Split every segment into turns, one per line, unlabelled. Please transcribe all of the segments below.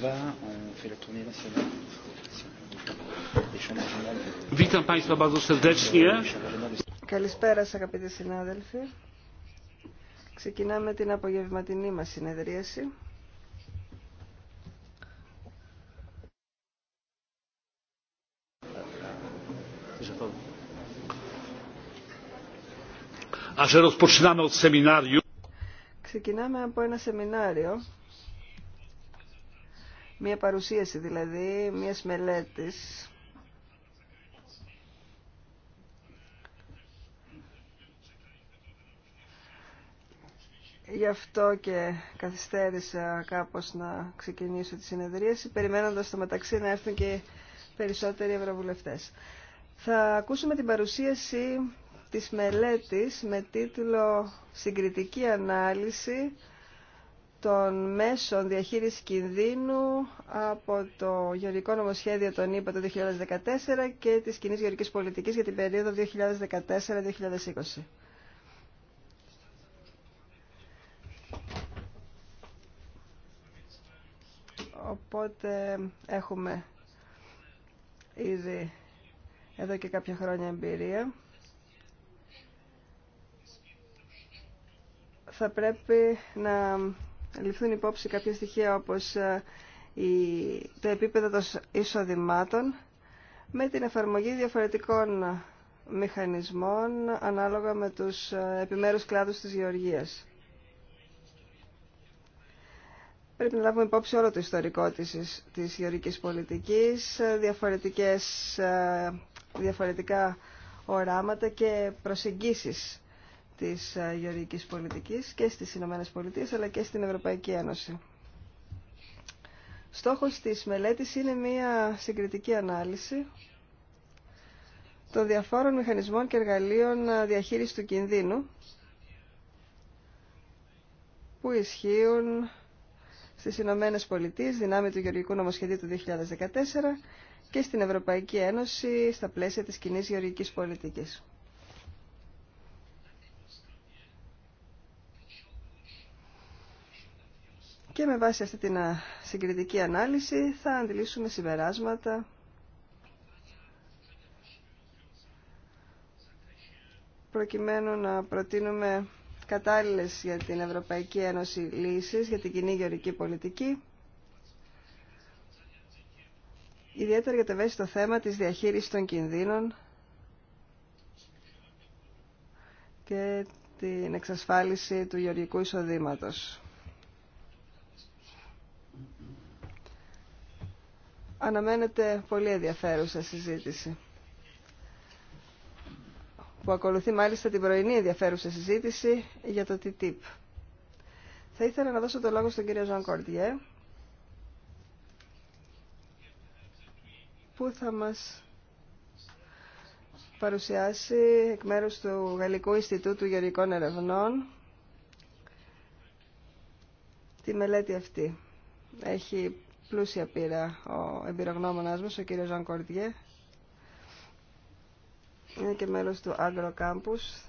va, on fait la tournée nationale.
Witam Państwa bardzo serdecznie.
Καλησπέρα σας αγαπητοί συνάδελφοι. Ξεκινάμε την απογευματινή μας συνεδρίαση.
Ας ερωτήσουμε από σεμινάριο.
Ξεκινάμε από ένα σεμινάριο μία παρουσίαση δηλαδή, μίας μελέτης. Γι' αυτό και καθυστέρησα κάπως να ξεκινήσω τη συνεδρίαση, περιμένοντας στο μεταξύ να έρθουν και περισσότεροι ευρωβουλευτές. Θα ακούσουμε την παρουσίαση της μελέτης με τίτλο «Συγκριτική ανάλυση των μέσων διαχείρισης κινδύνου από το Γεωργικό Νομοσχέδιο των ΗΠΑ το 2014 και της κοινή γεωργικής πολιτικής για την περίοδο 2014-2020. Οπότε έχουμε ήδη εδώ και κάποια χρόνια εμπειρία. Θα πρέπει να ληφθούν υπόψη κάποια στοιχεία όπως ε, το επίπεδο των εισοδημάτων με την εφαρμογή διαφορετικών μηχανισμών ανάλογα με τους ε, επιμέρους κλάδους της γεωργίας. Πρέπει να λάβουμε υπόψη όλο το ιστορικό της, της γεωργικής πολιτικής, ε, διαφορετικές, διαφορετικά οράματα και προσεγγίσεις της ε, γεωργικής πολιτικής και στις Ηνωμένε Πολιτείε αλλά και στην Ευρωπαϊκή Ένωση. Στόχος της μελέτης είναι μια συγκριτική ανάλυση των διαφόρων μηχανισμών και εργαλείων ε, διαχείρισης του κινδύνου που ισχύουν στις Ηνωμένε Πολιτείε, δυνάμει του Γεωργικού Νομοσχεδίου του 2014 και στην Ευρωπαϊκή Ένωση στα πλαίσια της κοινή γεωργικής πολιτικής. Και με βάση αυτή την συγκριτική ανάλυση θα αντιλήσουμε συμπεράσματα προκειμένου να προτείνουμε κατάλληλες για την Ευρωπαϊκή Ένωση λύσεις για την κοινή γεωρική πολιτική ιδιαίτερα για το ευαίσθητο θέμα της διαχείρισης των κινδύνων και την εξασφάλιση του γεωργικού εισοδήματος. Αναμένεται πολύ ενδιαφέρουσα συζήτηση που ακολουθεί μάλιστα την πρωινή ενδιαφέρουσα συζήτηση για το TTIP. Θα ήθελα να δώσω το λόγο στον κύριο Ζαν Κορδιέ που θα μας παρουσιάσει εκ μέρους του Γαλλικού Ινστιτούτου Γεωργικών Ερευνών τη μελέτη αυτή. Έχει πλούσια πείρα ο εμπειρογνώμονας μας, ο κύριος Ζαν Κορδιέ. Είναι και μέλος του Agro Campus.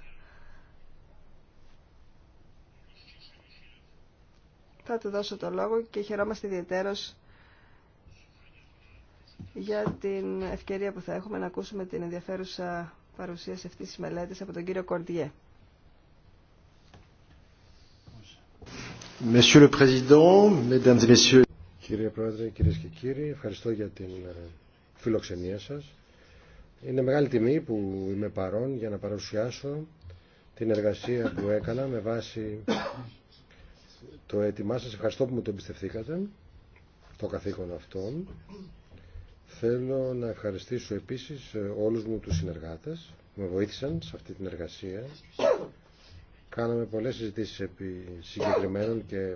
Θα του δώσω το λόγο και χαιρόμαστε ιδιαίτερος για την ευκαιρία που θα έχουμε να ακούσουμε την ενδιαφέρουσα παρουσίαση αυτής της μελέτης από τον κύριο Κορδιέ.
Monsieur le Président, Mesdames et Messieurs, Κύριε Πρόεδρε, κυρίες και κύριοι, ευχαριστώ για την ε, φιλοξενία σας. Είναι μεγάλη τιμή που είμαι παρόν για να παρουσιάσω την εργασία που έκανα με βάση το έτοιμά σας. Ευχαριστώ που μου το εμπιστευθήκατε, το καθήκον αυτό. Θέλω να ευχαριστήσω επίσης ε, όλους μου τους συνεργάτες που με βοήθησαν σε αυτή την εργασία. Κάναμε πολλές συζητήσεις επί συγκεκριμένων και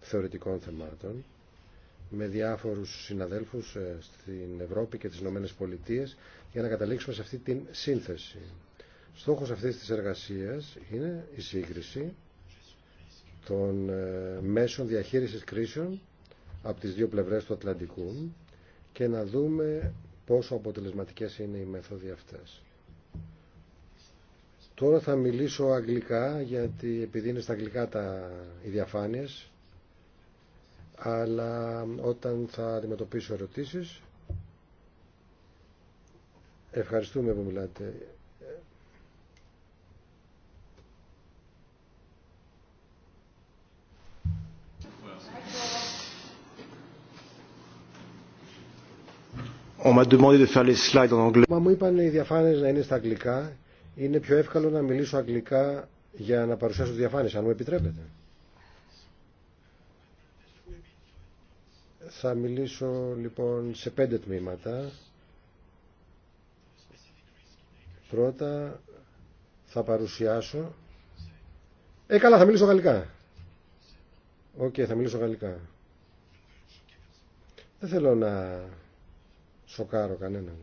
θεωρητικών θεμάτων με διάφορους συναδέλφους ε, στην Ευρώπη και τις Ηνωμένες Πολιτείες για να καταλήξουμε σε αυτή την σύνθεση. Στόχος αυτής της εργασίας είναι η σύγκριση των ε, μέσων διαχείρισης κρίσεων από τις δύο πλευρές του Ατλαντικού και να δούμε πόσο αποτελεσματικές είναι οι μέθοδοι αυτές. Τώρα θα μιλήσω αγγλικά γιατί επειδή είναι στα αγγλικά τα, οι διαφάνειες αλλά όταν θα αντιμετωπίσω ερωτήσεις ευχαριστούμε που μιλάτε Μα μου είπαν οι διαφάνειες να είναι στα αγγλικά. Είναι πιο εύκολο να μιλήσω αγγλικά για να παρουσιάσω διαφάνειες, αν μου επιτρέπετε. Θα μιλήσω λοιπόν σε πέντε τμήματα. Πρώτα θα παρουσιάσω... Ε, καλά, θα μιλήσω γαλλικά. Οκ, θα μιλήσω γαλλικά. Δεν θέλω να σοκάρω κανέναν.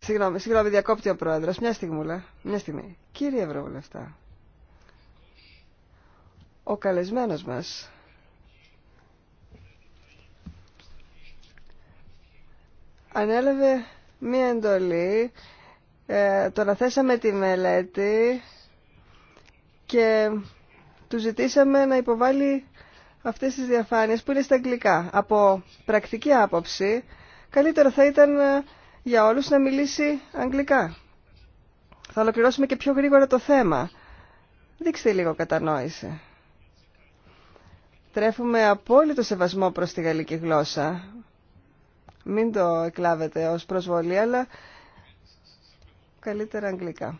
Συγγνώμη, συγγνώμη, διακόπτει ο πρόεδρο. Μια στιγμή, μια στιγμή. Κύριε Ευρωβουλευτά, ο καλεσμένος μας ανέλαβε μία εντολή, ε, το τη μελέτη και του ζητήσαμε να υποβάλει αυτές τις διαφάνειες που είναι στα αγγλικά. Από πρακτική άποψη, καλύτερο θα ήταν ε, για όλους να μιλήσει αγγλικά. Θα ολοκληρώσουμε και πιο γρήγορα το θέμα. Δείξτε λίγο κατανόηση. Τρέφουμε απόλυτο σεβασμό προς τη γαλλική γλώσσα. Μην το εκλάβετε ως προσβολή, αλλά καλύτερα αγγλικά.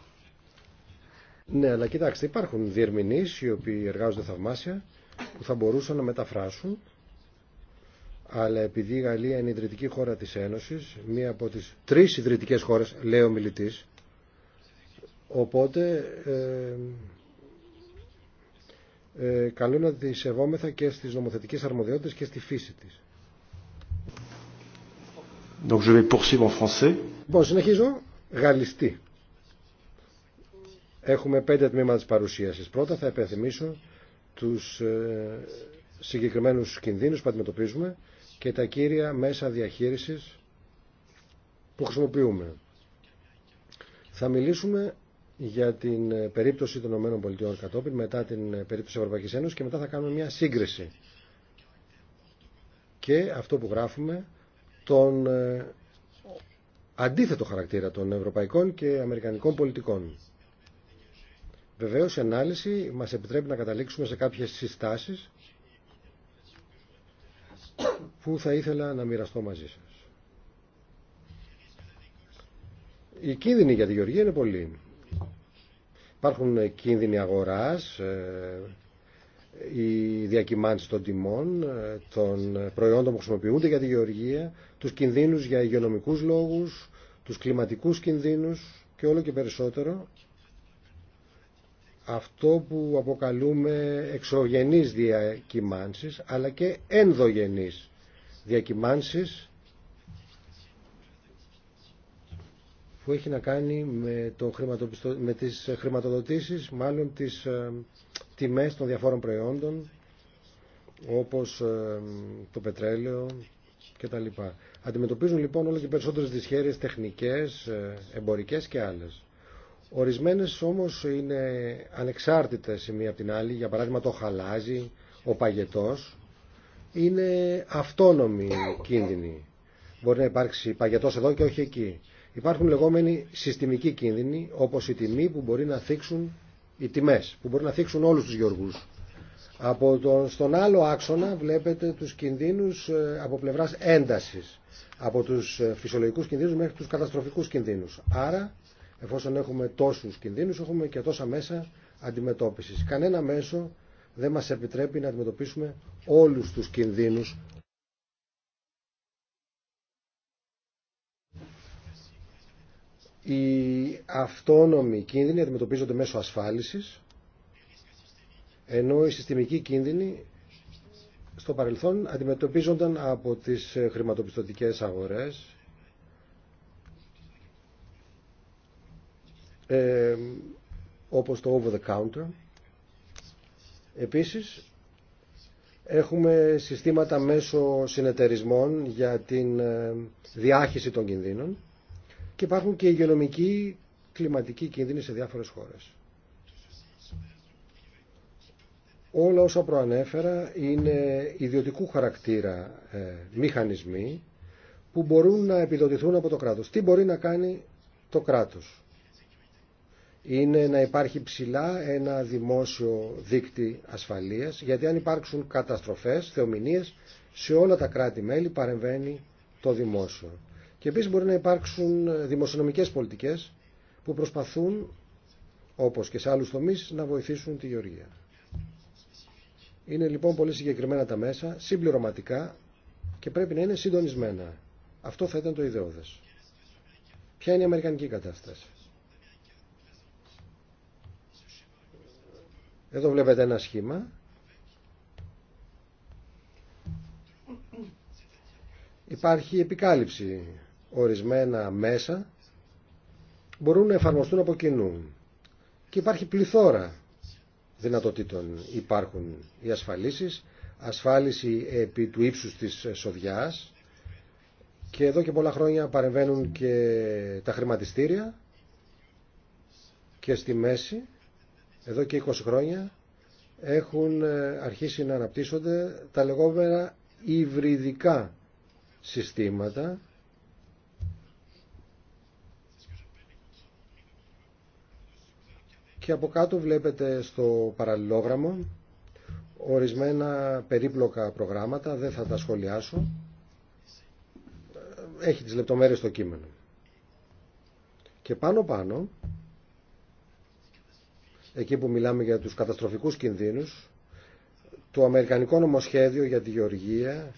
Ναι, αλλά κοιτάξτε, υπάρχουν διερμηνείς οι οποίοι εργάζονται θαυμάσια που θα μπορούσαν να μεταφράσουν αλλά επειδή η Γαλλία είναι η ιδρυτική χώρα της Ένωσης, μία από τις τρεις ιδρυτικές χώρες, λέει ο μιλητής, οπότε ε, ε να τη σεβόμεθα και στις νομοθετικές αρμοδιότητες και στη φύση της. Donc je vais poursuivre en français. Λοιπόν, συνεχίζω. Γαλλιστή. Έχουμε πέντε τμήματα της παρουσίασης. Πρώτα θα επενθυμίσω τους ε, συγκεκριμένους κινδύνους που αντιμετωπίζουμε και τα κύρια μέσα διαχείρισης που χρησιμοποιούμε. Θα μιλήσουμε για την ε, περίπτωση των ΗΠΑ κατόπιν, μετά την ε, περίπτωση της Ευρωπαϊκής και μετά θα κάνουμε μια σύγκριση. Και αυτό που γράφουμε τον ε, αντίθετο χαρακτήρα των ευρωπαϊκών και αμερικανικών πολιτικών. Βεβαίως η ανάλυση μας επιτρέπει να καταλήξουμε σε κάποιες συστάσεις που θα ήθελα να μοιραστώ μαζί σας. Οι κίνδυνοι για τη Γεωργία είναι πολλοί. Υπάρχουν κίνδυνοι αγοράς, ε, οι διακυμάνσεις των τιμών, ε, των προϊόντων που χρησιμοποιούνται για τη γεωργία, τους κινδύνους για υγειονομικούς λόγους, τους κλιματικούς κινδύνους και όλο και περισσότερο αυτό που αποκαλούμε εξωγενείς διακυμάνσεις αλλά και ενδογενείς διακυμάνσεις που έχει να κάνει με, το χρηματοπιστω... με τις χρηματοδοτήσεις, μάλλον τις ε, τιμές των διαφόρων προϊόντων, όπως ε, το πετρέλαιο κτλ. Αντιμετωπίζουν λοιπόν όλο και περισσότερες δυσχέρειες τεχνικές, ε, εμπορικές και άλλες. Ορισμένες όμως είναι ανεξάρτητες η μία από την άλλη, για παράδειγμα το χαλάζι, ο παγετός, είναι αυτόνομη κίνδυνη. Μπορεί να υπάρξει παγετός εδώ και όχι εκεί. Υπάρχουν λεγόμενοι συστημικοί κίνδυνοι, όπως η τιμή που μπορεί να θίξουν οι τιμές, που μπορεί να θίξουν όλους τους γεωργούς. Από τον, στον άλλο άξονα βλέπετε τους κινδύνους ε, από πλευράς έντασης, από τους ε, φυσιολογικούς κινδύνους μέχρι τους καταστροφικούς κινδύνους. Άρα, εφόσον έχουμε τόσους κινδύνους, έχουμε και τόσα μέσα αντιμετώπισης. Κανένα μέσο δεν μας επιτρέπει να αντιμετωπίσουμε όλους τους κινδύνους οι αυτόνομοι κίνδυνοι αντιμετωπίζονται μέσω ασφάλισης, ενώ οι συστημικοί κίνδυνοι στο παρελθόν αντιμετωπίζονταν από τις χρηματοπιστωτικές αγορές, ε, όπως το over the counter. Επίσης, έχουμε συστήματα μέσω συνεταιρισμών για την ε, διάχυση των κινδύνων και υπάρχουν και υγειονομικοί κλιματικοί κίνδυνοι σε διάφορες χώρες. Όλα όσα προανέφερα είναι ιδιωτικού χαρακτήρα ε, μηχανισμοί που μπορούν να επιδοτηθούν από το κράτος. Τι μπορεί να κάνει το κράτος. Είναι να υπάρχει ψηλά ένα δημόσιο δίκτυ ασφαλείας, γιατί αν υπάρξουν καταστροφές, θεομηνίες, σε όλα τα κράτη-μέλη παρεμβαίνει το δημόσιο. Και επίσης μπορεί να υπάρξουν δημοσιονομικές πολιτικές που προσπαθούν, όπως και σε άλλους τομείς, να βοηθήσουν τη γεωργία. Είναι λοιπόν πολύ συγκεκριμένα τα μέσα, συμπληρωματικά και πρέπει να είναι συντονισμένα. Αυτό θα ήταν το ιδεώδες. Ποια είναι η αμερικανική κατάσταση. Εδώ βλέπετε ένα σχήμα. Υπάρχει επικάλυψη ορισμένα μέσα μπορούν να εφαρμοστούν από κοινού. Και υπάρχει πληθώρα δυνατοτήτων. Υπάρχουν οι ασφαλίσεις, ασφάλιση επί του ύψους της σοδιάς και εδώ και πολλά χρόνια παρεμβαίνουν και τα χρηματιστήρια και στη μέση, εδώ και 20 χρόνια, έχουν ε, αρχίσει να αναπτύσσονται τα λεγόμενα υβριδικά συστήματα Και από κάτω βλέπετε στο παραλληλόγραμμο ορισμένα περίπλοκα προγράμματα, δεν θα τα σχολιάσω. Έχει τις λεπτομέρειες στο κείμενο. Και πάνω πάνω, εκεί που μιλάμε για τους καταστροφικούς κινδύνους, το Αμερικανικό Νομοσχέδιο για τη Γεωργία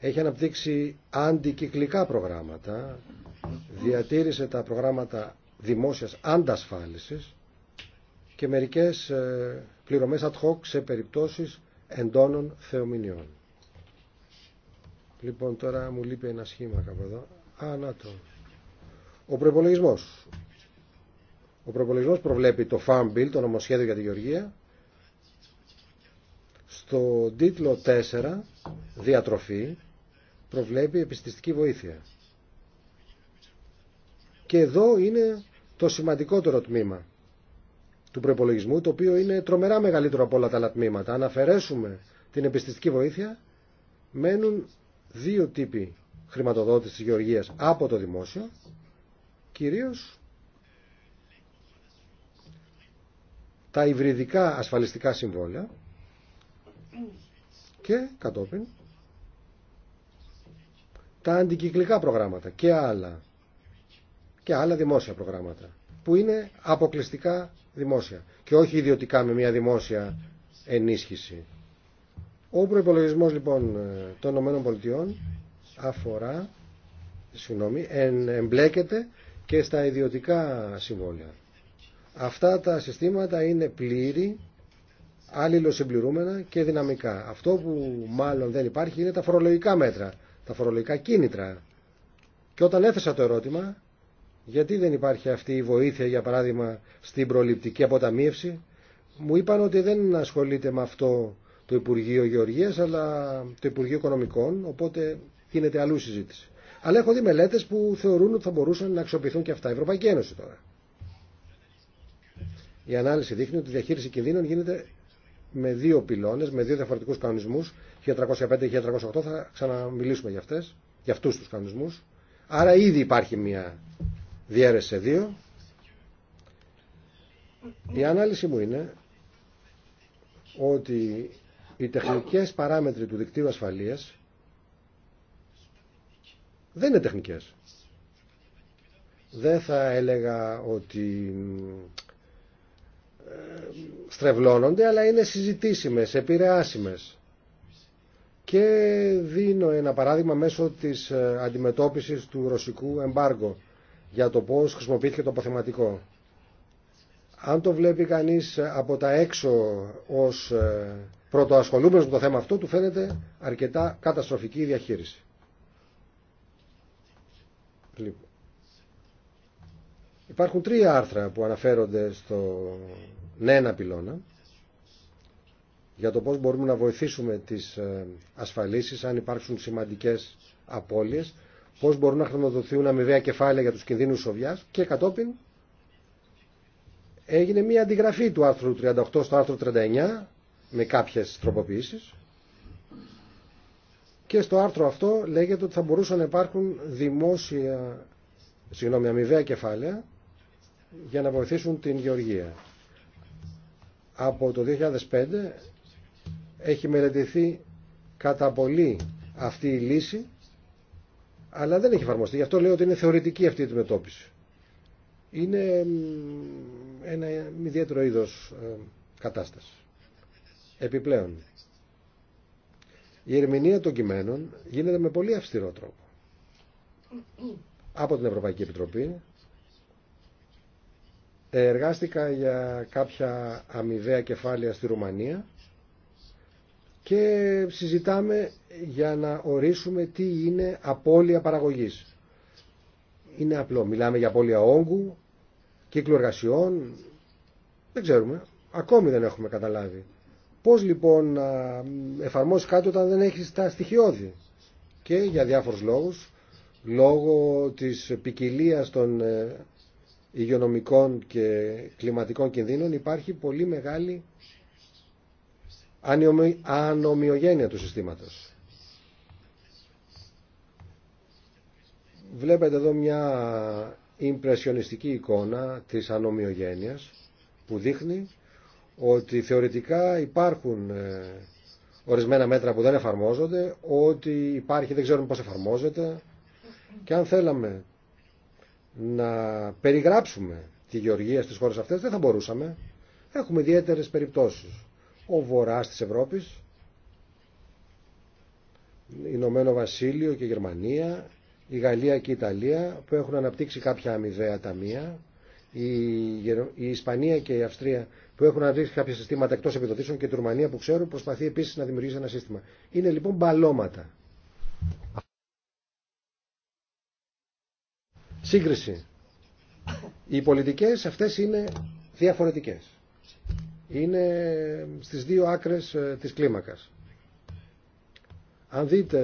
έχει αναπτύξει αντικυκλικά προγράμματα, διατήρησε τα προγράμματα δημόσιας αντασφάλισης και μερικές ε, πληρωμές ad hoc σε περιπτώσεις εντόνων θεομηνιών. Λοιπόν, τώρα μου λείπει ένα σχήμα κάπου εδώ. Α, να το. Ο προπολογισμό. Ο προπολογισμό προβλέπει το Farm Bill, το νομοσχέδιο για τη Γεωργία. Στο τίτλο 4, διατροφή, προβλέπει επιστηστική βοήθεια. Και εδώ είναι το σημαντικότερο τμήμα του προπολογισμού, το οποίο είναι τρομερά μεγαλύτερο από όλα τα άλλα τμήματα. Αν αφαιρέσουμε την επιστηστική βοήθεια, μένουν δύο τύποι χρηματοδότηση τη γεωργίας από το δημόσιο, κυρίως τα υβριδικά ασφαλιστικά συμβόλαια και κατόπιν τα αντικυκλικά προγράμματα και άλλα και άλλα δημόσια προγράμματα που είναι αποκλειστικά δημόσια και όχι ιδιωτικά με μια δημόσια ενίσχυση. Ο προπολογισμό λοιπόν ε, των ΗΠΑ αφορά, συγγνώμη, εμπλέκεται και στα ιδιωτικά συμβόλαια. Αυτά τα συστήματα είναι πλήρη, αλληλοσυμπληρούμενα και δυναμικά. Αυτό που μάλλον δεν υπάρχει είναι τα φορολογικά μέτρα, τα φορολογικά κίνητρα. Και όταν έθεσα το ερώτημα, γιατί δεν υπάρχει αυτή η βοήθεια, για παράδειγμα, στην προληπτική αποταμίευση. Μου είπαν ότι δεν ασχολείται με αυτό το Υπουργείο Γεωργίας, αλλά το Υπουργείο Οικονομικών, οπότε γίνεται αλλού συζήτηση. Αλλά έχω δει μελέτες που θεωρούν ότι θα μπορούσαν να αξιοποιηθούν και αυτά. Η Ευρωπαϊκή Ένωση τώρα. Η ανάλυση δείχνει ότι η διαχείριση κινδύνων γίνεται με δύο πυλώνες, με δύο διαφορετικούς κανονισμούς, 1305 και 1308, θα ξαναμιλήσουμε για, αυτές, για αυτούς τους κανονισμούς. Άρα ήδη υπάρχει μια διέρεσε δύο. Η ανάλυση μου είναι ότι οι τεχνικές παράμετροι του δικτύου ασφαλείας δεν είναι τεχνικές. Δεν θα έλεγα ότι ε, στρεβλώνονται, αλλά είναι συζητήσιμες, επηρεάσιμες. Και δίνω ένα παράδειγμα μέσω της ε, αντιμετώπισης του ρωσικού εμπάργου για το πώς χρησιμοποιήθηκε το αποθεματικό. Αν το βλέπει κανείς από τα έξω ως ε, πρωτοασχολούμενος με το θέμα αυτό, του φαίνεται αρκετά καταστροφική η διαχείριση. Λοιπόν. Υπάρχουν τρία άρθρα που αναφέρονται στο νένα πυλώνα για το πώς μπορούμε να βοηθήσουμε τις ε, ασφαλίσεις αν υπάρξουν σημαντικές απώλειες πώς μπορούν να χρηματοδοτηθούν αμοιβαία κεφάλαια για τους κινδύνους σοβιάς και κατόπιν έγινε μια αντιγραφή του άρθρου 38 στο άρθρο 39 με κάποιες τροποποιήσεις και στο άρθρο αυτό λέγεται ότι θα μπορούσαν να υπάρχουν δημόσια, συγγνώμη, αμοιβαία κεφάλαια για να βοηθήσουν την γεωργία. Από το 2005 έχει μελετηθεί κατά πολύ αυτή η λύση αλλά δεν έχει εφαρμοστεί. Γι' αυτό λέω ότι είναι θεωρητική αυτή η αντιμετώπιση. Είναι ένα ιδιαίτερο είδο ε, κατάσταση. Επιπλέον, η ερμηνεία των κειμένων γίνεται με πολύ αυστηρό τρόπο. Από την Ευρωπαϊκή Επιτροπή εργάστηκα για κάποια αμοιβαία κεφάλαια στη Ρουμανία και συζητάμε για να ορίσουμε τι είναι απώλεια παραγωγής. Είναι απλό. Μιλάμε για απώλεια όγκου, κύκλου εργασιών, δεν ξέρουμε. Ακόμη δεν έχουμε καταλάβει. Πώς λοιπόν να εφαρμόσει κάτι όταν δεν έχεις τα στοιχειώδη. Και για διάφορους λόγους, λόγω της ποικιλία των ε, υγειονομικών και κλιματικών κινδύνων υπάρχει πολύ μεγάλη ανομοιογένεια του συστήματος. Βλέπετε εδώ μια ιμπρεσιονιστική εικόνα της ανομοιογένειας που δείχνει ότι θεωρητικά υπάρχουν ε, ορισμένα μέτρα που δεν εφαρμόζονται, ότι υπάρχει, δεν ξέρουμε πώς εφαρμόζεται και αν θέλαμε να περιγράψουμε τη γεωργία στις χώρες αυτές δεν θα μπορούσαμε. Έχουμε ιδιαίτερε περιπτώσεις ο βορράς της Ευρώπης, Ηνωμένο Βασίλειο και Γερμανία, η Γαλλία και η Ιταλία που έχουν αναπτύξει κάποια αμοιβαία ταμεία, η Ισπανία και η Αυστρία που έχουν αναπτύξει κάποια συστήματα εκτός επιδοτήσεων και η Τουρμανία που ξέρουν προσπαθεί επίσης να δημιουργήσει ένα σύστημα. Είναι λοιπόν μπαλώματα. Σύγκριση. Οι πολιτικές αυτές είναι διαφορετικές είναι στις δύο άκρες ε, της κλίμακας. Αν δείτε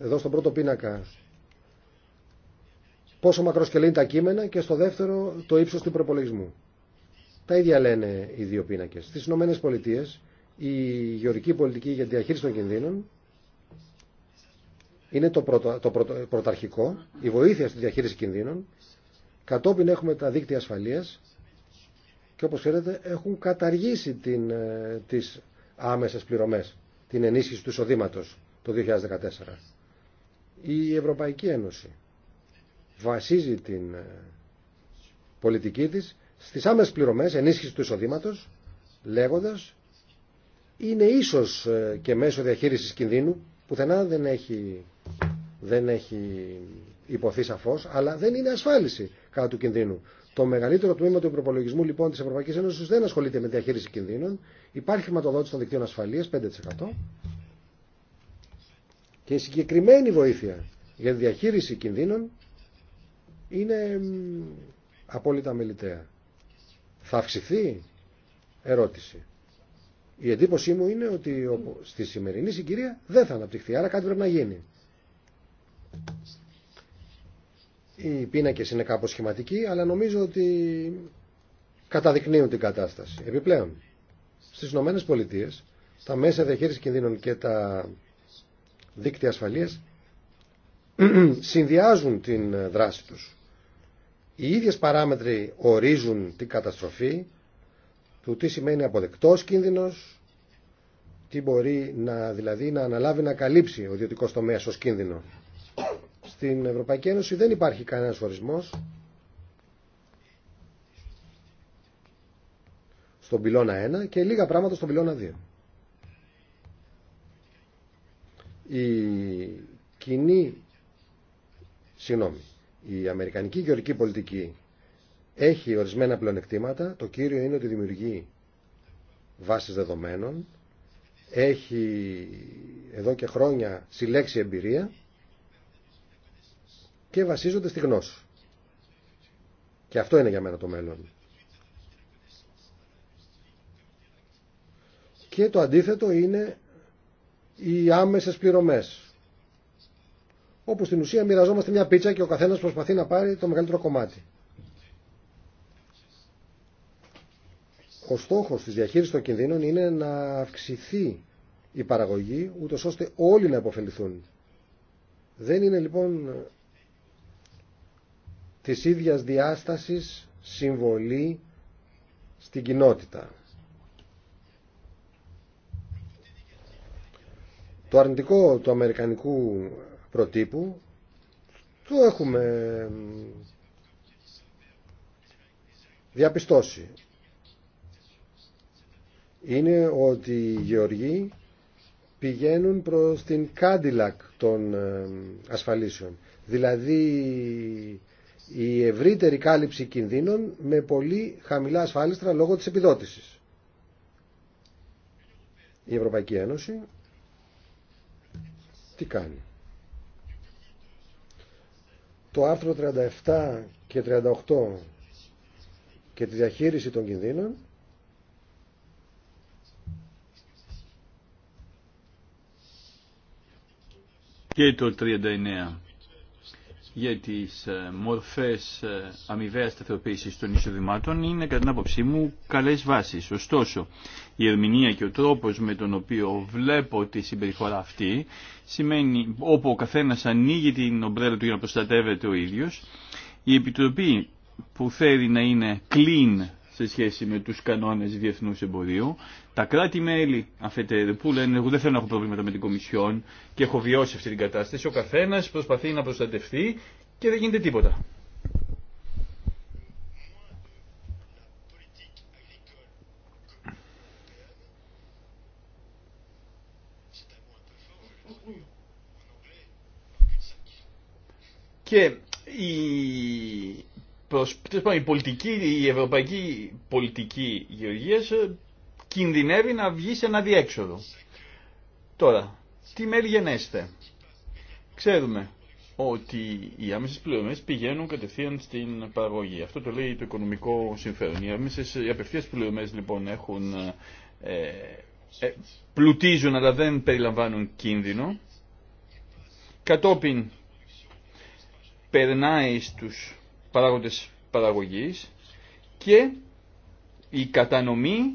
ε, εδώ στον πρώτο πίνακα πόσο μακροσκελή είναι τα κείμενα και στο δεύτερο το ύψος του προπολογισμού. Τα ίδια λένε οι δύο πίνακες. Στις Ηνωμένες Πολιτείες η γεωρική πολιτική για τη διαχείριση των κινδύνων είναι το, το πρωταρχικό, η βοήθεια στη διαχείριση κινδύνων. Κατόπιν έχουμε τα δίκτυα ασφαλείας και όπως ξέρετε έχουν καταργήσει την, ε, τις άμεσες πληρωμές, την ενίσχυση του εισοδήματο το 2014. Η Ευρωπαϊκή Ένωση βασίζει την ε, πολιτική της στις άμεσες πληρωμές, ενίσχυση του εισοδήματο, λέγοντας είναι ίσως ε, και μέσω διαχείρισης κινδύνου, πουθενά δεν έχει, δεν έχει υποθεί σαφώς, αλλά δεν είναι ασφάλιση κάτω του κινδύνου. Το μεγαλύτερο τμήμα του προπολογισμού λοιπόν τη Ευρωπαϊκή Ένωση δεν ασχολείται με διαχείριση κινδύνων. Υπάρχει χρηματοδότηση των δικτύων ασφαλεία 5% και η συγκεκριμένη βοήθεια για τη διαχείριση κινδύνων είναι απόλυτα μελιτέα. Θα αυξηθεί ερώτηση. Η εντύπωσή μου είναι ότι στη σημερινή συγκυρία δεν θα αναπτυχθεί, άρα κάτι πρέπει να γίνει. Οι πίνακες είναι κάπως σχηματικοί, αλλά νομίζω ότι καταδεικνύουν την κατάσταση. Επιπλέον, στις Ηνωμένε Πολιτείες, τα μέσα διαχείρισης κινδύνων και τα δίκτυα ασφαλείας συνδυάζουν την δράση τους. Οι ίδιες παράμετροι ορίζουν την καταστροφή, του τι σημαίνει αποδεκτός κίνδυνος, τι μπορεί να, δηλαδή, να αναλάβει να καλύψει ο ιδιωτικό τομέα ως κίνδυνο στην Ευρωπαϊκή Ένωση δεν υπάρχει κανένας ορισμός. Στον πυλώνα 1 και λίγα πράγματα στον πυλώνα 2. Η κοινή, συγγνώμη, η αμερικανική γεωρική πολιτική έχει ορισμένα πλεονεκτήματα. Το κύριο είναι ότι δημιουργεί βάσεις δεδομένων. Έχει εδώ και χρόνια συλλέξει εμπειρία και βασίζονται στη γνώση. Και αυτό είναι για μένα το μέλλον. Και το αντίθετο είναι οι άμεσες πληρωμές. Όπου στην ουσία μοιραζόμαστε μια πίτσα και ο καθένας προσπαθεί να πάρει το μεγαλύτερο κομμάτι. Ο στόχος της διαχείρισης των κινδύνων είναι να αυξηθεί η παραγωγή, ούτως ώστε όλοι να υποφεληθούν. Δεν είναι λοιπόν της ίδιας διάστασης συμβολή στην κοινότητα. Το αρνητικό του αμερικανικού προτύπου το έχουμε διαπιστώσει. Είναι ότι οι γεωργοί πηγαίνουν προς την κάντιλακ των ε, ασφαλίσεων. Δηλαδή η ευρύτερη κάλυψη κινδύνων με πολύ χαμηλά ασφάλιστρα λόγω της επιδότησης. Η Ευρωπαϊκή Ένωση τι κάνει. Το άρθρο 37 και 38 και τη διαχείριση των κινδύνων
και το 39 για τις ε, μορφές ε, αμοιβαίας σταθεροποίησης των εισοδημάτων είναι κατά την άποψή μου καλές βάσεις. Ωστόσο, η ερμηνεία και ο τρόπος με τον οποίο βλέπω τη συμπεριφορά αυτή σημαίνει όπου ο καθένας ανοίγει την ομπρέλα του για να προστατεύεται ο ίδιος, η Επιτροπή που θέλει να είναι clean σε σχέση με τους κανόνες διεθνούς εμπορίου. Τα κράτη-μέλη αφετέρου που λένε εγώ δεν θέλω να έχω προβλήματα με την Κομισιόν και έχω βιώσει αυτή την κατάσταση. Ο καθένας προσπαθεί να προστατευτεί και δεν γίνεται τίποτα. Και η η πολιτική, η ευρωπαϊκή πολιτική γεωργίας ε, κινδυνεύει να βγει σε ένα διέξοδο. Τώρα, τι μέλη γενέστε. Ξέρουμε ότι οι άμεσες πληρωμές πηγαίνουν κατευθείαν στην παραγωγή. Αυτό το λέει το οικονομικό συμφέρον. Οι, άμεσες, οι απευθείας πληρωμές λοιπόν έχουν, ε, ε, πλουτίζουν αλλά δεν περιλαμβάνουν κίνδυνο. Κατόπιν περνάει στους παράγοντες παραγωγής και η κατανομή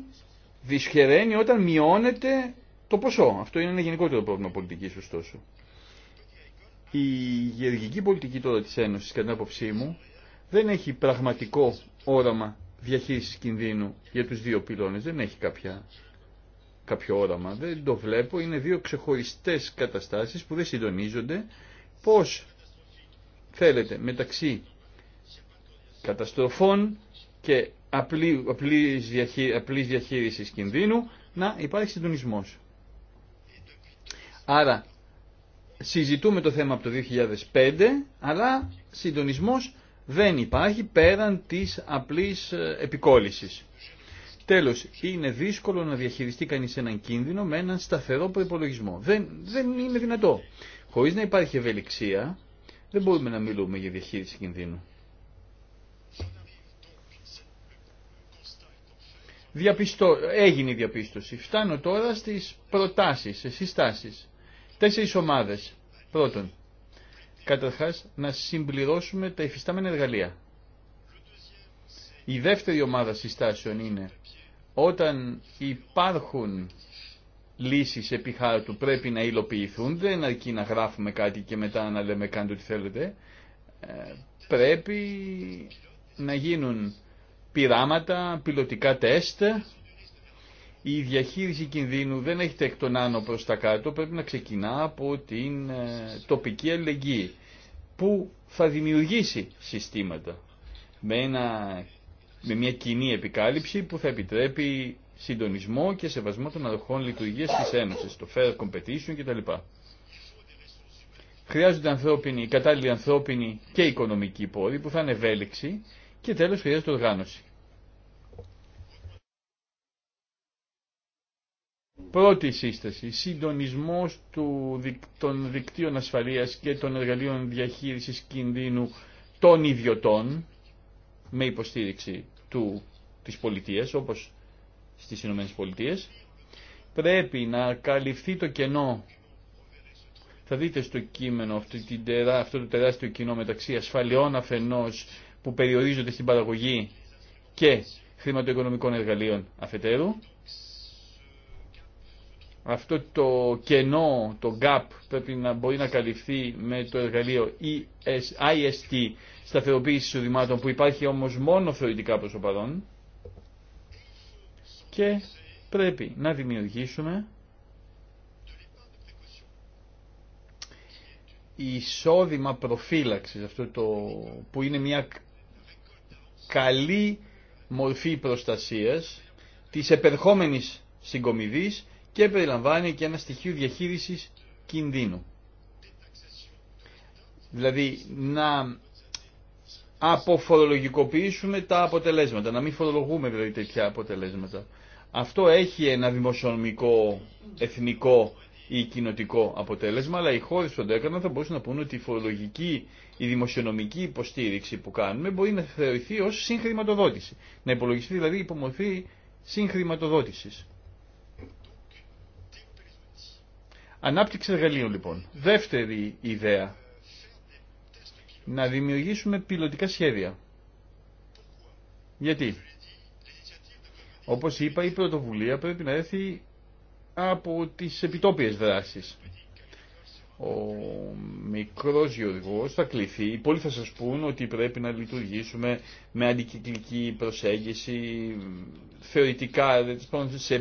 δυσχεραίνει όταν μειώνεται το ποσό. Αυτό είναι ένα γενικότερο πρόβλημα πολιτικής ωστόσο. Η γεωργική πολιτική τώρα της Ένωσης, κατά την άποψή μου, δεν έχει πραγματικό όραμα διαχείρισης κινδύνου για τους δύο πυλώνες. Δεν έχει κάποια, κάποιο όραμα. Δεν το βλέπω. Είναι δύο ξεχωριστές καταστάσεις που δεν συντονίζονται. Πώς θέλετε μεταξύ καταστροφών και απλή, απλής, διαχείριση, απλής διαχείρισης κινδύνου να υπάρχει συντονισμός. Άρα συζητούμε το θέμα από το 2005 αλλά συντονισμός δεν υπάρχει πέραν της απλής ε, επικόλυσης. Τέλος, είναι δύσκολο να διαχειριστεί κανείς έναν κίνδυνο με έναν σταθερό προϋπολογισμό. Δεν, δεν είναι δυνατό. Χωρίς να υπάρχει ευελιξία, δεν μπορούμε να μιλούμε για διαχείριση κινδύνου. Διαπιστώ, έγινε η διαπίστωση. Φτάνω τώρα στις προτάσεις, στις συστάσεις. Τέσσερις ομάδες. Πρώτον, καταρχάς να συμπληρώσουμε τα υφιστάμενα εργαλεία. Η δεύτερη ομάδα συστάσεων είναι όταν υπάρχουν λύσεις επί χάρτου πρέπει να υλοποιηθούν, δεν αρκεί να γράφουμε κάτι και μετά να λέμε κάντε ό,τι θέλετε, ε, πρέπει να γίνουν πειράματα, πιλωτικά τεστ. Η διαχείριση κινδύνου δεν έχει εκ άνω προς τα κάτω, πρέπει να ξεκινά από την ε, τοπική αλληλεγγύη που θα δημιουργήσει συστήματα με, ένα, με μια κοινή επικάλυψη που θα επιτρέπει συντονισμό και σεβασμό των αρχών λειτουργίας της Ένωσης, το fair competition κτλ. Χρειάζονται ανθρώπινοι, κατάλληλοι ανθρώπινοι και οικονομικοί πόροι που θα είναι ευέλικτοι και τέλος χρειάζεται οργάνωση. Πρώτη σύσταση, συντονισμός του, των δικτύων ασφαλείας και των εργαλείων διαχείρισης κινδύνου των ιδιωτών με υποστήριξη του, της πολιτείας, όπως στις Ηνωμένες Πολιτείες. Πρέπει να καλυφθεί το κενό. Θα δείτε στο κείμενο αυτό, αυτό το τεράστιο κοινό μεταξύ ασφαλειών αφενός που περιορίζονται στην παραγωγή και χρηματοοικονομικών εργαλείων αφετέρου. Αυτό το κενό, το gap, πρέπει να μπορεί να καλυφθεί με το εργαλείο e IST, σταθεροποίηση εισοδημάτων, που υπάρχει όμως μόνο θεωρητικά προς το παρόν. Και πρέπει να δημιουργήσουμε εισόδημα προφύλαξης, αυτό το, που είναι μια καλή μορφή προστασίας της επερχόμενης συγκομιδής και περιλαμβάνει και ένα στοιχείο διαχείρισης κινδύνου. Δηλαδή να αποφορολογικοποιήσουμε τα αποτελέσματα, να μην φορολογούμε δηλαδή τέτοια αποτελέσματα. Αυτό έχει ένα δημοσιονομικό εθνικό ή κοινοτικό αποτέλεσμα, αλλά οι χώρε που το έκαναν θα μπορούσαν να πούν ότι η φορολογική, η δημοσιονομική υποστήριξη που κάνουμε μπορεί να θεωρηθεί ω συγχρηματοδότηση. Να υπολογιστεί δηλαδή υπομορφή συγχρηματοδότηση. Ανάπτυξη εργαλείων λοιπόν. Δεύτερη ιδέα. Να δημιουργήσουμε πιλωτικά σχέδια. Γιατί. Όπως είπα η πρωτοβουλία πρέπει να έρθει από τις επιτόπιες δράσεις. Ο μικρός γεωργός θα κληθεί, πολλοί θα σας πούν ότι πρέπει να λειτουργήσουμε με αντικυκλική προσέγγιση, θεωρητικά,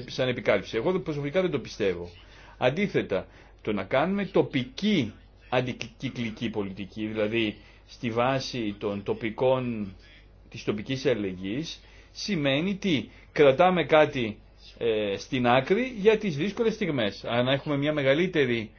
σαν επικάλυψη. Εγώ προσωπικά δεν το πιστεύω. Αντίθετα, το να κάνουμε τοπική αντικυκλική πολιτική, δηλαδή στη βάση των τοπικών, της τοπικής αλληλεγγύης, σημαίνει ότι κρατάμε κάτι ε, στην άκρη για τις δύσκολες στιγμές. Αν έχουμε μια μεγαλύτερη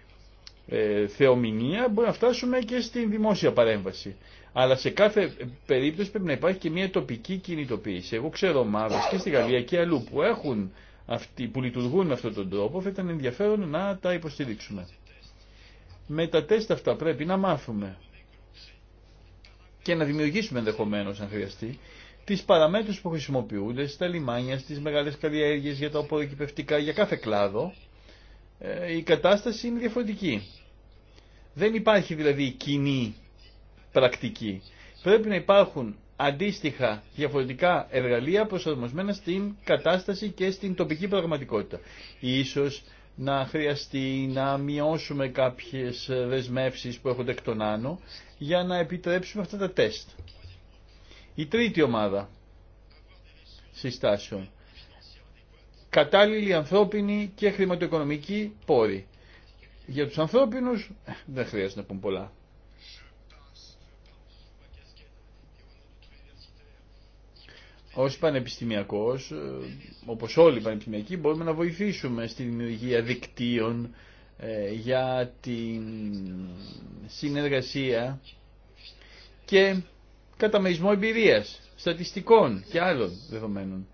ε, θεομηνία μπορεί να φτάσουμε και στην δημόσια παρέμβαση. Αλλά σε κάθε περίπτωση πρέπει να υπάρχει και μια τοπική κινητοποίηση. Εγώ ξέρω ομάδες και στη Γαλλία και αλλού που, έχουν αυτοί, που λειτουργούν με αυτόν τον τρόπο θα ήταν ενδιαφέρον να τα υποστηρίξουμε. Με τα τεστ αυτά πρέπει να μάθουμε και να δημιουργήσουμε ενδεχομένω αν χρειαστεί τι παραμέτρου που χρησιμοποιούνται στα λιμάνια, στις μεγάλε καλλιέργειε για τα αποδοκιπευτικά, για κάθε κλάδο, ε, η κατάσταση είναι διαφορετική. Δεν υπάρχει δηλαδή κοινή πρακτική. Πρέπει να υπάρχουν αντίστοιχα διαφορετικά εργαλεία προσαρμοσμένα στην κατάσταση και στην τοπική πραγματικότητα. Ίσως να χρειαστεί να μειώσουμε κάποιες δεσμεύσεις που έχονται εκ των άνω για να επιτρέψουμε αυτά τα τεστ. Η τρίτη ομάδα συστάσεων. κατάλληλη ανθρώπινη και χρηματοοικονομική πόρη. Για τους ανθρώπινους ε, δεν χρειάζεται να πούμε πολλά. ως πανεπιστημιακός, ε, όπως όλοι οι πανεπιστημιακοί, μπορούμε να βοηθήσουμε στη δημιουργία δικτύων ε, για την συνεργασία και καταμερισμό εμπειρία, στατιστικών και άλλων δεδομένων.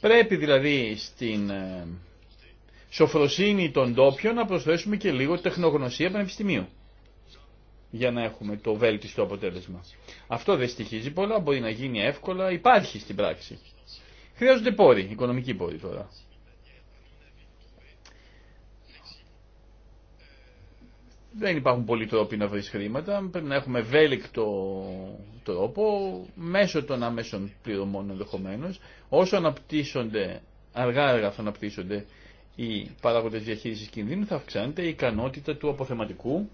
Πρέπει δηλαδή στην ε, σοφροσύνη των ντόπιων να προσθέσουμε και λίγο τεχνογνωσία πανεπιστημίου για να έχουμε το βέλτιστο αποτέλεσμα. Αυτό δεν στοιχίζει πολλά, μπορεί να γίνει εύκολα, υπάρχει στην πράξη. Χρειάζονται πόροι, οικονομικοί πόροι τώρα. Δεν υπάρχουν πολλοί τρόποι να βρεις χρήματα. Πρέπει να έχουμε ευέλικτο τρόπο μέσω των αμέσων πληρωμών ενδεχομένω. Όσο αναπτύσσονται, αργά-αργά θα αναπτύσσονται οι παράγοντες διαχείρισης κινδύνου, θα αυξάνεται η ικανότητα του αποθεματικού,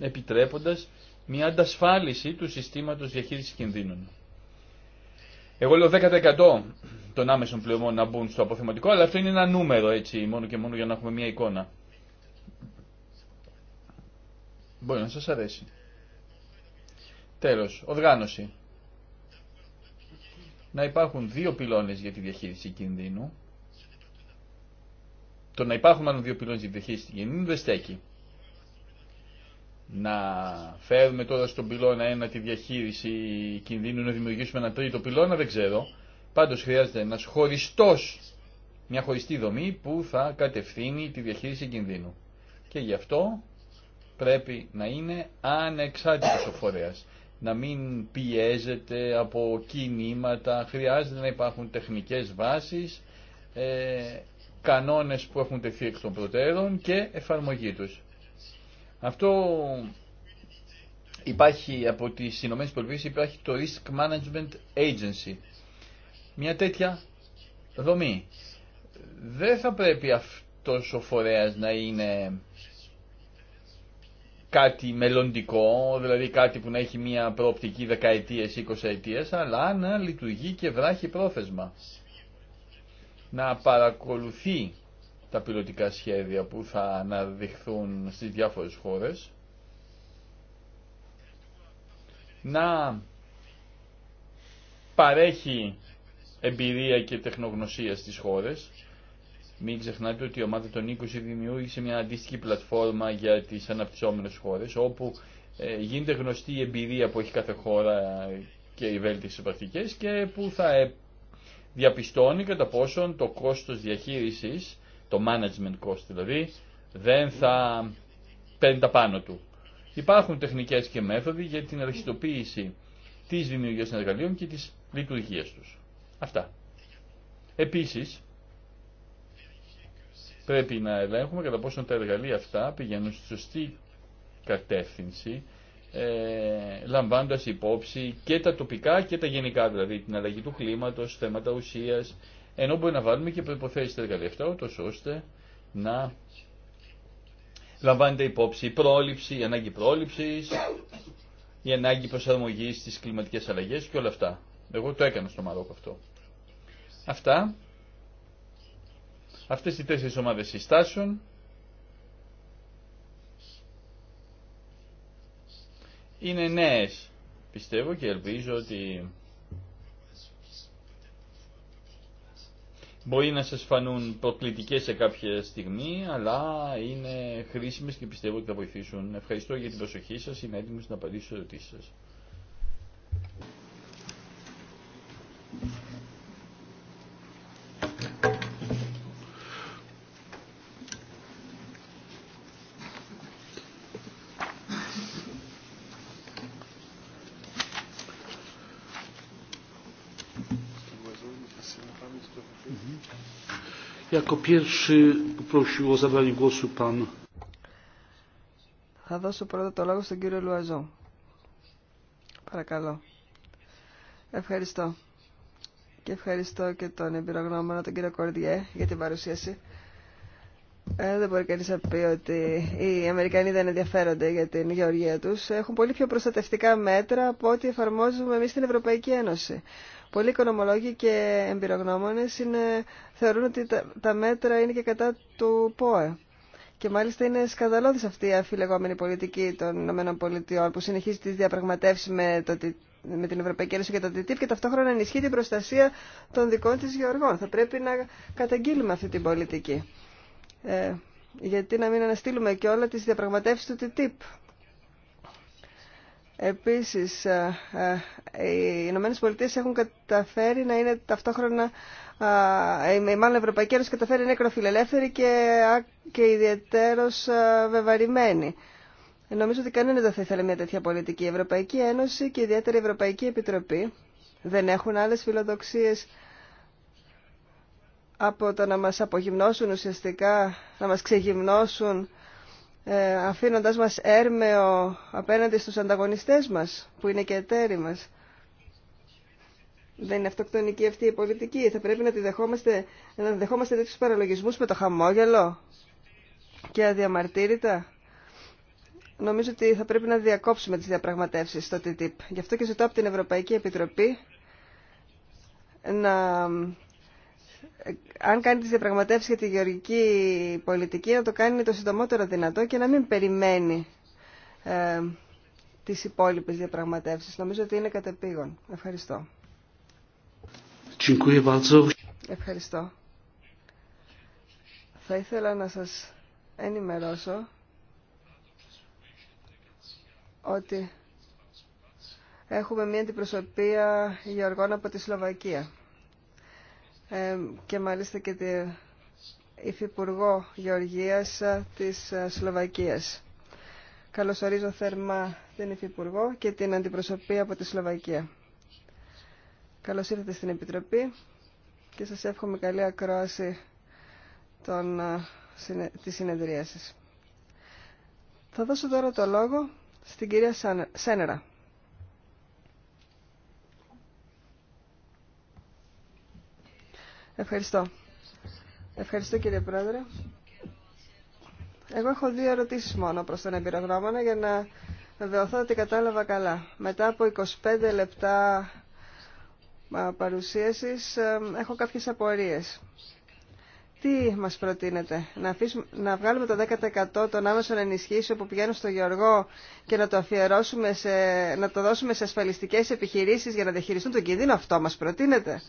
επιτρέποντας μια αντασφάλιση του συστήματος διαχείρισης κινδύνων. Εγώ λέω 10% των άμεσων πληρωμών να μπουν στο αποθεματικό, αλλά αυτό είναι ένα νούμερο έτσι, μόνο και μόνο για να έχουμε μια εικόνα. Μπορεί να σας αρέσει. Τέλος, οργάνωση. Να υπάρχουν δύο πυλώνες για τη διαχείριση κινδύνου. Το να υπάρχουν μάλλον δύο πυλώνες για τη διαχείριση κινδύνου δεν στέκει. Να φέρουμε τώρα στον πυλώνα ένα τη διαχείριση κινδύνου, να δημιουργήσουμε ένα τρίτο πυλώνα, δεν ξέρω. Πάντως χρειάζεται ένας χωριστός, μια χωριστή δομή που θα κατευθύνει τη διαχείριση κινδύνου. Και γι' αυτό πρέπει να είναι ανεξάρτητος ο φορέας. Να μην πιέζεται από κινήματα, χρειάζεται να υπάρχουν τεχνικές βάσεις, ε, κανόνες που έχουν τεθεί εκ των προτέρων και εφαρμογή τους. Αυτό υπάρχει από τις Ηνωμένες Πολιτείες υπάρχει το Risk Management Agency. Μια τέτοια δομή. Δεν θα πρέπει αυτός ο φορέας να είναι κάτι μελλοντικό, δηλαδή κάτι που να έχει μια προοπτική δεκαετίες, 20 ετίες, αλλά να λειτουργεί και βράχει πρόθεσμα. Να παρακολουθεί τα πιλωτικά σχέδια που θα αναδειχθούν στις διάφορες χώρες. Να παρέχει εμπειρία και τεχνογνωσία στις χώρες μην ξεχνάτε ότι η ομάδα των 20 δημιούργησε μια αντίστοιχη πλατφόρμα για τι αναπτυσσόμενε χώρε, όπου ε, γίνεται γνωστή η εμπειρία που έχει κάθε χώρα και οι βέλτιστες πρακτικές και που θα ε, διαπιστώνει κατά πόσον το κόστο διαχείριση, το management cost δηλαδή, δεν θα παίρνει τα πάνω του. Υπάρχουν τεχνικέ και μέθοδοι για την αρχιστοποίηση τη δημιουργία εργαλείων και τη λειτουργία του. Αυτά. Επίσης, Πρέπει να ελέγχουμε κατά πόσο τα εργαλεία αυτά πηγαίνουν στη σωστή κατεύθυνση, ε, λαμβάνοντας υπόψη και τα τοπικά και τα γενικά, δηλαδή την αλλαγή του κλίματος, θέματα ουσίας, ενώ μπορεί να βάλουμε και προϋποθέσεις τα εργαλεία αυτά, ούτως ώστε να λαμβάνεται υπόψη η πρόληψη, η ανάγκη πρόληψης, η ανάγκη προσαρμογής στις κλιματικές αλλαγές και όλα αυτά. Εγώ το έκανα στο Μαρόκο αυτό. Αυτά Αυτές οι τέσσερις ομάδες συστάσεων είναι νέες πιστεύω και ελπίζω ότι μπορεί να σας φανούν προκλητικές σε κάποια στιγμή αλλά είναι χρήσιμες και πιστεύω ότι θα βοηθήσουν. Ευχαριστώ για την προσοχή σας, είμαι έτοιμος να απαντήσω στις ερωτήσεις σας.
Θα δώσω πρώτα το λόγο στον κύριο Λουαζό. Παρακαλώ. Ευχαριστώ. Και ευχαριστώ και τον εμπειρογνώμονα, τον κύριο Κορδιέ, για την παρουσίαση. Ε, δεν μπορεί κανεί να πει ότι οι Αμερικανοί δεν ενδιαφέρονται για την γεωργία του. Έχουν πολύ πιο προστατευτικά μέτρα από ό,τι εφαρμόζουμε εμεί στην Ευρωπαϊκή Ένωση. Πολλοί οικονομολόγοι και εμπειρογνώμονε θεωρούν ότι τα, τα μέτρα είναι και κατά του ΠΟΕ. Και μάλιστα είναι σκαδαλώδη αυτή η αφιλεγόμενη πολιτική των ΗΠΑ που συνεχίζει τι διαπραγματεύσει με, με την Ευρωπαϊκή Ένωση και το TTIP και ταυτόχρονα ενισχύει την προστασία των δικών τη γεωργών. Θα πρέπει να καταγγείλουμε αυτή την πολιτική. Ε, γιατί να μην αναστείλουμε και όλα τις διαπραγματεύσεις του TTIP. Επίσης, ε, ε, οι Ηνωμένε Πολιτείες έχουν καταφέρει να είναι ταυτόχρονα, μάλλον η Ευρωπαϊκή Ένωση καταφέρει να είναι και, και βεβαρημένη. Νομίζω ότι κανένα δεν θα ήθελε μια τέτοια πολιτική. Η Ευρωπαϊκή Ένωση και ιδιαίτερα η Ευρωπαϊκή Επιτροπή δεν έχουν άλλες φιλοδοξίες από το να μας απογυμνώσουν ουσιαστικά, να μας ξεγυμνώσουν ε, αφήνοντας μας έρμεο απέναντι στους ανταγωνιστές μας που είναι και εταίροι μας. Δεν είναι αυτοκτονική αυτή η πολιτική. Θα πρέπει να, τη δεχόμαστε, να δεχόμαστε τέτοιους παραλογισμούς με το χαμόγελο και αδιαμαρτύρητα. Νομίζω ότι θα πρέπει να διακόψουμε τις διαπραγματεύσεις στο TTIP. Γι' αυτό και ζητώ από την Ευρωπαϊκή Επιτροπή να αν κάνει τις διαπραγματεύσεις για τη γεωργική πολιτική να το κάνει το συντομότερο δυνατό και να μην περιμένει ε, τις υπόλοιπες διαπραγματεύσεις. Νομίζω ότι είναι κατεπήγον. Ευχαριστώ. Ευχαριστώ. Θα ήθελα να σας ενημερώσω ότι έχουμε μία αντιπροσωπεία γεωργών από τη Σλοβακία. Ε, και μάλιστα και την Υφυπουργό Γεωργίας ε, της ε, Σλοβακίας. Καλωσορίζω θερμά την Υφυπουργό και την Αντιπροσωπή από τη Σλοβακία. Καλώς ήρθατε στην Επιτροπή και σας εύχομαι καλή ακρόαση των, της συνεδρίασης. Θα δώσω τώρα το λόγο στην κυρία Σένερα. Ευχαριστώ. Ευχαριστώ κύριε Πρόεδρε. Εγώ έχω δύο ερωτήσεις μόνο προς τον εμπειρογνώμονα για να βεβαιωθώ ότι κατάλαβα καλά. Μετά από 25 λεπτά παρουσίασης ε, έχω κάποιες απορίες. Τι μας προτείνετε, να, αφήσουμε, να βγάλουμε το 10% των άμεσων ενισχύσεων που πηγαίνουν στο Γεωργό και να το αφιερώσουμε, σε, να το δώσουμε σε ασφαλιστικές επιχειρήσεις για να διαχειριστούν τον κίνδυνο, αυτό μας προτείνετε.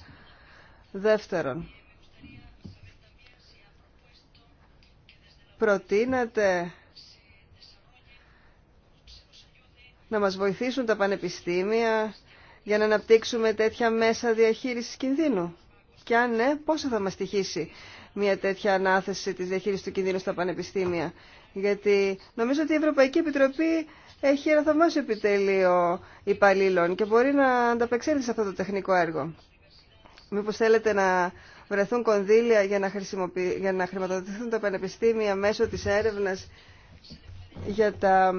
Δεύτερον, προτείνατε να μας βοηθήσουν τα πανεπιστήμια για να αναπτύξουμε τέτοια μέσα διαχείρισης κινδύνου. Και αν ναι, πόσο θα μας τυχήσει μια τέτοια ανάθεση της διαχείρισης του κινδύνου στα πανεπιστήμια. Γιατί νομίζω ότι η Ευρωπαϊκή Επιτροπή έχει ένα θαυμάσιο επιτελείο υπαλλήλων και μπορεί να ανταπεξέλθει σε αυτό το τεχνικό έργο. Μήπως θέλετε να βρεθούν κονδύλια για να, για να χρηματοδοτηθούν τα πανεπιστήμια μέσω της έρευνας για τα,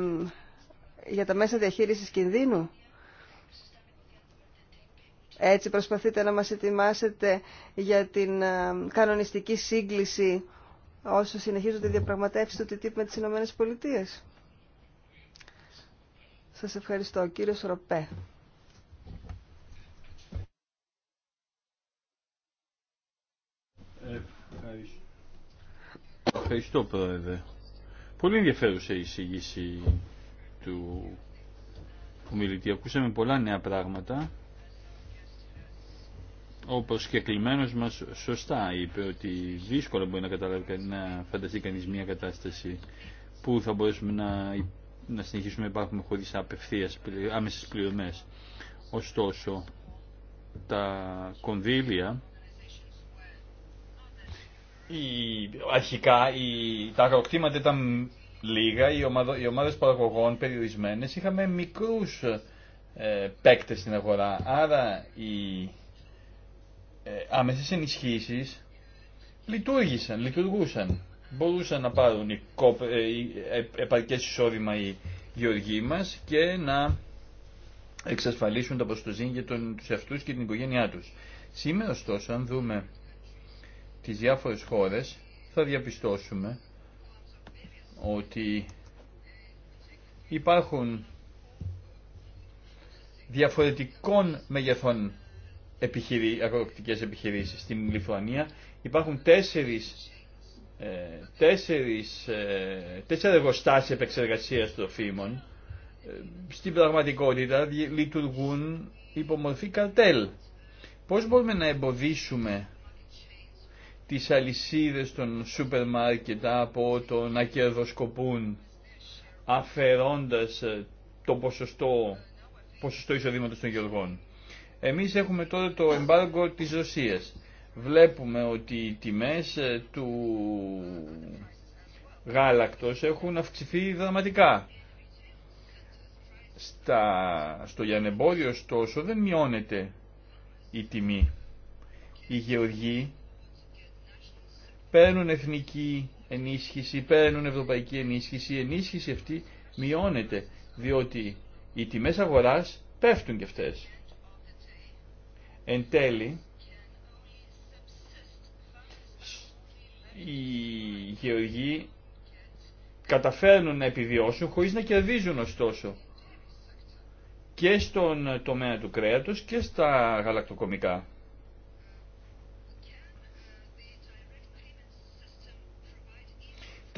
για τα μέσα διαχείρισης κινδύνου. Έτσι προσπαθείτε να μας ετοιμάσετε για την κανονιστική σύγκληση όσο συνεχίζονται οι διαπραγματεύσεις του TTIP με τις Ηνωμένες Πολιτείες. Σας ευχαριστώ. Κύριος Ροπέ.
Ευχαριστώ πρόεδρε. Πολύ ενδιαφέρουσα η εισήγηση του ομιλητή. Ακούσαμε πολλά νέα πράγματα. Όπως και κλειμένος μας σωστά είπε ότι δύσκολο μπορεί να, καταλάβει, να φανταστεί κανείς μια κατάσταση που θα μπορέσουμε να, να συνεχίσουμε να υπάρχουμε χωρίς απευθείας άμεσες πληρωμές. Ωστόσο, τα κονδύλια η, αρχικά τα αγροκτήματα ήταν λίγα, οι, ομάδο, ομάδες παραγωγών περιορισμένες, είχαμε μικρούς ε, παίκτες στην αγορά. Άρα οι ε, άμεσες ενισχύσεις λειτουργήσαν, λειτουργούσαν. Μπορούσαν να πάρουν οι, ε, ε, επαρκές εισόδημα οι γεωργοί μας και να εξασφαλίσουν τα προστοζήν για τον, τους αυτούς και την οικογένειά τους. Σήμερα ωστόσο, αν δούμε τις διάφορες χώρες θα διαπιστώσουμε ότι υπάρχουν διαφορετικών μεγεθών επιχειρή, αγροκτικές επιχειρήσεις στην Λιθουανία. Υπάρχουν τέσσερις, ε, τέσσερις, ε, τέσσερα εργοστάσια επεξεργασίας τροφίμων. Ε, στην πραγματικότητα λειτουργούν υπό μορφή καρτέλ. Πώς μπορούμε να εμποδίσουμε τις αλυσίδες των σούπερ μάρκετ από το να κερδοσκοπούν αφαιρώντας ε, το ποσοστό, ποσοστό εισοδήματος των γεωργών. Εμείς έχουμε τώρα το εμπάργκο της Ρωσίας. Βλέπουμε ότι οι τιμές ε, του γάλακτος έχουν αυξηθεί δραματικά. Στα, στο γιανεμπόριο ωστόσο, δεν μειώνεται η τιμή. Οι γεωργοί παίρνουν εθνική ενίσχυση, παίρνουν ευρωπαϊκή ενίσχυση, η ενίσχυση αυτή μειώνεται, διότι οι τιμές αγοράς πέφτουν και αυτές. Εν τέλει, οι γεωργοί καταφέρνουν να επιβιώσουν χωρίς να κερδίζουν ωστόσο και στον τομέα του κρέατος και στα γαλακτοκομικά.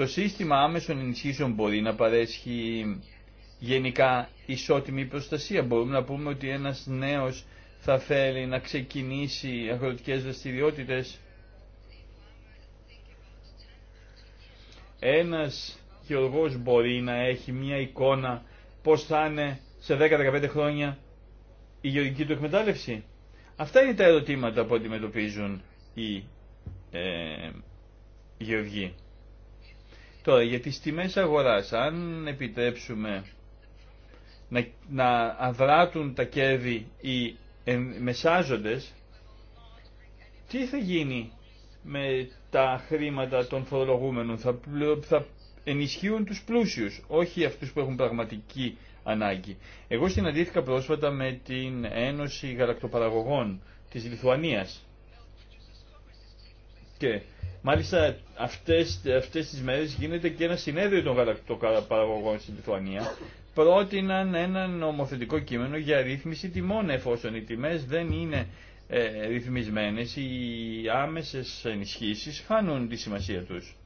Το σύστημα άμεσων ενισχύσεων μπορεί να παρέσχει γενικά ισότιμη προστασία. Μπορούμε να πούμε ότι ένας νέος θα θέλει να ξεκινήσει αγροτικές δραστηριότητε. Ένας γεωργός μπορεί να έχει μια εικόνα πώς θα είναι σε 10-15 χρόνια η γεωργική του εκμετάλλευση. Αυτά είναι τα ερωτήματα που αντιμετωπίζουν οι ε, γεωργοί. Τώρα για τις τιμές αγοράς, αν επιτρέψουμε να, να αδράτουν τα κέρδη οι μεσάζοντες, τι θα γίνει με τα χρήματα των φορολογούμενων, θα, θα ενισχύουν τους πλούσιους, όχι αυτούς που έχουν πραγματική ανάγκη. Εγώ συναντήθηκα πρόσφατα με την Ένωση Γαλακτοπαραγωγών της Λιθουανίας και Μάλιστα αυτές, αυτές τις μέρες γίνεται και ένα συνέδριο των παραγωγών στην Λιθουανία. Πρότειναν ένα νομοθετικό κείμενο για ρύθμιση τιμών εφόσον οι τιμές δεν είναι ε, ρυθμισμένες, οι άμεσες ενισχύσεις χάνουν τη σημασία τους.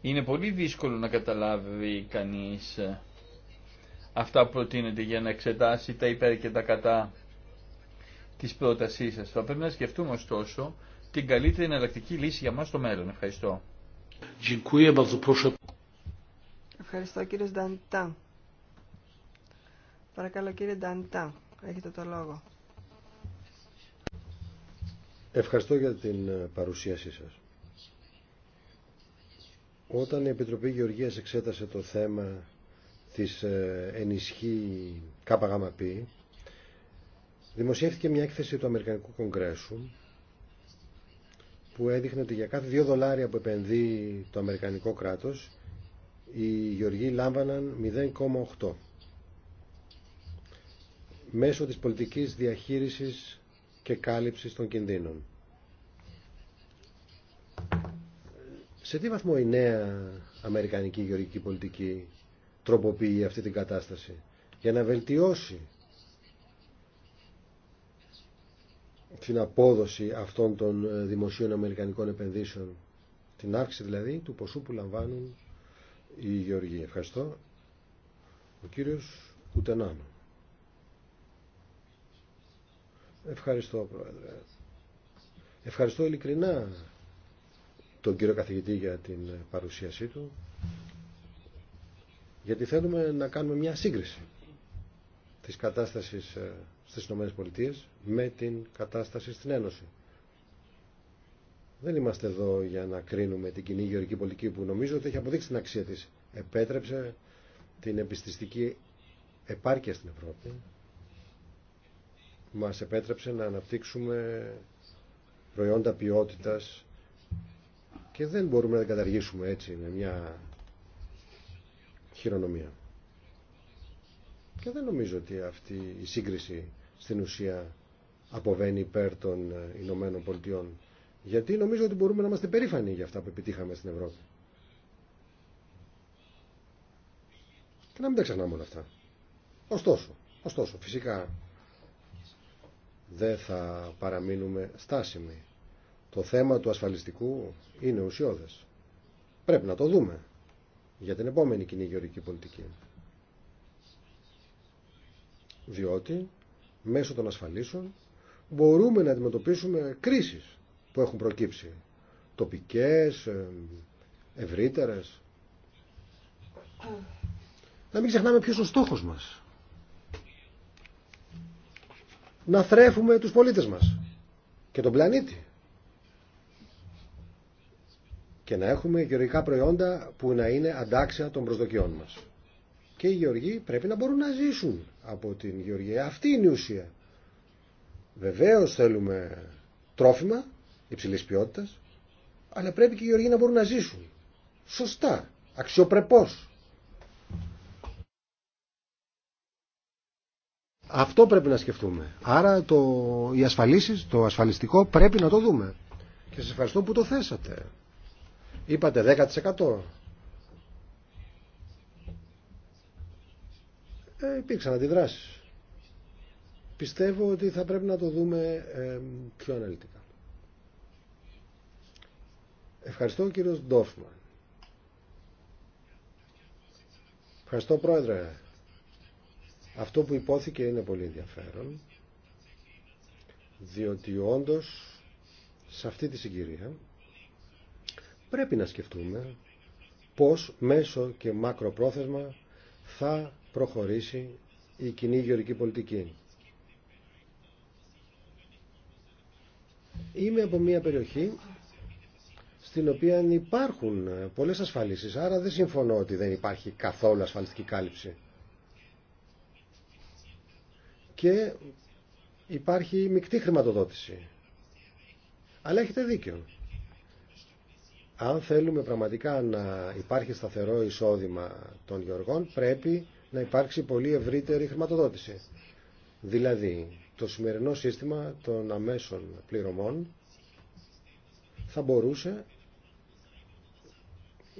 Είναι πολύ δύσκολο να καταλάβει κανείς ε, αυτά που προτείνεται για να εξετάσει τα υπέρ και τα κατά της πρότασής σας. Θα πρέπει να σκεφτούμε ωστόσο την καλύτερη εναλλακτική λύση για μας στο μέλλον. Ευχαριστώ.
Ευχαριστώ κύριε Νταντά. Παρακαλώ κύριε Νταντά, έχετε το λόγο.
Ευχαριστώ για την ε, παρουσίασή σας. Όταν η Επιτροπή Γεωργίας εξέτασε το θέμα της ε, ενισχύ ΚΓΠ, δημοσιεύτηκε μια έκθεση του Αμερικανικού Κογκρέσου που έδειχνε ότι για κάθε δύο δολάρια που επενδύει το Αμερικανικό κράτος οι γεωργοί λάμβαναν 0,8 μέσω της πολιτικής διαχείρισης και κάλυψης των κινδύνων. Σε τι βαθμό η νέα Αμερικανική γεωργική πολιτική τροποποιεί αυτή την κατάσταση για να βελτιώσει την απόδοση αυτών των ε, δημοσίων αμερικανικών επενδύσεων, την αύξηση δηλαδή του ποσού που λαμβάνουν οι γεωργοί. Ευχαριστώ. Ο κύριος Κουτενάνο. Ευχαριστώ, Πρόεδρε. Ευχαριστώ ειλικρινά τον κύριο καθηγητή για την παρουσίασή του, γιατί θέλουμε να κάνουμε μια σύγκριση της κατάστασης ε, στις Ηνωμένες Πολιτείες με την κατάσταση στην Ένωση. Δεν είμαστε εδώ για να κρίνουμε την κοινή γεωρική πολιτική που νομίζω ότι έχει αποδείξει την αξία της. Επέτρεψε την επιστηστική επάρκεια στην Ευρώπη. Μας επέτρεψε να αναπτύξουμε προϊόντα ποιότητας και δεν μπορούμε να την καταργήσουμε έτσι με μια χειρονομία. Και δεν νομίζω ότι αυτή η σύγκριση στην ουσία αποβαίνει υπέρ των ε, Ηνωμένων Πολιτειών. Γιατί νομίζω ότι μπορούμε να είμαστε περήφανοι για αυτά που επιτύχαμε στην Ευρώπη. Και να μην τα ξεχνάμε όλα αυτά. Ωστόσο, ωστόσο, φυσικά δεν θα παραμείνουμε στάσιμοι. Το θέμα του ασφαλιστικού είναι ουσιώδες. Πρέπει να το δούμε για την επόμενη κοινή γεωρική πολιτική. Διότι μέσω των ασφαλίσεων μπορούμε να αντιμετωπίσουμε κρίσεις που έχουν προκύψει τοπικές, ε, ευρύτερες να μην ξεχνάμε ποιος ο στόχος μας να θρέφουμε τους πολίτες μας και τον πλανήτη και να έχουμε γεωργικά προϊόντα που να είναι αντάξια των προσδοκιών μας και οι γεωργοί πρέπει να μπορούν να ζήσουν από την γεωργία. Αυτή είναι η ουσία. Βεβαίω θέλουμε τρόφιμα υψηλή ποιότητα, αλλά πρέπει και οι γεωργοί να μπορούν να ζήσουν. Σωστά, αξιοπρεπώς. Αυτό πρέπει να σκεφτούμε. Άρα το, οι το ασφαλιστικό πρέπει να το δούμε. Και σα ευχαριστώ που το θέσατε. Είπατε 10%. ε, υπήρξαν αντιδράσεις. Πιστεύω ότι θα πρέπει να το δούμε ε, πιο αναλυτικά. Ευχαριστώ κύριος Ντόφμαν. Ευχαριστώ πρόεδρε. Αυτό που υπόθηκε είναι πολύ ενδιαφέρον διότι όντως σε αυτή τη συγκυρία πρέπει να σκεφτούμε πώς μέσο και μακροπρόθεσμα θα προχωρήσει η κοινή γεωρική πολιτική. Είμαι από μια περιοχή στην οποία υπάρχουν πολλές ασφαλίσεις, άρα δεν συμφωνώ ότι δεν υπάρχει καθόλου ασφαλιστική κάλυψη. Και υπάρχει μεικτή χρηματοδότηση. Αλλά έχετε δίκιο. Αν θέλουμε πραγματικά να υπάρχει σταθερό εισόδημα των γεωργών, πρέπει να υπάρξει πολύ ευρύτερη χρηματοδότηση. Δηλαδή, το σημερινό σύστημα των αμέσων πληρωμών θα μπορούσε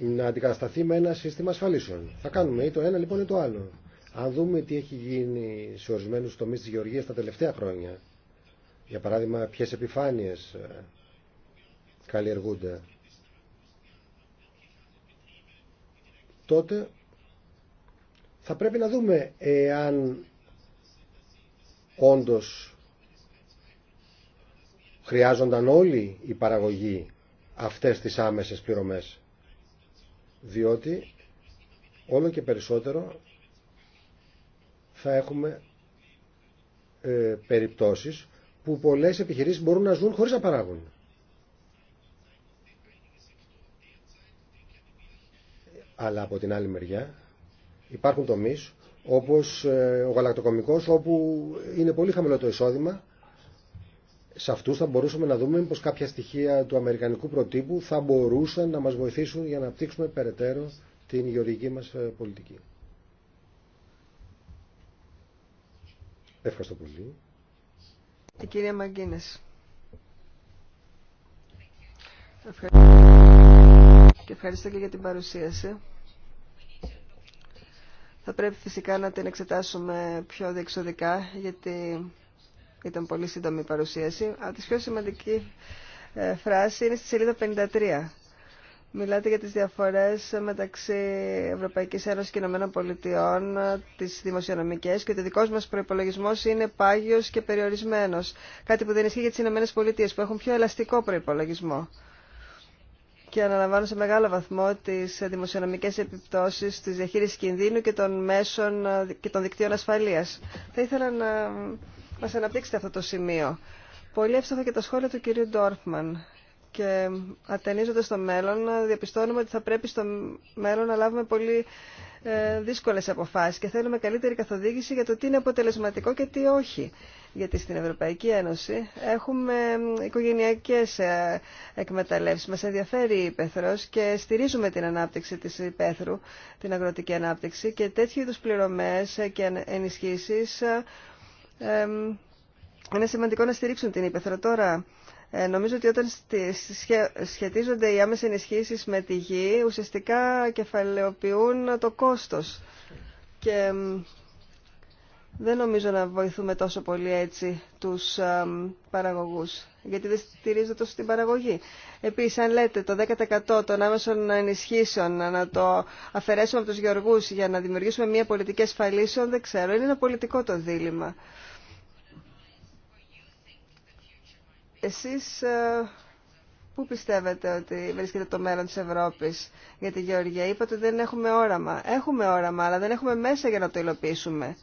να αντικατασταθεί με ένα σύστημα ασφαλίσεων. Θα κάνουμε ή το ένα λοιπόν ή το άλλο. Αν δούμε τι έχει γίνει σε ορισμένους τομείς της γεωργίας τα τελευταία χρόνια, για παράδειγμα ποιες επιφάνειες ε, καλλιεργούνται, τότε θα πρέπει να δούμε εάν όντως χρειάζονταν όλοι οι παραγωγοί αυτές τις άμεσες πληρωμές. Διότι όλο και περισσότερο θα έχουμε ε, περιπτώσεις που πολλές επιχειρήσεις μπορούν να ζουν χωρίς να παράγουν. Αλλά από την άλλη μεριά υπάρχουν τομείς όπως ε, ο γαλακτοκομικός όπου είναι πολύ χαμηλό το εισόδημα σε αυτούς θα μπορούσαμε να δούμε πω κάποια στοιχεία του αμερικανικού προτύπου θα μπορούσαν να μας βοηθήσουν για να απτύξουμε περαιτέρω την γεωργική μας ε, πολιτική. Ευχαριστώ πολύ.
Η κυρία Μαγκίνες. Και ευχαριστώ και για την παρουσίαση. Θα πρέπει φυσικά να την εξετάσουμε πιο διεξοδικά, γιατί ήταν πολύ σύντομη η παρουσίαση. Από τη πιο σημαντική ε, φράση είναι στη σελίδα 53. Μιλάτε για τις διαφορές μεταξύ Ευρωπαϊκής Ένωσης και Ηνωμένων Πολιτειών, τις δημοσιονομικές και ότι ο δικός μας προϋπολογισμός είναι πάγιος και περιορισμένος. Κάτι που δεν ισχύει για τις Ηνωμένες Πολιτείες που έχουν πιο ελαστικό προϋπολογισμό και αναλαμβάνω σε μεγάλο βαθμό τις δημοσιονομικές επιπτώσεις της διαχείρισης κινδύνου και των μέσων και των δικτύων ασφαλείας. Θα ήθελα να μας αναπτύξετε αυτό το σημείο. Πολύ εύστοχα και τα σχόλια του κυρίου Ντόρφμαν. Και ατενίζοντας το μέλλον, διαπιστώνουμε ότι θα πρέπει στο μέλλον να λάβουμε πολύ ε, δύσκολες αποφάσεις και θέλουμε καλύτερη καθοδήγηση για το τι είναι αποτελεσματικό και τι όχι. Γιατί στην Ευρωπαϊκή Ένωση έχουμε οικογενειακές ε, εκμεταλλεύσεις. Μας ενδιαφέρει η υπεθρός και στηρίζουμε την ανάπτυξη της υπέθρου την αγροτική ανάπτυξη και τέτοιου είδους πληρωμές ε, και ενισχύσεις είναι σημαντικό να στηρίξουν την υπεθρό. Τώρα ε, νομίζω ότι όταν σχετίζονται οι άμεσες ενισχύσει με τη γη, ουσιαστικά κεφαλαιοποιούν το κόστος. Και δεν νομίζω να βοηθούμε τόσο πολύ έτσι τους ε, παραγωγούς, γιατί δεν στηρίζονται τόσο στην παραγωγή. Επίσης, αν λέτε το 10% των άμεσων ενισχύσεων να το αφαιρέσουμε από τους γεωργούς για να δημιουργήσουμε μια πολιτική ασφαλίσεων, δεν ξέρω, είναι ένα πολιτικό το δίλημα. Εσείς ε, πού πιστεύετε ότι βρίσκεται το μέλλον της Ευρώπης για τη Γεωργία. Είπατε ότι δεν έχουμε όραμα. Έχουμε όραμα, αλλά δεν έχουμε μέσα για να το υλοποιήσουμε.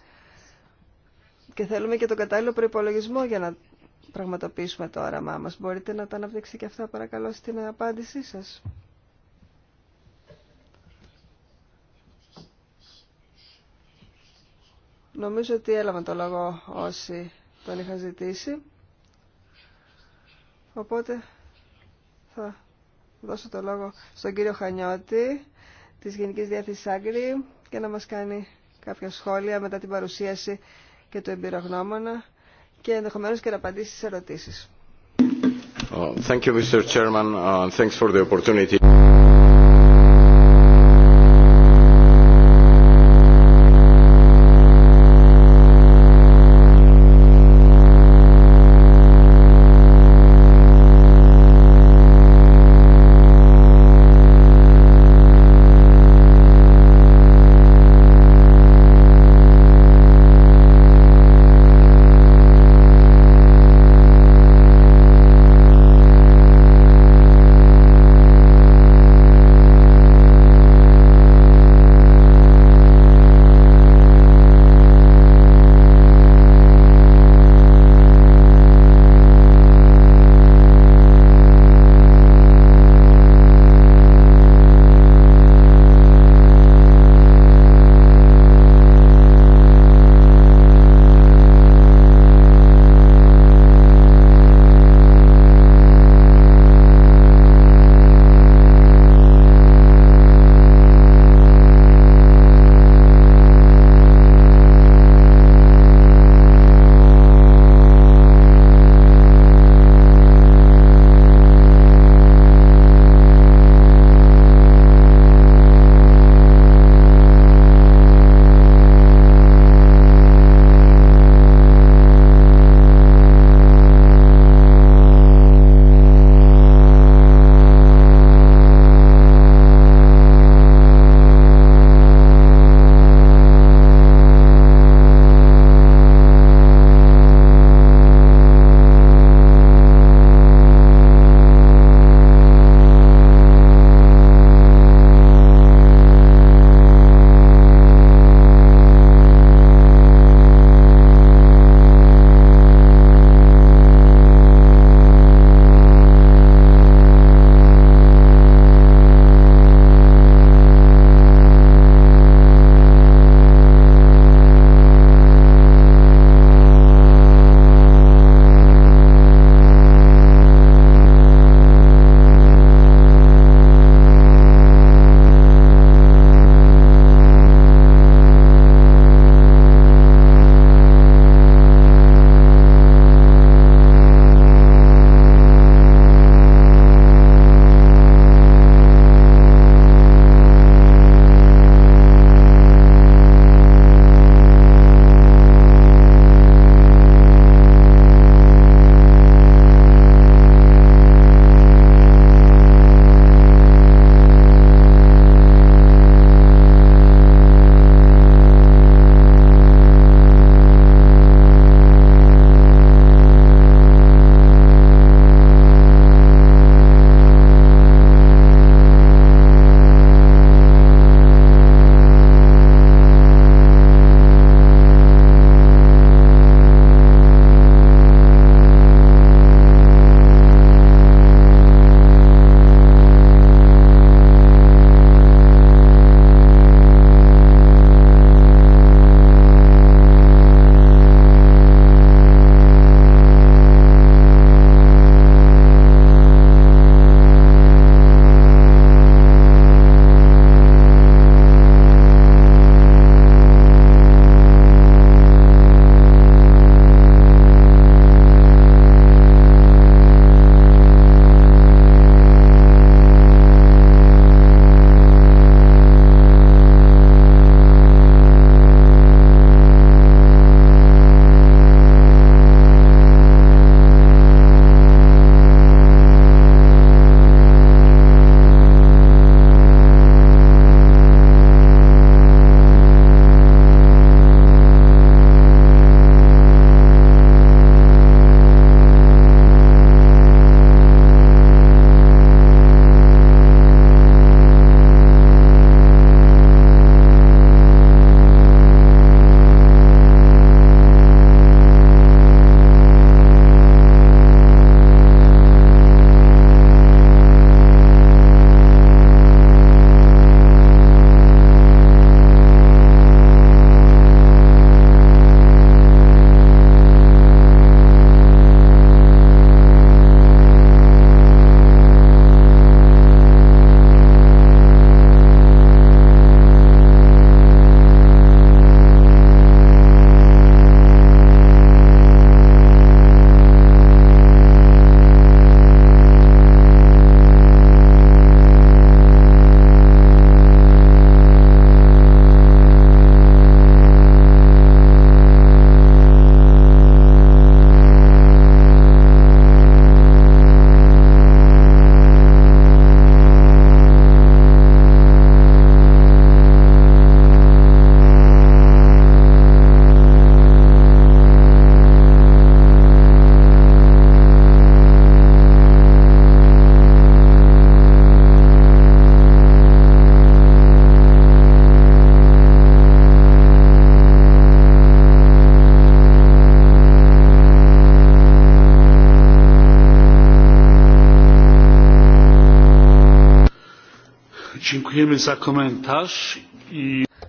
Και θέλουμε και τον κατάλληλο προϋπολογισμό για να πραγματοποιήσουμε το όραμά μας. Μπορείτε να τα αναπτύξετε και αυτά παρακαλώ στην απάντησή σας. Νομίζω ότι έλαβαν το λόγο όσοι τον είχαν ζητήσει. Οπότε θα δώσω το λόγο στον κύριο Χανιώτη της Γενικής Διεύθυνσης Άγκρη και να μας κάνει κάποια σχόλια μετά την παρουσίαση και το εμπειρογνώμονα και ενδεχομένως και να απαντήσει στις ερωτήσεις.
Oh, thank you,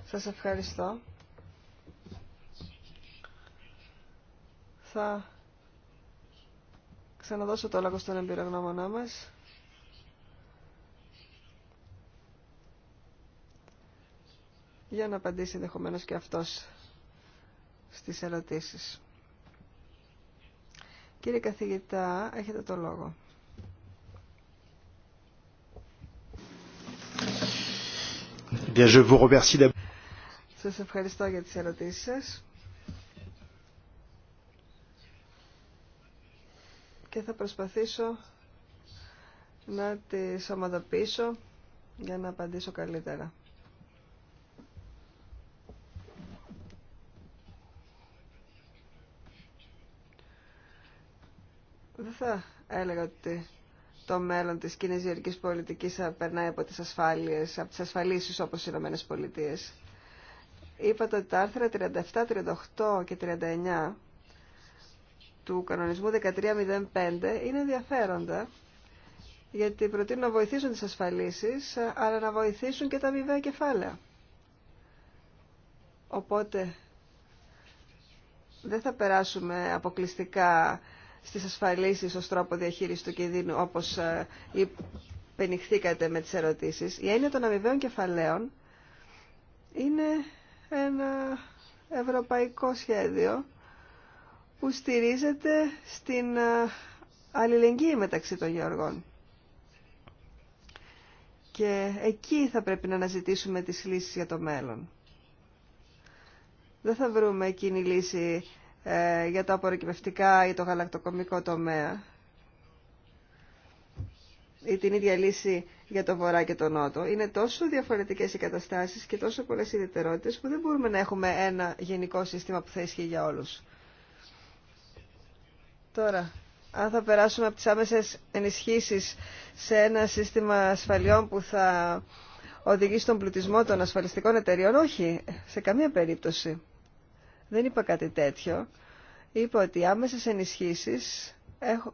Σας ευχαριστώ. Θα ξαναδώσω το λόγο στον εμπειρογνώμονά μας. για να απαντήσει ενδεχομένω και αυτός στις ερωτήσεις. Κύριε καθηγητά, έχετε το λόγο. Σας ευχαριστώ για τις ερωτήσεις σας. Και θα προσπαθήσω να τις ομαδοποιήσω για να απαντήσω καλύτερα. Δεν θα έλεγα ότι το μέλλον της κινέζικης πολιτικής περνάει από τις ασφάλειες, από τις ασφαλίσεις όπως οι Ηνωμένες Πολιτείες. Είπατε ότι τα άρθρα 37, 38 και 39 του κανονισμού 1305 είναι ενδιαφέροντα γιατί προτείνουν να βοηθήσουν τις ασφαλίσεις αλλά να βοηθήσουν και τα βιβλία κεφάλαια. Οπότε δεν θα περάσουμε αποκλειστικά στις ασφαλίσεις ως τρόπο διαχείρισης του κινδύνου, όπως ε, υπενηχθήκατε με τις ερωτήσεις. Η έννοια των αμοιβαίων κεφαλαίων είναι ένα ευρωπαϊκό σχέδιο που στηρίζεται στην ε, αλληλεγγύη μεταξύ των γεωργών. Και εκεί θα πρέπει να αναζητήσουμε τις λύσεις για το μέλλον. Δεν θα βρούμε εκείνη λύση ε, για τα απορροκυπευτικά ή το γαλακτοκομικό τομέα ή την ίδια λύση για το βορρά και το νότο. Είναι τόσο διαφορετικές οι καταστάσεις και τόσο πολλές ιδιαιτερότητες που δεν μπορούμε να έχουμε ένα γενικό σύστημα που θα ισχύει για όλους. Τώρα, αν θα περάσουμε από τις άμεσες ενισχύσεις σε ένα σύστημα ασφαλιών που θα οδηγεί στον πλουτισμό των ασφαλιστικών εταιριών, όχι, σε καμία περίπτωση. Δεν είπα κάτι τέτοιο. Είπα ότι οι άμεσες ενισχύσεις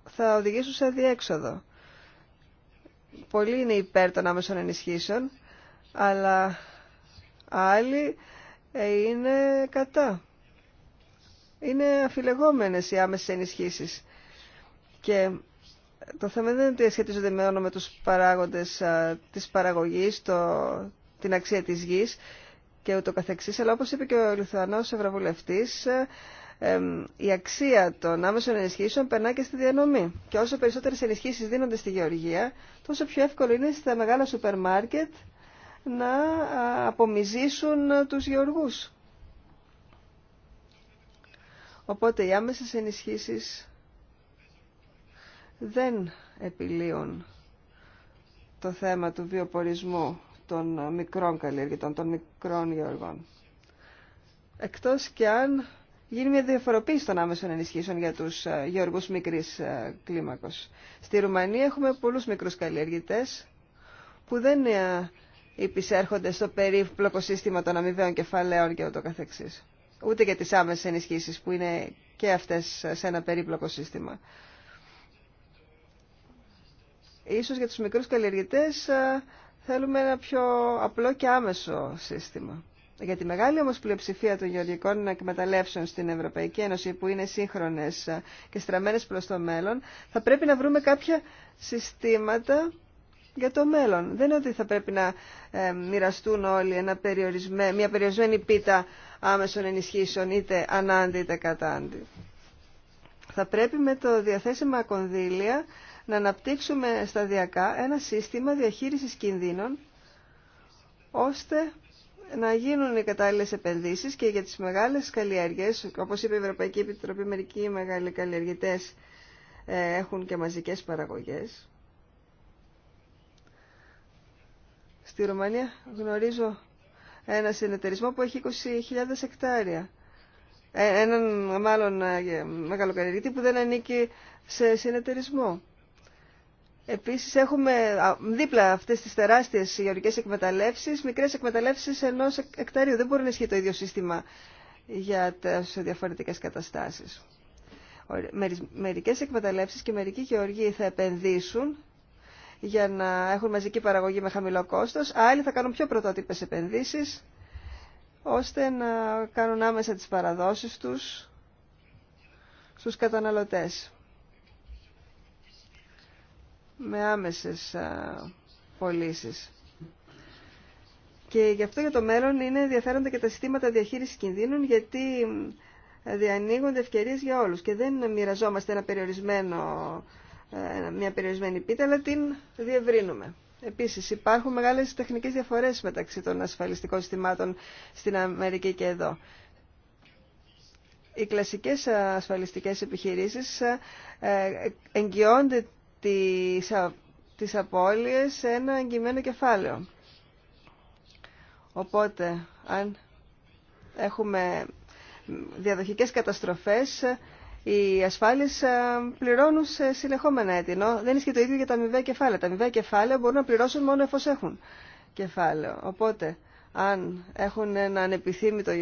θα οδηγήσουν σε διέξοδο. Πολλοί είναι υπέρ των άμεσων ενισχύσεων, αλλά άλλοι ε, είναι κατά. Είναι αφιλεγόμενες οι άμεσες ενισχύσεις. Και το θέμα δεν είναι ότι σχετίζονται με τους παράγοντες της παραγωγής, το, την αξία της γης και ούτω καθεξής. Αλλά όπως είπε και ο Λιθουανός Ευρωβουλευτής, η αξία των άμεσων ενισχύσεων περνά και στη διανομή. Και όσο περισσότερες ενισχύσεις δίνονται στη γεωργία, τόσο πιο εύκολο είναι στα μεγάλα σούπερ μάρκετ να απομυζήσουν τους γεωργούς. Οπότε οι άμεσες ενισχύσεις δεν επιλύουν το θέμα του βιοπορισμού των μικρών καλλιεργητών, των μικρών γεωργών. Εκτός και αν γίνει μια διαφοροποίηση των άμεσων ενισχύσεων για τους ε, γεωργούς μικρής ε, κλίμακος. Στη Ρουμανία έχουμε πολλούς μικρούς καλλιεργητές που δεν ε, υπησέρχονται στο περίπλοκο σύστημα των αμοιβαίων κεφαλαίων και ούτω καθεξής. Ούτε και τις άμεσες ενισχύσεις που είναι και αυτές σε ένα περίπλοκο σύστημα. Ίσως για τους μικρούς καλλιεργητές Θέλουμε ένα πιο απλό και άμεσο σύστημα. Για τη μεγάλη όμως πλειοψηφία των γεωργικών εκμεταλλεύσεων στην Ευρωπαϊκή Ένωση που είναι σύγχρονες και στραμμένες προς το μέλλον, θα πρέπει να βρούμε κάποια συστήματα για το μέλλον. Δεν είναι ότι θα πρέπει να ε, μοιραστούν όλοι ένα περιορισμέ, μια περιορισμένη πίτα άμεσων ενισχύσεων είτε ανάντι είτε κατάντι. Θα πρέπει με το διαθέσιμα κονδύλια να αναπτύξουμε σταδιακά ένα σύστημα διαχείρισης κινδύνων, ώστε να γίνουν οι κατάλληλες επενδύσεις και για τις μεγάλες καλλιέργειες, όπως είπε η Ευρωπαϊκή Επιτροπή, μερικοί μεγάλοι καλλιεργητές ε, έχουν και μαζικές παραγωγές. Στη Ρουμανία γνωρίζω ένα συνεταιρισμό που έχει 20.000 εκτάρια. Ε, έναν μάλλον ε, μεγαλοκαλλιεργητή που δεν ανήκει σε συνεταιρισμό. Επίσης έχουμε δίπλα αυτές τις τεράστιες γεωργικές εκμεταλλεύσεις, μικρές εκμεταλλεύσεις ενός εκταρίου. Δεν μπορεί να ισχύει το ίδιο σύστημα για τις διαφορετικές καταστάσεις. Μερικές εκμεταλλεύσεις και μερικοί γεωργοί θα επενδύσουν για να έχουν μαζική παραγωγή με χαμηλό κόστος. Άλλοι θα κάνουν πιο πρωτότυπες επενδύσεις, ώστε να κάνουν άμεσα τις παραδόσεις τους στους καταναλωτές με άμεσες πωλήσει. Και γι' αυτό για το μέλλον είναι ενδιαφέροντα και τα συστήματα διαχείρισης κινδύνων γιατί ε, διανοίγονται ευκαιρίες για όλους και δεν μοιραζόμαστε ένα περιορισμένο, ε, μια περιορισμένη πίτα αλλά την διευρύνουμε. Επίσης υπάρχουν μεγάλες τεχνικές διαφορές μεταξύ των ασφαλιστικών συστημάτων στην Αμερική και εδώ. Οι κλασικές ε, ασφαλιστικές επιχειρήσεις εγγυώνται τις, τις απώλειες σε ένα εγγυημένο κεφάλαιο. Οπότε, αν έχουμε διαδοχικές καταστροφές, οι ασφάλειες πληρώνουν σε συνεχόμενα έτη. δεν ισχύει το ίδιο για τα αμοιβαία κεφάλαια. Τα αμοιβαία κεφάλαια μπορούν να πληρώσουν μόνο εφόσον έχουν κεφάλαιο. Οπότε, αν έχουν ένα ανεπιθύμητο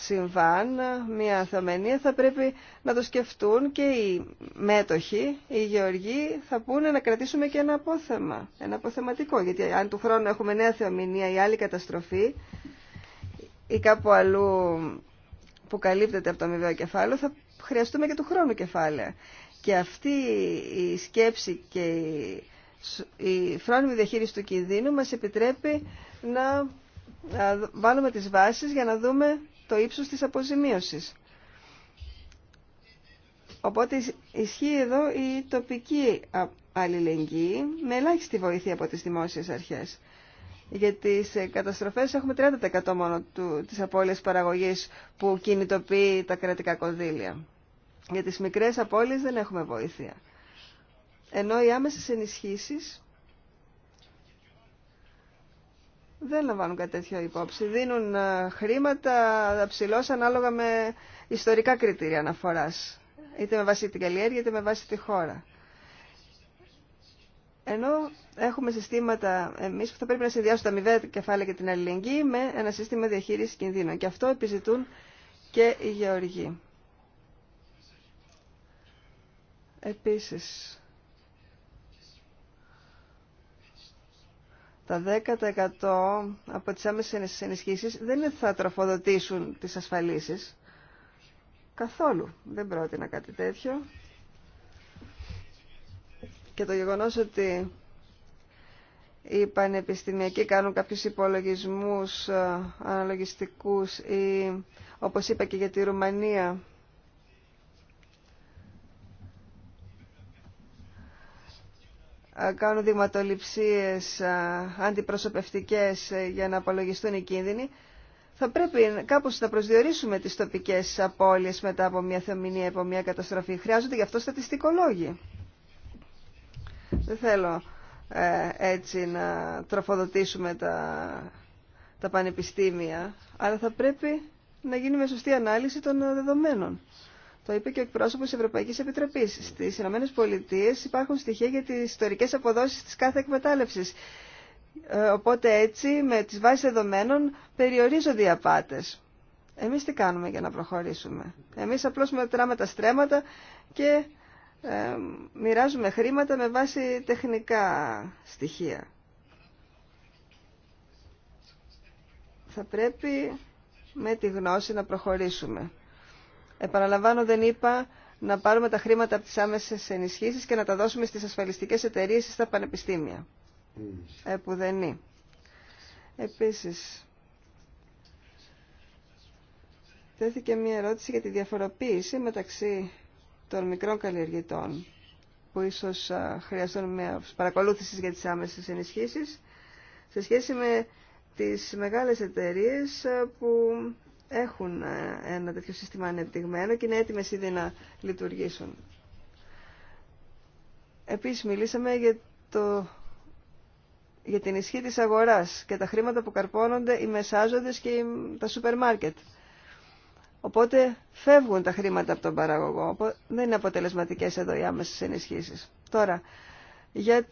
συμβάν, μια θεμενία, θα πρέπει να το σκεφτούν και οι μέτοχοι, οι γεωργοί θα πούνε να κρατήσουμε και ένα απόθεμα, ένα αποθεματικό. Γιατί αν του χρόνου έχουμε νέα θεομηνία ή άλλη καταστροφή ή κάπου αλλού που καλύπτεται από το αμοιβαίο κεφάλαιο, θα χρειαστούμε και του χρόνου κεφάλαια. Και αυτή η σκέψη και η, η φρόνιμη διαχείριση του κινδύνου μας επιτρέπει να βάλουμε τις βάσεις για να δούμε το ύψος της αποζημίωσης. Οπότε ισχύει εδώ η τοπική αλληλεγγύη με ελάχιστη βοήθεια από τις δημόσιες αρχές. Για τις ε, καταστροφές έχουμε 30% μόνο του, της απώλειας παραγωγής που κινητοποιεί τα κρατικά κονδύλια. Για τις μικρές απώλειες δεν έχουμε βοήθεια. Ενώ οι άμεσες ενισχύσεις δεν λαμβάνουν κάτι τέτοιο υπόψη. Δίνουν ε, χρήματα ψηλώ ανάλογα με ιστορικά κριτήρια αναφοράς. Είτε με βάση την καλλιέργεια είτε με βάση τη χώρα. Ενώ έχουμε συστήματα εμεί που θα πρέπει να συνδυάσουν τα μηδέα κεφάλαια και την αλληλεγγύη με ένα σύστημα διαχείριση κινδύνων. Και αυτό επιζητούν και οι γεωργοί. Επίσης, Τα 10% από τις άμεσες ενισχύσεις δεν θα τροφοδοτήσουν τις ασφαλίσεις. Καθόλου. Δεν πρότεινα κάτι τέτοιο. Και το γεγονός ότι οι πανεπιστημιακοί κάνουν κάποιους υπολογισμούς ε, αναλογιστικούς ή όπως είπα και για τη Ρουμανία κάνουν δειγματοληψίες αντιπροσωπευτικές ε, για να απολογιστούν οι κίνδυνοι, θα πρέπει κάπως να προσδιορίσουμε τις τοπικές απώλειες μετά από μια θεομηνία, από μια καταστροφή. Χρειάζονται γι' αυτό στατιστικολόγοι. Δεν θέλω ε, έτσι να τροφοδοτήσουμε τα, τα πανεπιστήμια, αλλά θα πρέπει να γίνει με σωστή ανάλυση των ε, δεδομένων. Το είπε και ο εκπρόσωπο τη Ευρωπαϊκή Επιτροπή. Στι ΗΠΑ υπάρχουν στοιχεία για τι ιστορικέ αποδόσει τη κάθε εκμετάλλευση. Ε, οπότε έτσι με τις βάσεις δεδομένων περιορίζονται οι απάτε. Εμείς τι κάνουμε για να προχωρήσουμε. Εμείς απλώ μετράμε τα στρέμματα και ε, μοιράζουμε χρήματα με βάση τεχνικά στοιχεία. Θα πρέπει με τη γνώση να προχωρήσουμε. Επαναλαμβάνω, δεν είπα να πάρουμε τα χρήματα από τις άμεσες ενισχύσεις και να τα δώσουμε στις ασφαλιστικές ή στα πανεπιστήμια. Επουδενή. Επίσης, τέθηκε μια ερώτηση για τη διαφοροποίηση μεταξύ των μικρών καλλιεργητών που ίσως χρειαστούν μια παρακολούθηση για τις άμεσες ενισχύσεις σε σχέση με τις μεγάλες εταιρείες που έχουν ε, ένα τέτοιο σύστημα ανεπτυγμένο και είναι έτοιμες ήδη να λειτουργήσουν. Επίσης μιλήσαμε για, το, για την ισχύ της αγοράς και τα χρήματα που καρπώνονται οι μεσάζοντες και τα σούπερ μάρκετ. Οπότε φεύγουν τα χρήματα από τον παραγωγό. Δεν είναι αποτελεσματικές εδώ οι άμεσες ενισχύσεις. Τώρα, για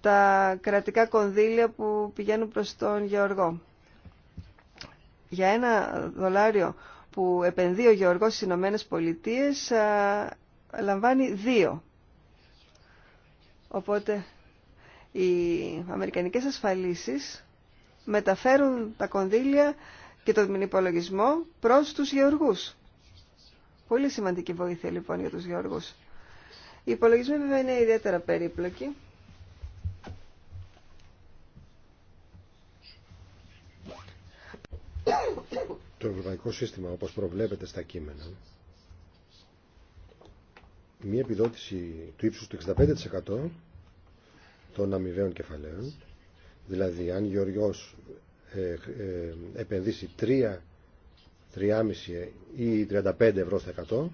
τα κρατικά κονδύλια που πηγαίνουν προς τον Γεωργό για ένα δολάριο που επενδύει ο Γεωργός στις Ηνωμένες Πολιτείες λαμβάνει δύο. Οπότε οι αμερικανικές ασφαλίσεις μεταφέρουν τα κονδύλια και τον υπολογισμό προς τους γεωργούς. Πολύ σημαντική βοήθεια λοιπόν για τους γεωργούς. Οι υπολογισμοί βέβαια είναι ιδιαίτερα περίπλοκοι
το ευρωπαϊκό σύστημα όπως προβλέπεται στα κείμενα μια επιδότηση του ύψους του 65% των αμοιβαίων κεφαλαίων δηλαδή αν Γεωργιός ε, ε, επενδύσει 3, 3,5 ή 35 ευρώ στα 100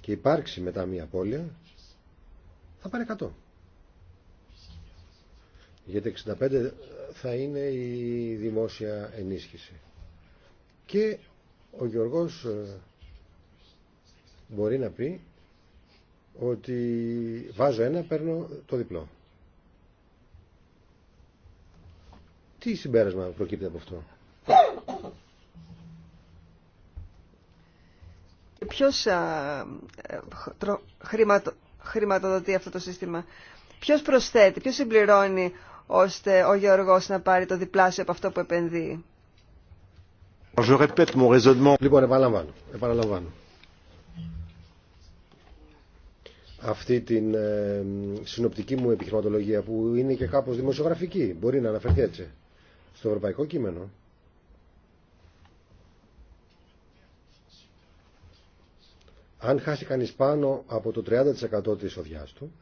και υπάρξει μετά μια απώλεια θα πάρει 100 γιατί 65 θα είναι η δημόσια ενίσχυση και ο Γιώργος ε, μπορεί να πει ότι βάζω ένα, παίρνω το διπλό. Τι συμπέρασμα προκύπτει από αυτό.
Ποιος ε, χρηματο, χρηματοδοτεί αυτό το σύστημα. Ποιος προσθέτει, ποιος συμπληρώνει ώστε ο Γιώργος να πάρει το διπλάσιο από αυτό που επενδύει.
Λοιπόν, επαναλαμβάνω. επαναλαμβάνω. Αυτή την ε, συνοπτική μου επιχειρηματολογία που είναι και κάπως δημοσιογραφική. Μπορεί να αναφερθεί έτσι. Στο ευρωπαϊκό κείμενο. Αν χάσει κανείς πάνω από το 30% της οδιάς του,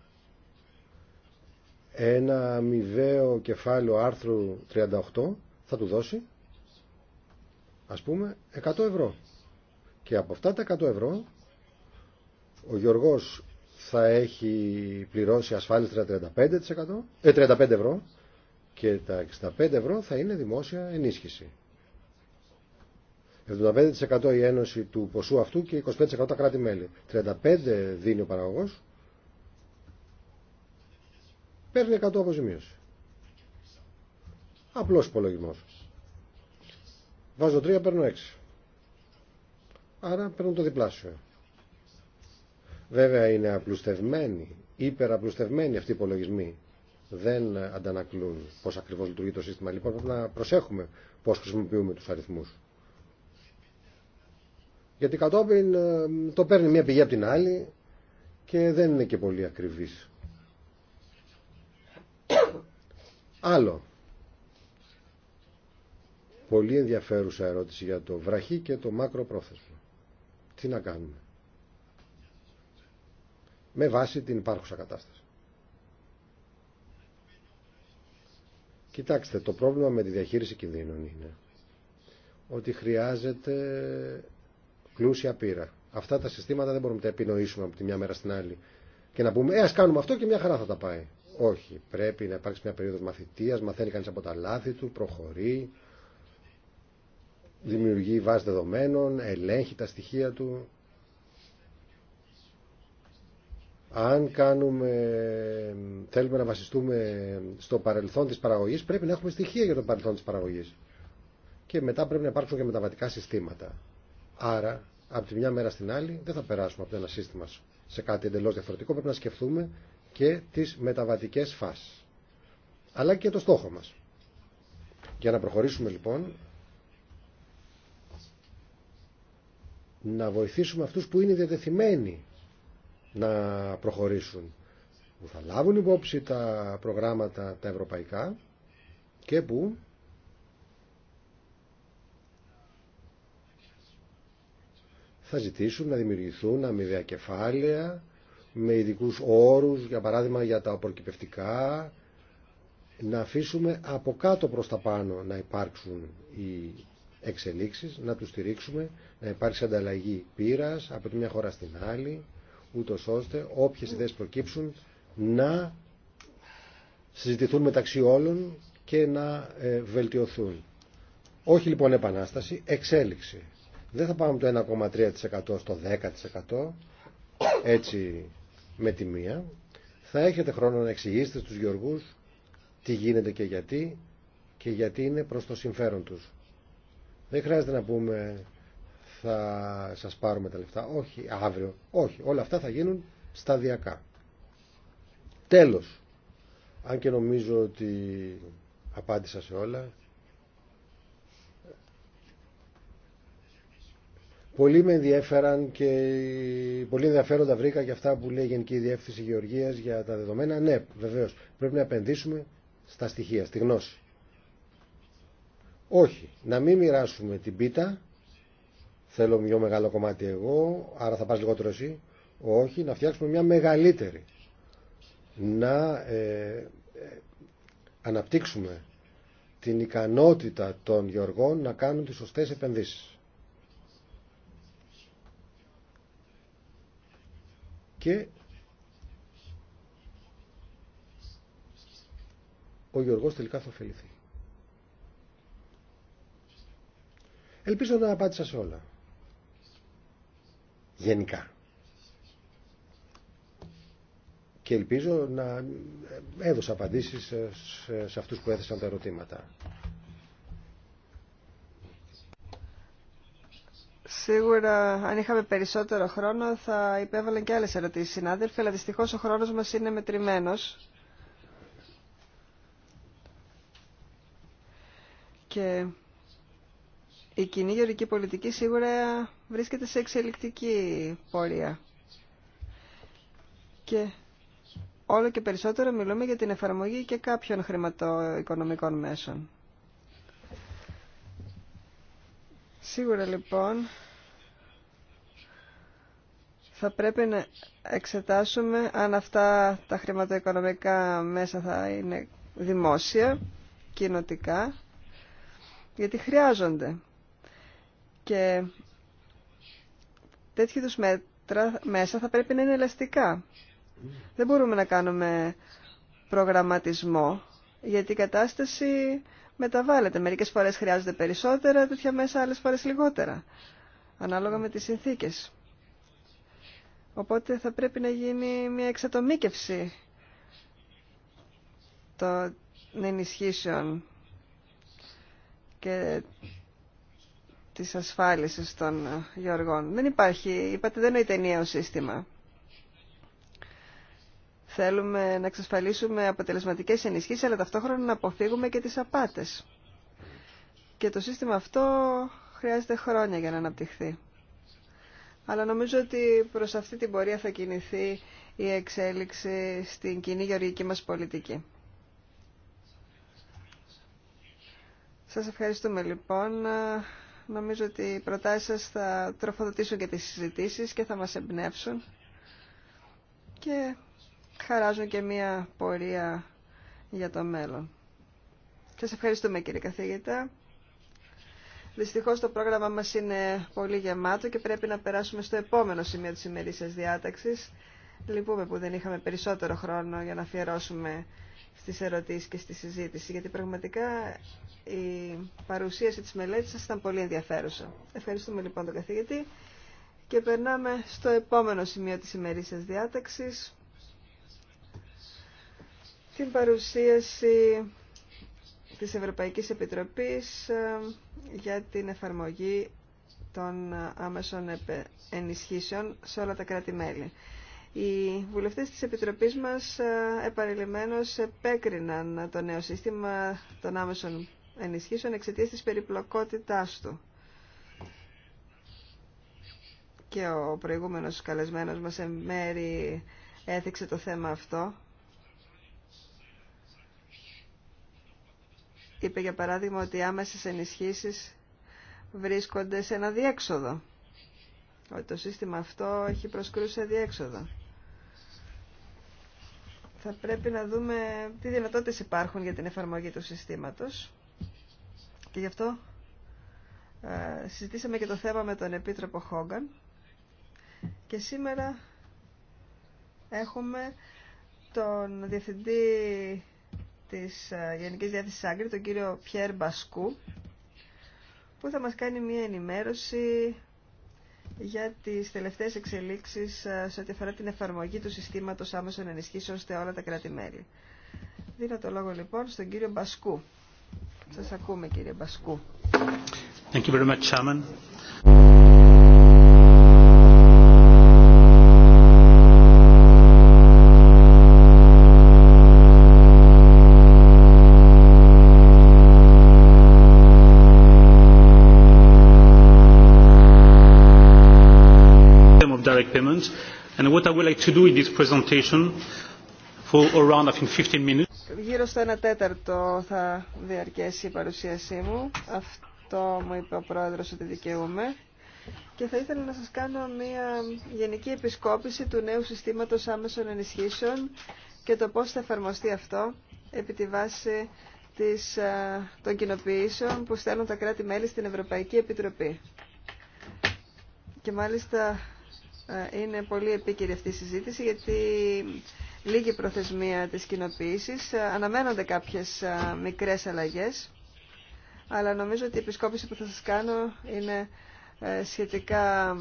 ένα αμοιβαίο κεφάλαιο άρθρου 38 θα του δώσει ας πούμε 100 ευρώ και από αυτά τα 100 ευρώ ο Γιωργός θα έχει πληρώσει ασφάλιστρα 35%, 35 ε, ευρώ και τα 65 ευρώ θα είναι δημόσια ενίσχυση. 75% η ένωση του ποσού αυτού και 25% τα κράτη-μέλη. 35 δίνει ο παραγωγός, παίρνει 100 αποζημίωση. Απλός υπολογισμό. Βάζω 3, παίρνω 6. Άρα παίρνω το διπλάσιο. Βέβαια είναι απλουστευμένοι, υπεραπλουστευμένοι αυτοί οι υπολογισμοί. Δεν αντανακλούν πώ ακριβώ λειτουργεί το σύστημα. Λοιπόν, πρέπει να προσέχουμε πώ χρησιμοποιούμε του αριθμού. Γιατί κατόπιν ε, το παίρνει μία πηγή από την άλλη και δεν είναι και πολύ ακριβής. Άλλο πολύ ενδιαφέρουσα ερώτηση για το βραχή και το μακροπρόθεσμο. Τι να κάνουμε. Με βάση την υπάρχουσα κατάσταση. Κοιτάξτε, το πρόβλημα με τη διαχείριση κινδύνων είναι ότι χρειάζεται πλούσια πείρα. Αυτά τα συστήματα δεν μπορούμε να τα επινοήσουμε από τη μια μέρα στην άλλη και να πούμε, ε, ας κάνουμε αυτό και μια χαρά θα τα πάει. Όχι, πρέπει να υπάρξει μια περίοδος μαθητείας, μαθαίνει κανείς από τα λάθη του, προχωρεί, δημιουργεί βάση δεδομένων, ελέγχει τα στοιχεία του. Αν κάνουμε, θέλουμε να βασιστούμε στο παρελθόν της παραγωγής, πρέπει να έχουμε στοιχεία για το παρελθόν της παραγωγής. Και μετά πρέπει να υπάρξουν και μεταβατικά συστήματα. Άρα, από τη μια μέρα στην άλλη, δεν θα περάσουμε από ένα σύστημα σε κάτι εντελώς διαφορετικό. Πρέπει να σκεφτούμε και τις μεταβατικές φάσεις. Αλλά και το στόχο μας. Για να προχωρήσουμε λοιπόν να βοηθήσουμε αυτούς που είναι διατεθειμένοι να προχωρήσουν, που θα λάβουν υπόψη τα προγράμματα τα ευρωπαϊκά και που θα ζητήσουν να δημιουργηθούν αμοιβαία κεφάλαια με ειδικού όρους, για παράδειγμα για τα απορκυπευτικά, να αφήσουμε από κάτω προς τα πάνω να υπάρξουν οι εξελίξεις, να τους στηρίξουμε, να υπάρξει ανταλλαγή πείρας από τη μια χώρα στην άλλη, ούτως ώστε όποιες ιδέες προκύψουν να συζητηθούν μεταξύ όλων και να ε, βελτιωθούν. Όχι λοιπόν επανάσταση, εξέλιξη. Δεν θα πάμε το 1,3% στο 10% έτσι με τη μία. Θα έχετε χρόνο να εξηγήσετε στους Γεωργούς τι γίνεται και γιατί και γιατί είναι προς το συμφέρον τους. Δεν χρειάζεται να πούμε θα σας πάρουμε τα λεφτά. Όχι, αύριο. Όχι, όλα αυτά θα γίνουν σταδιακά. Τέλος. Αν και νομίζω ότι απάντησα σε όλα. Πολύ με ενδιαφέραν και πολύ ενδιαφέροντα βρήκα και αυτά που λέει η Γενική Διεύθυνση Γεωργίας για τα δεδομένα. Ναι, βεβαίως, πρέπει να επενδύσουμε στα στοιχεία, στη γνώση. Όχι, να μην μοιράσουμε την πίτα. Θέλω μια μεγάλο κομμάτι εγώ, άρα θα πας λιγότερο εσύ. Όχι, να φτιάξουμε μια μεγαλύτερη. Να ε, ε, αναπτύξουμε την ικανότητα των γεωργών να κάνουν τις σωστές επενδύσεις. Και ο γεωργός τελικά θα ωφεληθεί. Ελπίζω να απάντησα σε όλα. Γενικά. Και ελπίζω να ε, έδωσα απαντήσεις σε αυτούς που έθεσαν τα ερωτήματα.
Σίγουρα, αν είχαμε περισσότερο χρόνο, θα υπέβαλαν και άλλες ερωτήσεις, συνάδελφοι, αλλά δυστυχώς ο χρόνος μας είναι μετρημένος. Και η κοινή γεωρική πολιτική σίγουρα βρίσκεται σε εξελικτική πορεία. Και όλο και περισσότερο μιλούμε για την εφαρμογή και κάποιων χρηματοοικονομικών μέσων. Σίγουρα λοιπόν θα πρέπει να εξετάσουμε αν αυτά τα χρηματοοικονομικά μέσα θα είναι δημόσια, κοινοτικά, γιατί χρειάζονται και τέτοιου είδου μέτρα μέσα θα πρέπει να είναι ελαστικά. Δεν μπορούμε να κάνουμε προγραμματισμό, γιατί η κατάσταση μεταβάλλεται. Μερικές φορές χρειάζονται περισσότερα, τέτοια μέσα άλλες φορές λιγότερα, ανάλογα με τις συνθήκες. Οπότε θα πρέπει να γίνει μια εξατομίκευση των ενισχύσεων και της ασφάλισης των ε, γεωργών. Δεν υπάρχει, είπατε δεν είναι νέο σύστημα. Θέλουμε να εξασφαλίσουμε αποτελεσματικές ενισχύσεις, αλλά ταυτόχρονα να αποφύγουμε και τις απάτες. Και το σύστημα αυτό χρειάζεται χρόνια για να αναπτυχθεί. Αλλά νομίζω ότι προς αυτή την πορεία θα κινηθεί η εξέλιξη στην κοινή γεωργική μας πολιτική. Σας ευχαριστούμε λοιπόν. Νομίζω ότι οι προτάσεις σας θα τροφοδοτήσουν και τις συζητήσεις και θα μας εμπνεύσουν και χαράζουν και μία πορεία για το μέλλον. Σας ευχαριστούμε κύριε καθηγητά. Δυστυχώς το πρόγραμμα μας είναι πολύ γεμάτο και πρέπει να περάσουμε στο επόμενο σημείο της ημερήσιας διάταξης. Λυπούμε που δεν είχαμε περισσότερο χρόνο για να αφιερώσουμε στις ερωτήσεις και στη συζήτηση, γιατί πραγματικά η παρουσίαση της μελέτης σας ήταν πολύ ενδιαφέρουσα. Ευχαριστούμε λοιπόν τον καθηγητή και περνάμε στο επόμενο σημείο της ημερήσιας διάταξης, την παρουσίαση της Ευρωπαϊκής Επιτροπής ε, για την εφαρμογή των άμεσων ενισχύσεων σε όλα τα κράτη-μέλη. Οι βουλευτές της Επιτροπής μας ε, επαρελειμμένως επέκριναν το νέο σύστημα των άμεσων ενισχύσεων εξαιτίας της περιπλοκότητάς του. Και ο προηγούμενος καλεσμένος μας εν μέρη έθιξε το θέμα αυτό. Είπε για παράδειγμα ότι οι άμεσες ενισχύσεις βρίσκονται σε ένα διέξοδο. Ότι το σύστημα αυτό έχει προσκρούσει σε διέξοδο θα πρέπει να δούμε τι δυνατότητες υπάρχουν για την εφαρμογή του συστήματος και γι' αυτό ε, συζητήσαμε και το θέμα με τον Επίτροπο Χόγκαν και σήμερα έχουμε τον Διευθυντή της ε, Γενικής Διεύθυνσης Άγκρη, τον κύριο Πιέρ Μπασκού, που θα μας κάνει μια ενημέρωση για τις τελευταίες εξελίξεις ε, σε ό,τι αφορά την εφαρμογή του συστήματος άμεσων ενισχύσεων σε όλα τα κράτη-μέλη. Δίνω το λόγο λοιπόν στον κύριο Μπασκού. Σας ακούμε κύριε Μπασκού.
Thank you very much, I would like to do in this presentation for around, I think, 15 minutes.
Γύρω στο 1 τέταρτο θα διαρκέσει η παρουσίασή μου. Αυτό μου είπε ο πρόεδρος ότι δικαιούμαι. Και θα ήθελα να σας κάνω μια γενική επισκόπηση του νέου συστήματος άμεσων ενισχύσεων και το πώς θα εφαρμοστεί αυτό επί τη βάση της, των κοινοποιήσεων που στέλνουν τα κράτη-μέλη στην Ευρωπαϊκή Επιτροπή. Και μάλιστα ε, είναι πολύ επίκαιρη αυτή η συζήτηση γιατί λίγη προθεσμία της κοινοποίηση. Ε, αναμένονται κάποιες ε, μικρές αλλαγές, αλλά νομίζω ότι η επισκόπηση που θα σας κάνω είναι σχετικά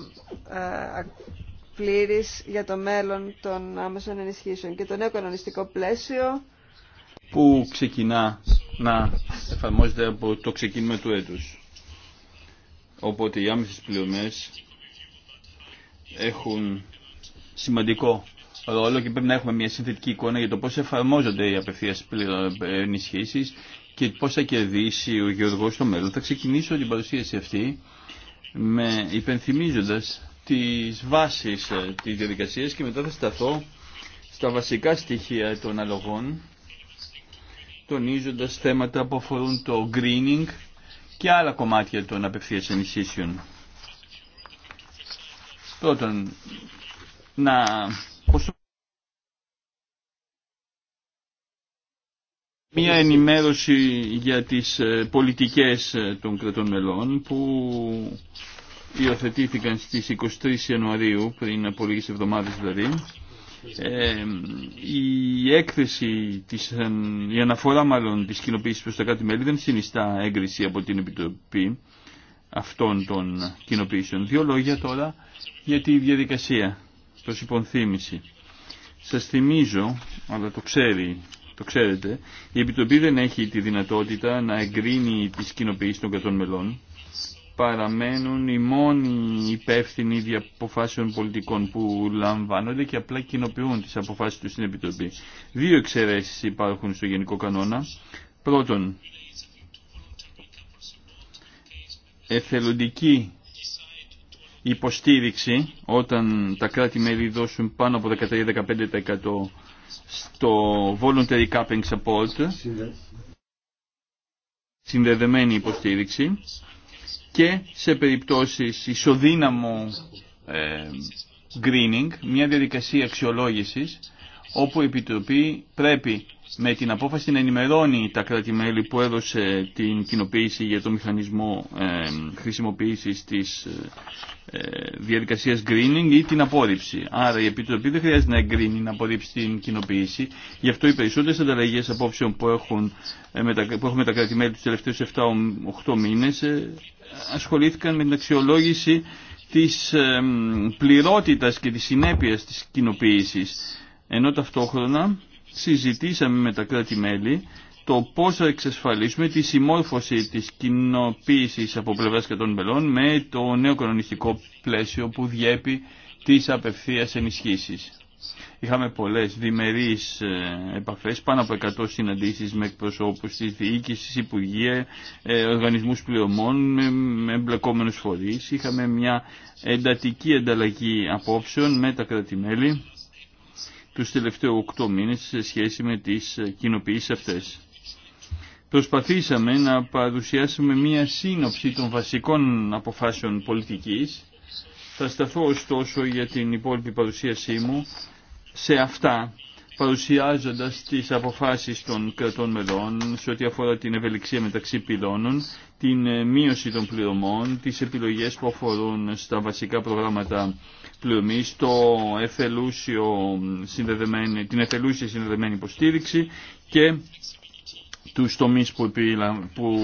πλήρης για το μέλλον των άμεσων ενισχύσεων και το νέο κανονιστικό πλαίσιο
που ξεκινά να εφαρμόζεται από το ξεκίνημα του έτους. Οπότε οι άμεσες πληρωμές έχουν σημαντικό ρόλο και πρέπει να έχουμε μια συνθετική εικόνα για το πώς εφαρμόζονται οι απευθείας ενισχύσεις και πώς θα κερδίσει ο Γεωργός στο μέλλον. Θα ξεκινήσω την παρουσίαση αυτή με υπενθυμίζοντας τις βάσεις ε, της διαδικασίας και μετά θα σταθώ στα βασικά στοιχεία των αλογών τονίζοντας θέματα που αφορούν το greening και άλλα κομμάτια των απευθείας ενισχύσεων. Πρώτον, να Μία ενημέρωση για τις ε, πολιτικές ε, των κρατών μελών που υιοθετήθηκαν στις 23 Ιανουαρίου, πριν από λίγες εβδομάδες δηλαδή. Ε, η έκθεση, της, η αναφορά μάλλον της κοινοποίησης προς τα κάτι μέλη δεν συνιστά έγκριση από την Επιτροπή αυτών των κοινοποιήσεων. Δύο λόγια τώρα για τη διαδικασία προς υπονθύμηση. Σας θυμίζω, αλλά το ξέρει το ξέρετε, η Επιτροπή δεν έχει τη δυνατότητα να εγκρίνει τις κοινοποιήσεις των κατων μελών. Παραμένουν οι μόνοι υπεύθυνοι δι' αποφάσεων πολιτικών που λαμβάνονται και απλά κοινοποιούν τις αποφάσεις του στην Επιτροπή. Δύο εξαιρεσει υπάρχουν στο Γενικό Κανόνα. Πρώτον, εθελοντική υποστήριξη όταν τα κράτη-μέλη δώσουν πάνω από 13-15% στο voluntary capping support συνδεδεμένη υποστήριξη και σε περιπτώσεις ισοδύναμο ε, greening, μια διαδικασία αξιολόγησης όπου η Επιτροπή πρέπει με την απόφαση να ενημερώνει τα κράτη-μέλη που έδωσε την κοινοποίηση για το μηχανισμό ε, χρησιμοποίησης της ε, διαδικασίας greening ή την απόρριψη. Άρα η Επιτροπή δεν χρειάζεται να εγκρίνει να απορρίψει την κοινοποίηση. Γι' αυτό οι περισσότερες ανταλλαγές απόψεων που, έχουν, ε, που τα κράτη-μέλη τους τελευταίους 7-8 μήνες ε, ασχολήθηκαν με την αξιολόγηση της ε, πληρότητας και της συνέπειας της κοινοποίησης. Ενώ ταυτόχρονα συζητήσαμε με τα κράτη-μέλη το πώ θα εξασφαλίσουμε τη συμμόρφωση της κοινοποίηση από πλευρά και των μελών με το νέο κανονιστικό πλαίσιο που διέπει τις απευθεία ενισχύσει. Είχαμε πολλές διμερείς ε, επαφές, πάνω από 100 συναντήσεις με εκπροσώπου της διοίκηση, Υπουργεία, ε, οργανισμούς πληρωμών, με εμπλεκόμενου φορεί. Είχαμε μια εντατική ανταλλαγή απόψεων με τα κράτη-μέλη, τους τελευταίους οκτώ μήνες σε σχέση με τις ε, κοινοποιήσεις αυτές. Προσπαθήσαμε να παρουσιάσουμε μία σύνοψη των βασικών αποφάσεων πολιτικής. Θα σταθώ ωστόσο για την υπόλοιπη παρουσίασή μου σε αυτά παρουσιάζοντας τις αποφάσεις των κρατών μελών σε ό,τι αφορά την ευελιξία μεταξύ πυλώνων, την ε, μείωση των πληρωμών, τις επιλογές που αφορούν στα βασικά προγράμματα πληρωμής, το εφελούσιο συνδεδεμένη, την εθελούσια συνδεδεμένη υποστήριξη και του τομεί που, που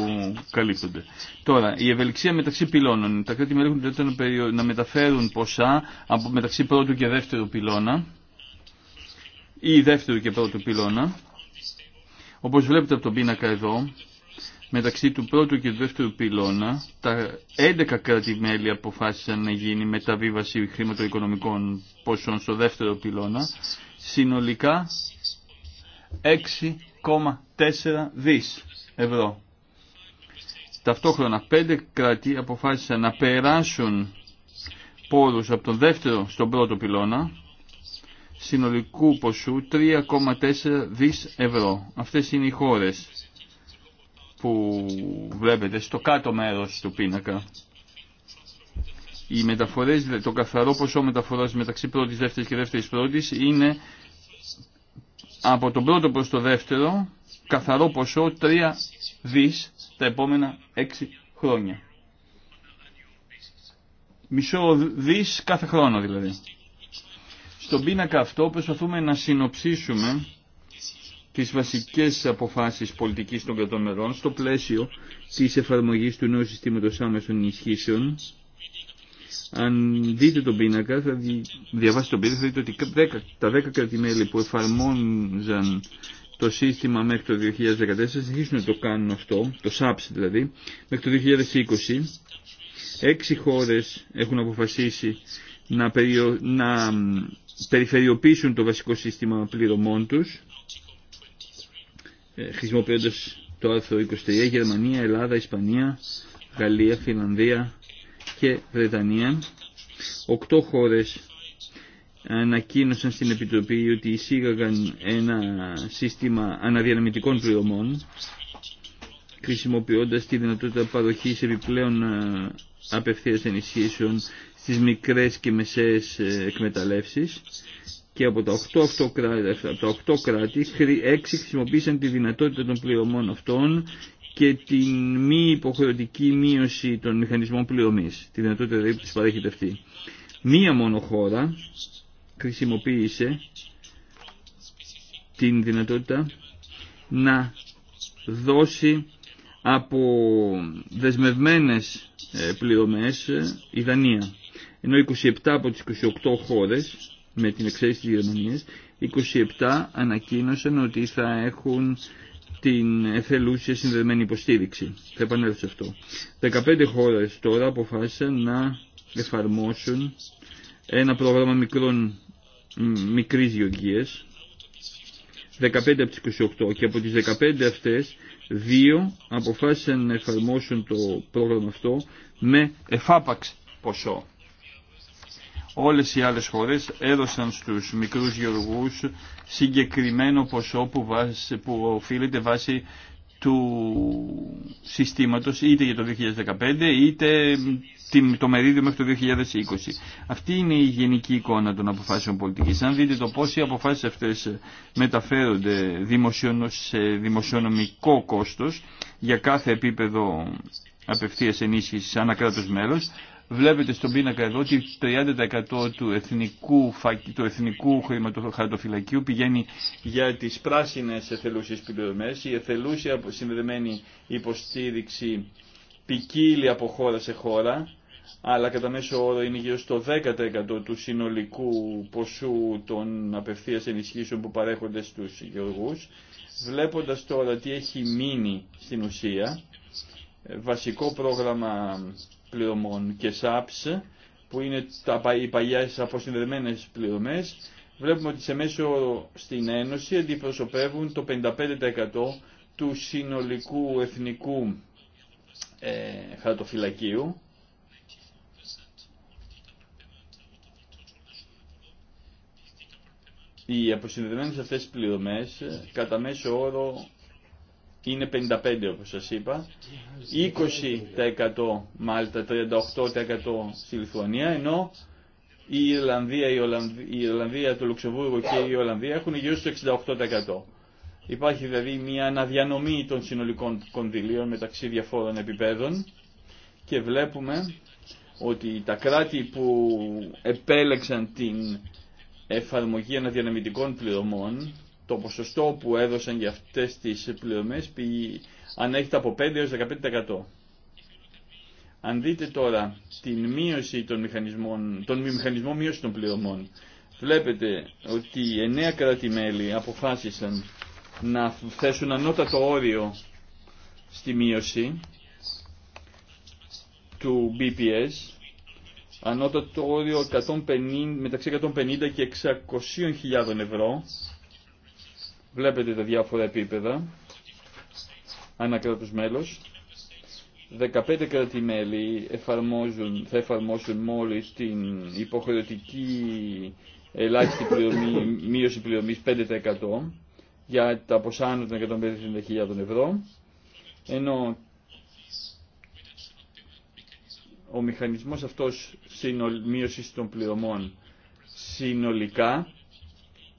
καλύπτονται. Τώρα, η ευελιξία μεταξύ πυλώνων. Τα κράτη-μέλη έχουν να μεταφέρουν ποσά από μεταξύ πρώτου και δεύτερου πυλώνα ή δεύτερου και πρώτου πυλώνα. Όπως βλέπετε από τον πίνακα εδώ, μεταξύ του πρώτου και του δεύτερου πυλώνα, τα 11 κράτη-μέλη αποφάσισαν να γίνει μεταβίβαση χρηματοοικονομικών ποσών στο δεύτερο πυλώνα, συνολικά 6,4 δις ευρώ. Ταυτόχρονα 5 κράτη αποφάσισαν να περάσουν πόρους από τον δεύτερο στον πρώτο πυλώνα, συνολικού ποσού 3,4 δις ευρώ. Αυτές είναι οι χώρες που βλέπετε στο κάτω μέρος του πίνακα. Οι μεταφορές, το καθαρό ποσό μεταφοράς μεταξύ πρώτης, δεύτερης και δεύτερης πρώτης είναι από τον πρώτο προς το δεύτερο καθαρό ποσό 3 δις τα επόμενα 6 χρόνια. Μισό δις κάθε χρόνο δηλαδή. Στον πίνακα αυτό προσπαθούμε να συνοψίσουμε τις βασικές αποφάσεις πολιτικής των κρατών μερών στο πλαίσιο της εφαρμογής του νέου συστήματος άμεσων ενισχύσεων. Αν δείτε τον πίνακα, θα διαβάσετε τον πίνακα, θα δείτε ότι τα 10 κρατημέλη που εφαρμόζαν το σύστημα μέχρι το 2014, συνεχίσουν να το κάνουν αυτό, το SAPS δηλαδή, μέχρι το 2020. Έξι χώρες έχουν αποφασίσει να, περιο... να περιφερειοποιήσουν το βασικό σύστημα πληρωμών τους ε, χρησιμοποιώντας το άρθρο 23 Γερμανία, Ελλάδα, Ισπανία, Γαλλία, Φιλανδία και Βρετανία. Οκτώ χώρες ανακοίνωσαν στην Επιτροπή ότι εισήγαγαν ένα σύστημα αναδιανομητικών πληρωμών χρησιμοποιώντας τη δυνατότητα παροχής επιπλέον ε, απευθείας ενισχύσεων στις μικρές και μεσαίες ε, εκμεταλλεύσεις και από τα 8, από τα 8 κράτη 6 χρησιμοποίησαν τη δυνατότητα των πληρωμών αυτών και την μη υποχρεωτική μείωση των μηχανισμών πληρωμής, τη δυνατότητα δηλαδή που της παρέχεται αυτή. Μία μόνο χώρα χρησιμοποίησε την δυνατότητα να δώσει από δεσμευμένες ε, πληρωμές ε, η Δανία ενώ 27 από τις 28 χώρες, με την εξαίρεση της Γερμανίας, 27 ανακοίνωσαν ότι θα έχουν την εθελούσια συνδεδεμένη υποστήριξη. Θα επανέλθω σε αυτό. 15 χώρες τώρα αποφάσισαν να εφαρμόσουν ένα πρόγραμμα μικρών, μικρής γεωργίας, 15 από τις 28 και από τις 15 αυτές δύο αποφάσισαν να εφαρμόσουν το πρόγραμμα αυτό με εφάπαξ ποσό. Όλες οι άλλες χώρες έδωσαν στους μικρούς γεωργούς συγκεκριμένο ποσό που, βάση, που οφείλεται βάσει του συστήματος είτε για το 2015 είτε το μερίδιο μέχρι το 2020. Αυτή είναι η γενική εικόνα των αποφάσεων πολιτικής. Αν δείτε το πώς οι αποφάσεις αυτές μεταφέρονται σε δημοσιονομικό κόστος για κάθε επίπεδο απευθείας ενίσχυσης ανά κράτος μέλος, Βλέπετε στον πίνακα εδώ ότι 30% του εθνικού, του εθνικού χαρτοφυλακίου πηγαίνει για τις πράσινες εθελούσιες πληρωμές. Η εθελούσια συνδεδεμένη υποστήριξη ποικίλει από χώρα σε χώρα, αλλά κατά μέσο όρο είναι γύρω στο 10% του συνολικού ποσού των απευθείας ενισχύσεων που παρέχονται στους γεωργούς. Βλέποντας τώρα τι έχει μείνει στην ουσία, βασικό πρόγραμμα πληρωμών και SAPS, που είναι τα, οι παλιέ αποσυνδεδεμένε πληρωμέ. βλέπουμε ότι σε μέσο όρο στην Ένωση αντιπροσωπεύουν το 55% του συνολικού εθνικού ε, χαρτοφυλακίου. Οι αποσυνδεδεμένες αυτές πληρωμές ε, κατά μέσο όρο είναι 55 όπως σας είπα, 20% Μάλτα, 38% στη Λιθουανία, ενώ η Ιρλανδία, η, Ολλανδία, η Ιρλανδία, το Λουξεμβούργο και η Ολλανδία έχουν γύρω στο 68%. Υπάρχει δηλαδή μια αναδιανομή των συνολικών κονδυλίων μεταξύ διαφόρων επιπέδων και βλέπουμε ότι τα κράτη που επέλεξαν την εφαρμογή αναδιανομητικών πληρωμών το ποσοστό που έδωσαν για αυτές τις πληρωμές ανέχεται από 5 έως 15%. Αν δείτε τώρα την μείωση των μηχανισμών, τον μηχανισμό μείωση των πληρωμών, βλέπετε ότι 9 κράτη-μέλη αποφάσισαν να θέσουν ανώτατο όριο στη μείωση του BPS, ανώτατο όριο 150, μεταξύ 150 και 600.000 ευρώ, Βλέπετε τα διάφορα επίπεδα ανά κράτος μέλος. 15 κράτη-μέλη θα εφαρμόσουν μόλις την υποχρεωτική ελάχιστη πληρωμή, μείωση πληρωμής 5% για τα ποσά άνω των 150.000 ευρώ, ενώ ο μηχανισμός αυτός μείωσης των πληρωμών συνολικά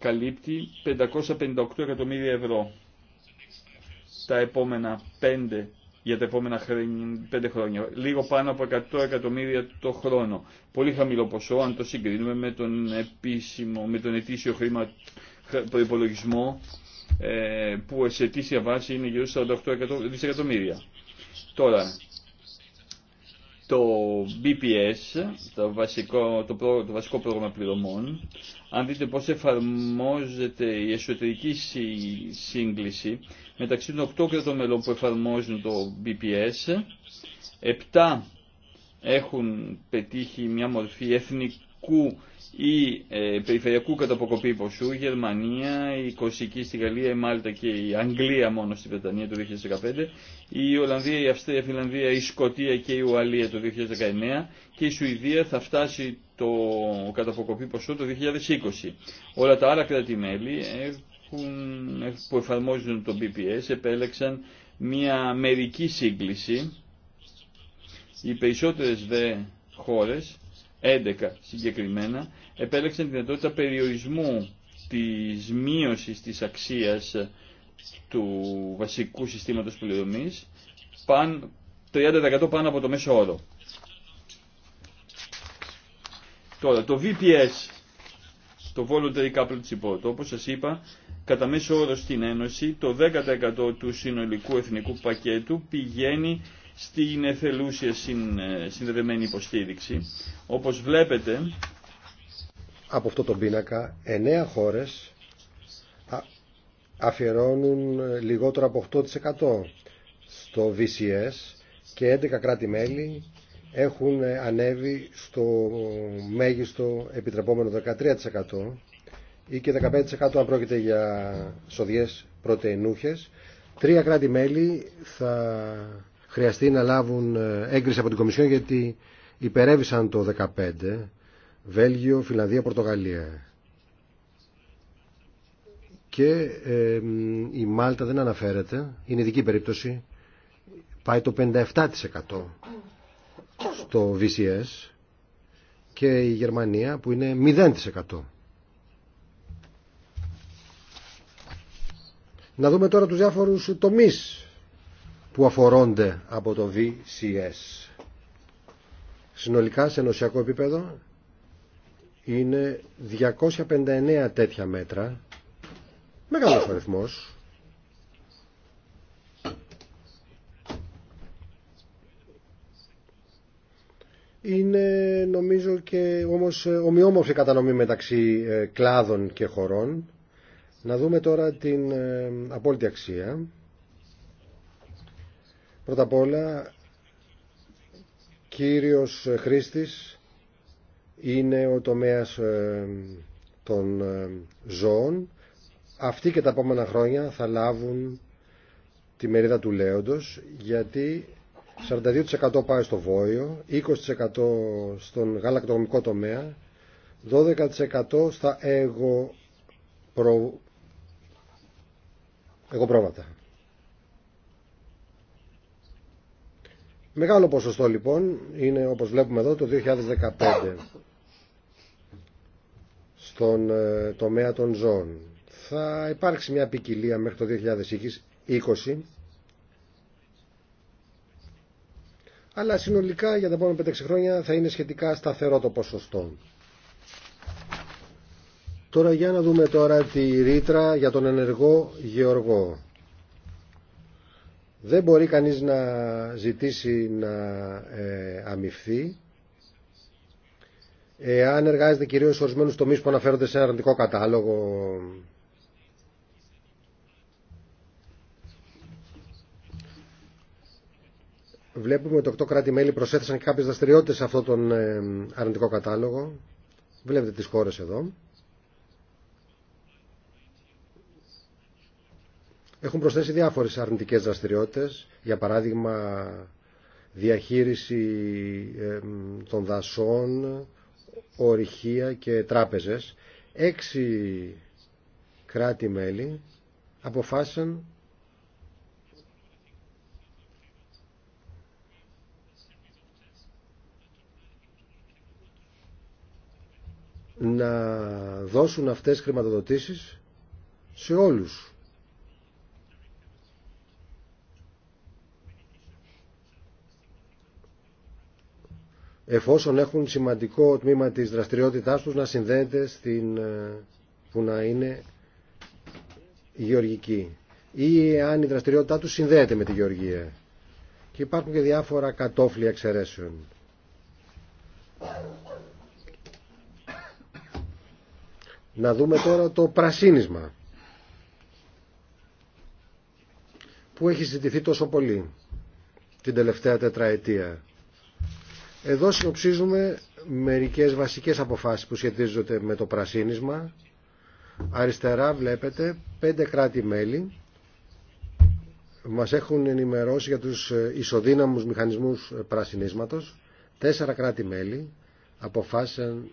καλύπτει 558 εκατομμύρια ευρώ τα επόμενα 5 για τα επόμενα 5 χρόνια. Λίγο πάνω από 100 εκατομμύρια το χρόνο. Πολύ χαμηλό ποσό αν το συγκρίνουμε με τον, επίσημο, με τον ετήσιο χρήμα προϋπολογισμό ε, που σε ετήσια βάση είναι γύρω στα 48 δισεκατομμύρια. Τώρα, το BPS, το βασικό, το, βασικό πρόγραμμα πληρωμών, αν δείτε πώς εφαρμόζεται η εσωτερική σύγκληση μεταξύ των οκτώ κρατών μελών που εφαρμόζουν το BPS, 7 έχουν πετύχει μια μορφή εθνικού ή ε, περιφερειακού καταποκοπή ποσού, η Γερμανία, η Κορσική στη Γαλλία, η Κωσική στη γαλλια η μαλτα και η Αγγλία μόνο στη Βρετανία το 2015, η Ολλανδία, η Αυστρία, η Φιλανδία, η Σκοτία και η Ουαλία το 2019 και η Σουηδία θα φτάσει το καταποκοπή ποσό το 2020. Όλα τα άλλα κράτη-μέλη που εφαρμόζουν το BPS επέλεξαν μια μερική σύγκληση. Οι περισσότερες δε χώρες 11 συγκεκριμένα επέλεξαν τη δυνατότητα περιορισμού της μείωσης της αξίας του βασικού συστήματος πληρωμής παν, 30% πάνω από το μέσο όρο. Τώρα, το VPS, το Voluntary Coupled Support, όπως σας είπα, κατά μέσο όρο στην Ένωση, το 10% του συνολικού εθνικού πακέτου πηγαίνει στην εθελούσια ε, συνδεδεμένη υποστήριξη. Όπως βλέπετε,
από αυτό τον πίνακα εννέα χώρες αφιερώνουν ε, λιγότερο από 8% στο VCS και 11 κράτη-μέλη έχουν ε, ανέβει στο μέγιστο επιτρεπόμενο 13% ή και 15% αν πρόκειται για σοδιές πρωτεϊνούχες. Τρία κράτη-μέλη θα χρειαστεί να λάβουν ε, έγκριση από την Κομισιόν γιατί υπερέβησαν το 15% Βέλγιο, Φιλανδία, Πορτογαλία. Και η Μάλτα δεν αναφέρεται, είναι ειδική περίπτωση, πάει το 57% στο VCS και η Γερμανία που είναι 0%. Να δούμε τώρα τους διάφορους τομείς που αφορώνται από το VCS. Συνολικά σε ενωσιακό επίπεδο είναι 259 τέτοια μέτρα, μεγάλος αριθμός, είναι νομίζω και όμως ε, ομοιόμορφη κατανομή μεταξύ ε, κλάδων και χωρών. Να δούμε τώρα την ε, απόλυτη αξία. Πρώτα απ' όλα, κύριος χρήστης είναι ο τομέας ε, των ε, ζώων. Αυτοί και τα επόμενα χρόνια θα λάβουν τη μερίδα του λέοντος γιατί 42% πάει στο βόλιο, 20% στον γαλακτοκομικό τομέα, 12% στα εγω... προ... πρόβατα. Μεγάλο ποσοστό λοιπόν είναι όπως βλέπουμε εδώ το 2015 στον ε, τομέα των ζώων. Θα υπάρξει μια ποικιλία μέχρι το 2020, αλλά συνολικά για τα επόμενα 5-6 χρόνια θα είναι σχετικά σταθερό το ποσοστό. Τώρα για να δούμε τώρα τη ρήτρα για τον ενεργό γεωργό. Δεν μπορεί κανείς να ζητήσει να ε, αμυφθεί αν εργάζεται κυρίως σε ορισμένους τομείς που αναφέρονται σε ένα αρνητικό κατάλογο Βλέπουμε ότι 8 κράτη-μέλη προσέθεσαν και κάποιες δραστηριότητες σε αυτόν τον ε, αρνητικό κατάλογο. Βλέπετε τις χώρες εδώ. Έχουν προσθέσει διάφορες αρνητικές δραστηριότητες, για παράδειγμα διαχείριση ε, των δασών, ορυχεία και τράπεζες, έξι κράτη-μέλη αποφάσισαν να δώσουν αυτές χρηματοδοτήσεις σε όλους εφόσον έχουν σημαντικό τμήμα της δραστηριότητάς τους να συνδέεται στην, ε, που να είναι γεωργική ή αν η δραστηριότητά τους συνδέεται με τη γεωργία. Και υπάρχουν και διάφορα κατόφλια εξαιρέσεων. Να δούμε τώρα το πρασίνισμα που έχει συζητηθεί τόσο πολύ την τελευταία τετραετία εδώ συνοψίζουμε μερικές βασικές αποφάσεις που σχετίζονται με το πρασίνισμα. Αριστερά βλέπετε πέντε κράτη-μέλη μας έχουν ενημερώσει για τους ισοδύναμους μηχανισμούς πρασινίσματος. Τέσσερα κράτη-μέλη αποφάσισαν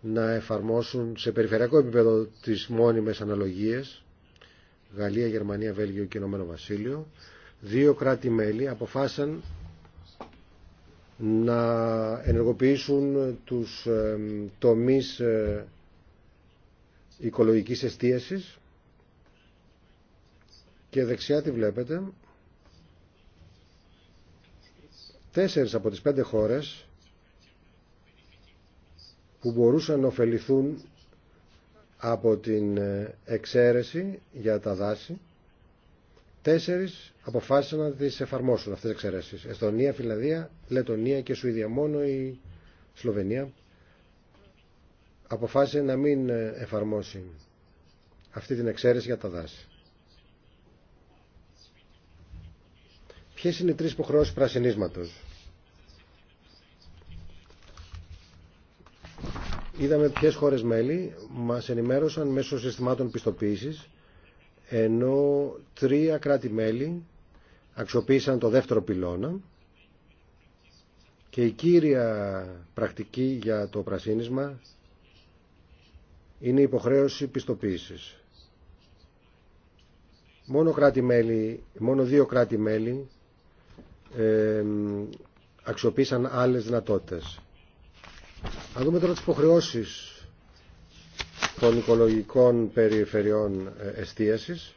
να εφαρμόσουν σε περιφερειακό επίπεδο τις μόνιμες αναλογίες Γαλλία, Γερμανία, Βέλγιο και Ηνωμένο Βασίλειο. Δύο κράτη-μέλη αποφάσισαν να ενεργοποιήσουν τους ε, τομείς ε, οικολογικής εστίασης και δεξιά τη βλέπετε τέσσερις από τις πέντε χώρες που μπορούσαν να ωφεληθούν από την ε, εξαίρεση για τα δάση Τέσσερι αποφάσισαν να τι εφαρμόσουν αυτέ τι εξαιρέσει. Εστονία, Φιλανδία, Λετωνία και Σουηδία. Μόνο η Σλοβενία αποφάσισε να μην εφαρμόσει αυτή την εξαίρεση για τα δάση. Ποιε είναι οι τρει υποχρεώσει πρασινίσματο. Είδαμε ποιε χώρε μέλη μα ενημέρωσαν μέσω συστημάτων πιστοποίηση ενώ τρία κράτη-μέλη αξιοποίησαν το δεύτερο πυλώνα και η κύρια πρακτική για το πρασίνισμα είναι η υποχρέωση πιστοποίησης. -μέλη, μόνο δύο κράτη-μέλη ε, αξιοποίησαν άλλες δυνατότητες. Αν δούμε τώρα τις υποχρεώσεις των οικολογικών περιφερειών ε, εστίασης.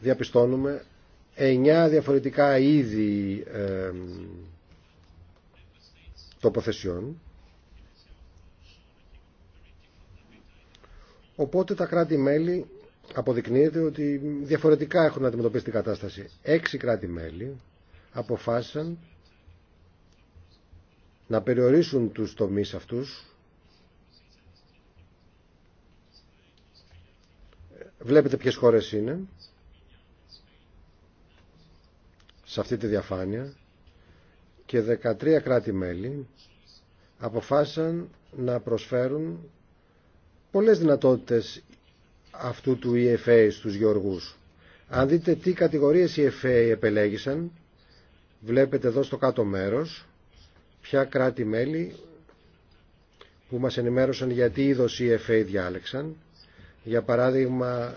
Διαπιστώνουμε εννιά διαφορετικά είδη τοποθεσιών. Οπότε τα κράτη-μέλη αποδεικνύεται ότι διαφορετικά έχουν αντιμετωπίσει την κατάσταση. Έξι κράτη-μέλη αποφάσισαν να περιορίσουν τους τομείς αυτούς. Βλέπετε ποιες χώρες είναι σε αυτή τη διαφάνεια και 13 κράτη-μέλη αποφάσισαν να προσφέρουν πολλές δυνατότητες αυτού του EFA στους γεωργούς. Αν δείτε τι κατηγορίες EFA επελέγησαν, βλέπετε εδώ στο κάτω μέρος, ποια κράτη-μέλη που μας ενημέρωσαν γιατί είδος EFA διάλεξαν. Για παράδειγμα,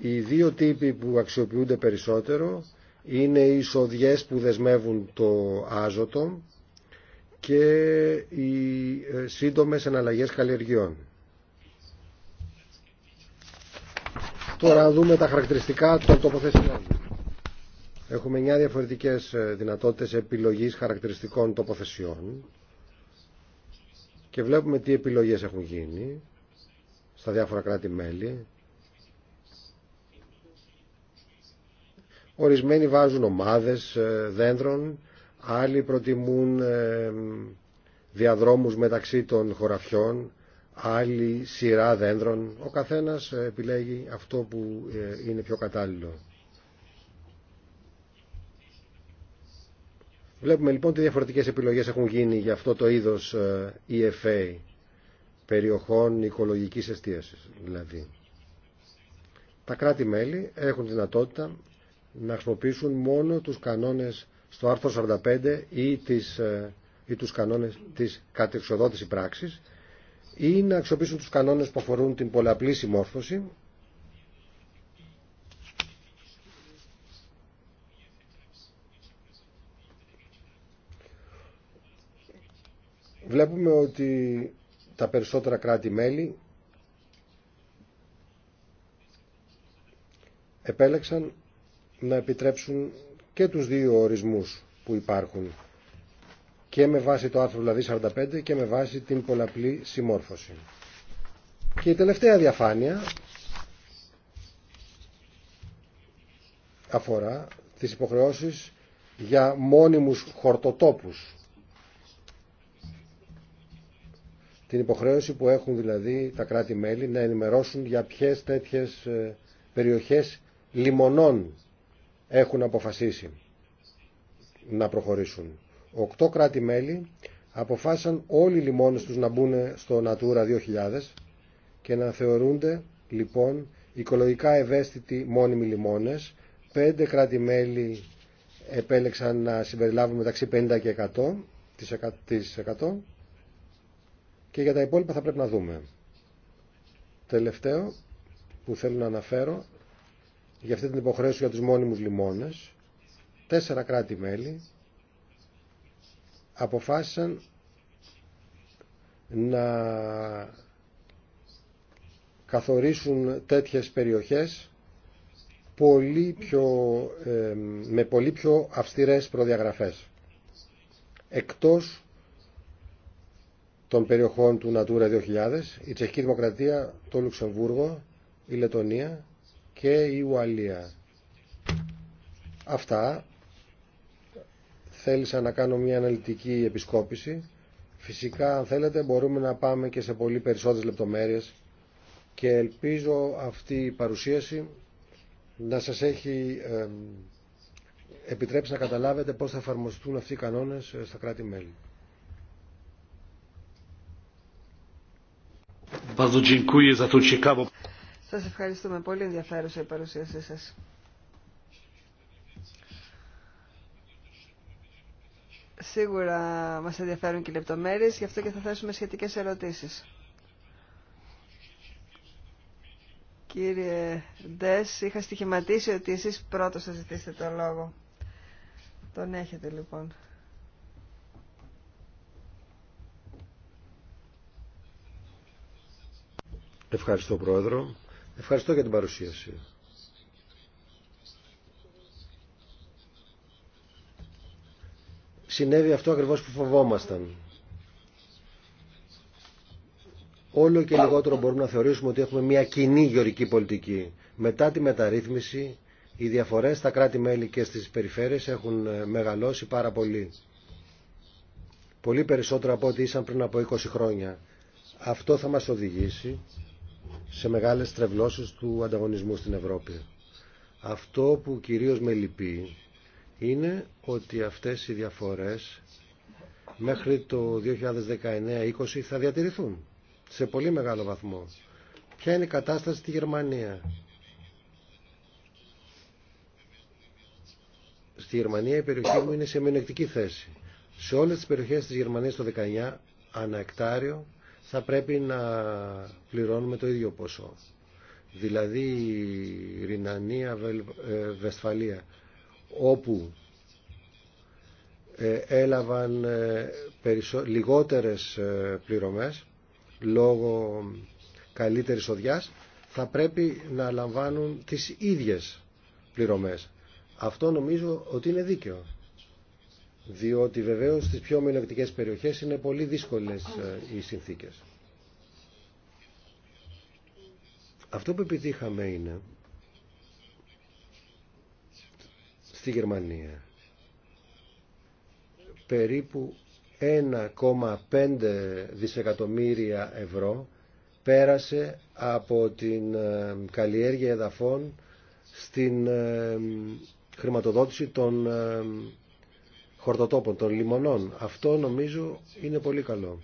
οι δύο τύποι που αξιοποιούνται περισσότερο είναι οι σοδιές που δεσμεύουν το άζωτο και οι ε, σύντομες εναλλαγές καλλιεργιών. Τώρα δούμε τα χαρακτηριστικά των τοποθεσιών. Έχουμε 9 διαφορετικές ε, δυνατότητες επιλογής χαρακτηριστικών τοποθεσιών και βλέπουμε τι επιλογές έχουν γίνει στα διάφορα κράτη-μέλη. Ορισμένοι βάζουν ομάδες ε, δέντρων, άλλοι προτιμούν ε, διαδρόμους μεταξύ των χωραφιών, άλλοι σειρά δέντρων. Ο καθένας επιλέγει αυτό που είναι πιο κατάλληλο. Βλέπουμε λοιπόν τι διαφορετικές επιλογές έχουν γίνει για αυτό το είδος ε, EFA, περιοχών οικολογικής εστίασης δηλαδή. Τα κράτη-μέλη έχουν δυνατότητα να χρησιμοποιήσουν μόνο τους κανόνες στο άρθρο 45 ή, τις, ε, ή τους κανόνες της κατεξοδότηση πράξης ή να αξιοποιήσουν τους κανόνες που αφορούν την πολλαπλή συμμόρφωση Βλέπουμε ότι τα περισσότερα κράτη-μέλη επέλεξαν να επιτρέψουν και τους δύο ορισμούς που υπάρχουν και με βάση το άρθρο δηλαδή 45 και με βάση την πολλαπλή συμμόρφωση. Και η τελευταία διαφάνεια αφορά τις υποχρεώσεις για μόνιμους χορτοτόπους την υποχρέωση που έχουν δηλαδή τα κράτη-μέλη να ενημερώσουν για ποιες τέτοιες ε, περιοχές λιμονών έχουν αποφασίσει να προχωρήσουν. Οκτώ κράτη-μέλη αποφάσισαν όλοι οι λιμόνες τους να μπουν στο Natura 2000 και να θεωρούνται λοιπόν οικολογικά ευαίσθητοι μόνιμοι λιμόνες. Πέντε κράτη-μέλη επέλεξαν να συμπεριλάβουν μεταξύ 50 και 100 και για τα υπόλοιπα θα πρέπει να δούμε. Τελευταίο που θέλω να αναφέρω για αυτή την υποχρέωση για τους μόνιμους λιμόνες, τέσσερα κράτη-μέλη αποφάσισαν να καθορίσουν τέτοιες περιοχές πολύ ε, με πολύ πιο αυστηρές προδιαγραφές. Εκτός των περιοχών του Natura 2000, η Τσεχική Δημοκρατία, το Λουξεμβούργο, η Λετωνία και η Ουαλία. Αυτά θέλησα να κάνω μια αναλυτική επισκόπηση. Φυσικά, αν θέλετε, μπορούμε να πάμε και σε πολύ περισσότερες λεπτομέρειες και ελπίζω αυτή η παρουσίαση να σας έχει επιτρέψει να καταλάβετε πώς θα εφαρμοστούν αυτοί οι κανόνες ε, στα κράτη-μέλη.
Σας ευχαριστούμε. Πολύ ενδιαφέρουσα η παρουσίασή σας. Σίγουρα μας ενδιαφέρουν και οι λεπτομέρειες, γι' αυτό και θα θέσουμε σχετικές ερωτήσεις. Κύριε Ντες, είχα στοιχηματίσει ότι εσείς πρώτος θα ζητήσετε το λόγο. Τον έχετε λοιπόν.
Ευχαριστώ Πρόεδρο. Ευχαριστώ για την παρουσίαση. Συνέβη αυτό ακριβώς που φοβόμασταν. Όλο και λιγότερο μπορούμε να θεωρήσουμε ότι έχουμε μια κοινή γεωρική πολιτική. Μετά τη μεταρρύθμιση οι διαφορές στα κράτη-μέλη και στις περιφέρειες έχουν ε, μεγαλώσει πάρα πολύ. Πολύ περισσότερο από ό,τι ήσαν πριν από 20 χρόνια. Αυτό θα μας οδηγήσει σε μεγάλες τρευλώσεις του ανταγωνισμού στην Ευρώπη. Αυτό που κυρίως με λυπεί είναι ότι αυτές οι διαφορές μέχρι το 2019-2020 θα διατηρηθούν σε πολύ μεγάλο βαθμό. Ποια είναι η κατάσταση στη Γερμανία. Στη Γερμανία η περιοχή μου είναι σε μειονεκτική θέση. Σε όλες τις περιοχές της Γερμανίας το 19 ανά θα πρέπει να πληρώνουμε το ίδιο ποσό. Δηλαδή η Ρινανία, ε, Βεσφαλία, όπου ε, έλαβαν ε, λιγότερες πληρωμές λόγω καλύτερης οδιάς, θα πρέπει να λαμβάνουν τις ίδιες πληρωμές. Αυτό νομίζω ότι είναι δίκαιο διότι βεβαίως στις πιο μειονεκτικές περιοχές είναι πολύ δύσκολες ε, οι συνθήκες. Αυτό που επιτύχαμε είναι στη Γερμανία περίπου 1,5 δισεκατομμύρια ευρώ πέρασε από την ε, καλλιέργεια εδαφών στην ε, χρηματοδότηση των χορτοτόπων, των λιμονών. Αυτό νομίζω είναι πολύ καλό.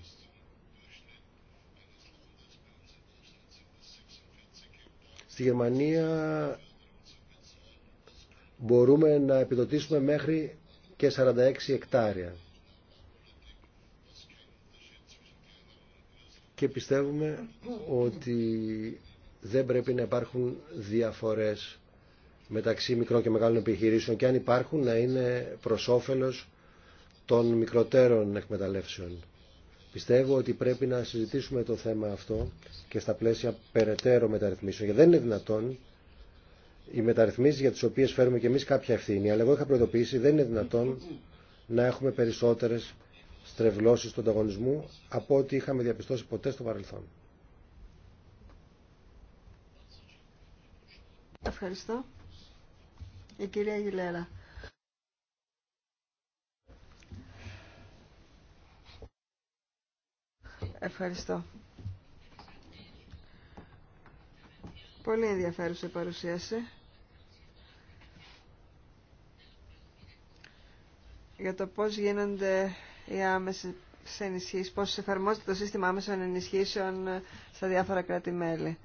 Στη Γερμανία μπορούμε να επιδοτήσουμε μέχρι και 46 εκτάρια. Και πιστεύουμε ότι δεν πρέπει να υπάρχουν διαφορές μεταξύ μικρών και μεγάλων επιχειρήσεων και αν υπάρχουν να είναι προς όφελος των μικροτέρων εκμεταλλεύσεων. Πιστεύω ότι πρέπει να συζητήσουμε το θέμα αυτό και στα πλαίσια περαιτέρω μεταρρυθμίσεων. Γιατί δεν είναι δυνατόν οι μεταρρυθμίσει για τι οποίε φέρουμε και εμεί κάποια ευθύνη. Αλλά εγώ είχα προειδοποιήσει δεν είναι δυνατόν να έχουμε περισσότερε στρεβλώσει του ανταγωνισμού από ό,τι είχαμε διαπιστώσει ποτέ στο παρελθόν.
Ευχαριστώ. Η κυρία Γιλέρα. Ευχαριστώ. Πολύ ενδιαφέρουσα η παρουσίαση. Για το πώς γίνονται οι άμεσες ενισχύσεις, πώς εφαρμόζεται το σύστημα άμεσων ενισχύσεων στα διάφορα κράτη-μέλη.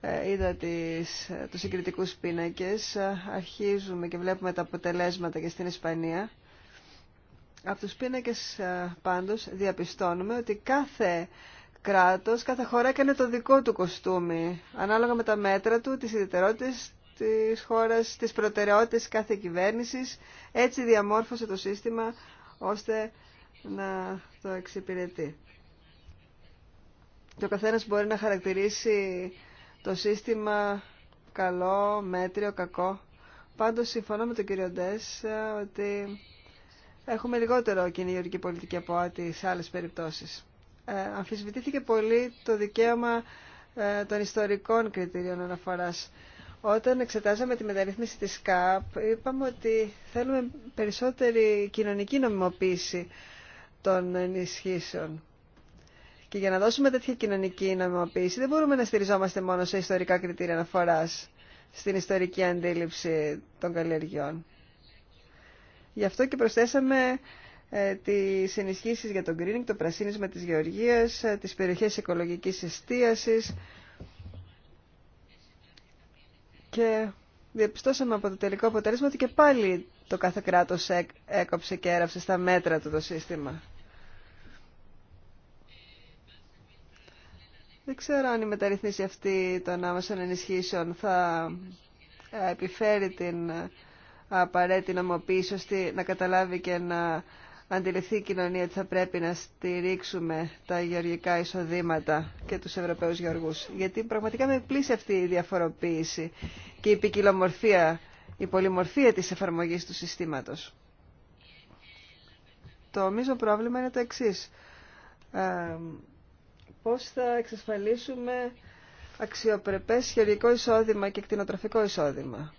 Ε, είδα τις, τους συγκριτικούς πίνακες, αρχίζουμε και βλέπουμε τα αποτελέσματα και στην Ισπανία. Από τους πίνακες ε, πάντως διαπιστώνουμε ότι κάθε κράτος, κάθε χώρα έκανε το δικό του κοστούμι, ανάλογα με τα μέτρα του, τις ιδιαιτερότητες της χώρας, τις προτεραιότητες κάθε κυβέρνησης. Έτσι διαμόρφωσε το σύστημα ώστε να το εξυπηρετεί. Το ο καθένας μπορεί να χαρακτηρίσει το σύστημα καλό, μέτριο, κακό. Πάντως συμφωνώ με τον κύριο Ντές ε, ότι έχουμε λιγότερο κοινή γεωργική πολιτική από ό,τι σε άλλες περιπτώσεις. Ε, αμφισβητήθηκε πολύ το δικαίωμα ε, των ιστορικών κριτηρίων αναφοράς. Όταν εξετάζαμε τη μεταρρύθμιση της ΚΑΠ, είπαμε ότι θέλουμε περισσότερη κοινωνική νομιμοποίηση των ενισχύσεων. Και για να δώσουμε τέτοια κοινωνική νομιμοποίηση δεν μπορούμε να στηριζόμαστε μόνο σε ιστορικά κριτήρια αναφορά στην ιστορική αντίληψη των καλλιεργιών. Γι' αυτό και προσθέσαμε ε, τις ενισχύσεις για τον greening, το πρασίνισμα της γεωργίας, τι ε, τις περιοχές οικολογικής εστίασης και διαπιστώσαμε από το τελικό αποτέλεσμα ότι και πάλι το κάθε κράτος έκοψε και έραψε στα μέτρα του το σύστημα. Δεν ξέρω αν η μεταρρυθμίση αυτή των άμεσων ενισχύσεων θα ε, επιφέρει την ε, απαραίτητη νομοποίηση ώστε να καταλάβει και να αντιληφθεί η κοινωνία ότι θα πρέπει να στηρίξουμε τα γεωργικά εισοδήματα και τους Ευρωπαίους γεωργούς. Γιατί πραγματικά με πλήσει αυτή η διαφοροποίηση και η ποικιλομορφία, η πολυμορφία της εφαρμογής του συστήματος. Το μείζο πρόβλημα είναι το εξή. Ε, πώς θα εξασφαλίσουμε αξιοπρεπές χειρουργικό εισόδημα και κτηνοτροφικό εισόδημα.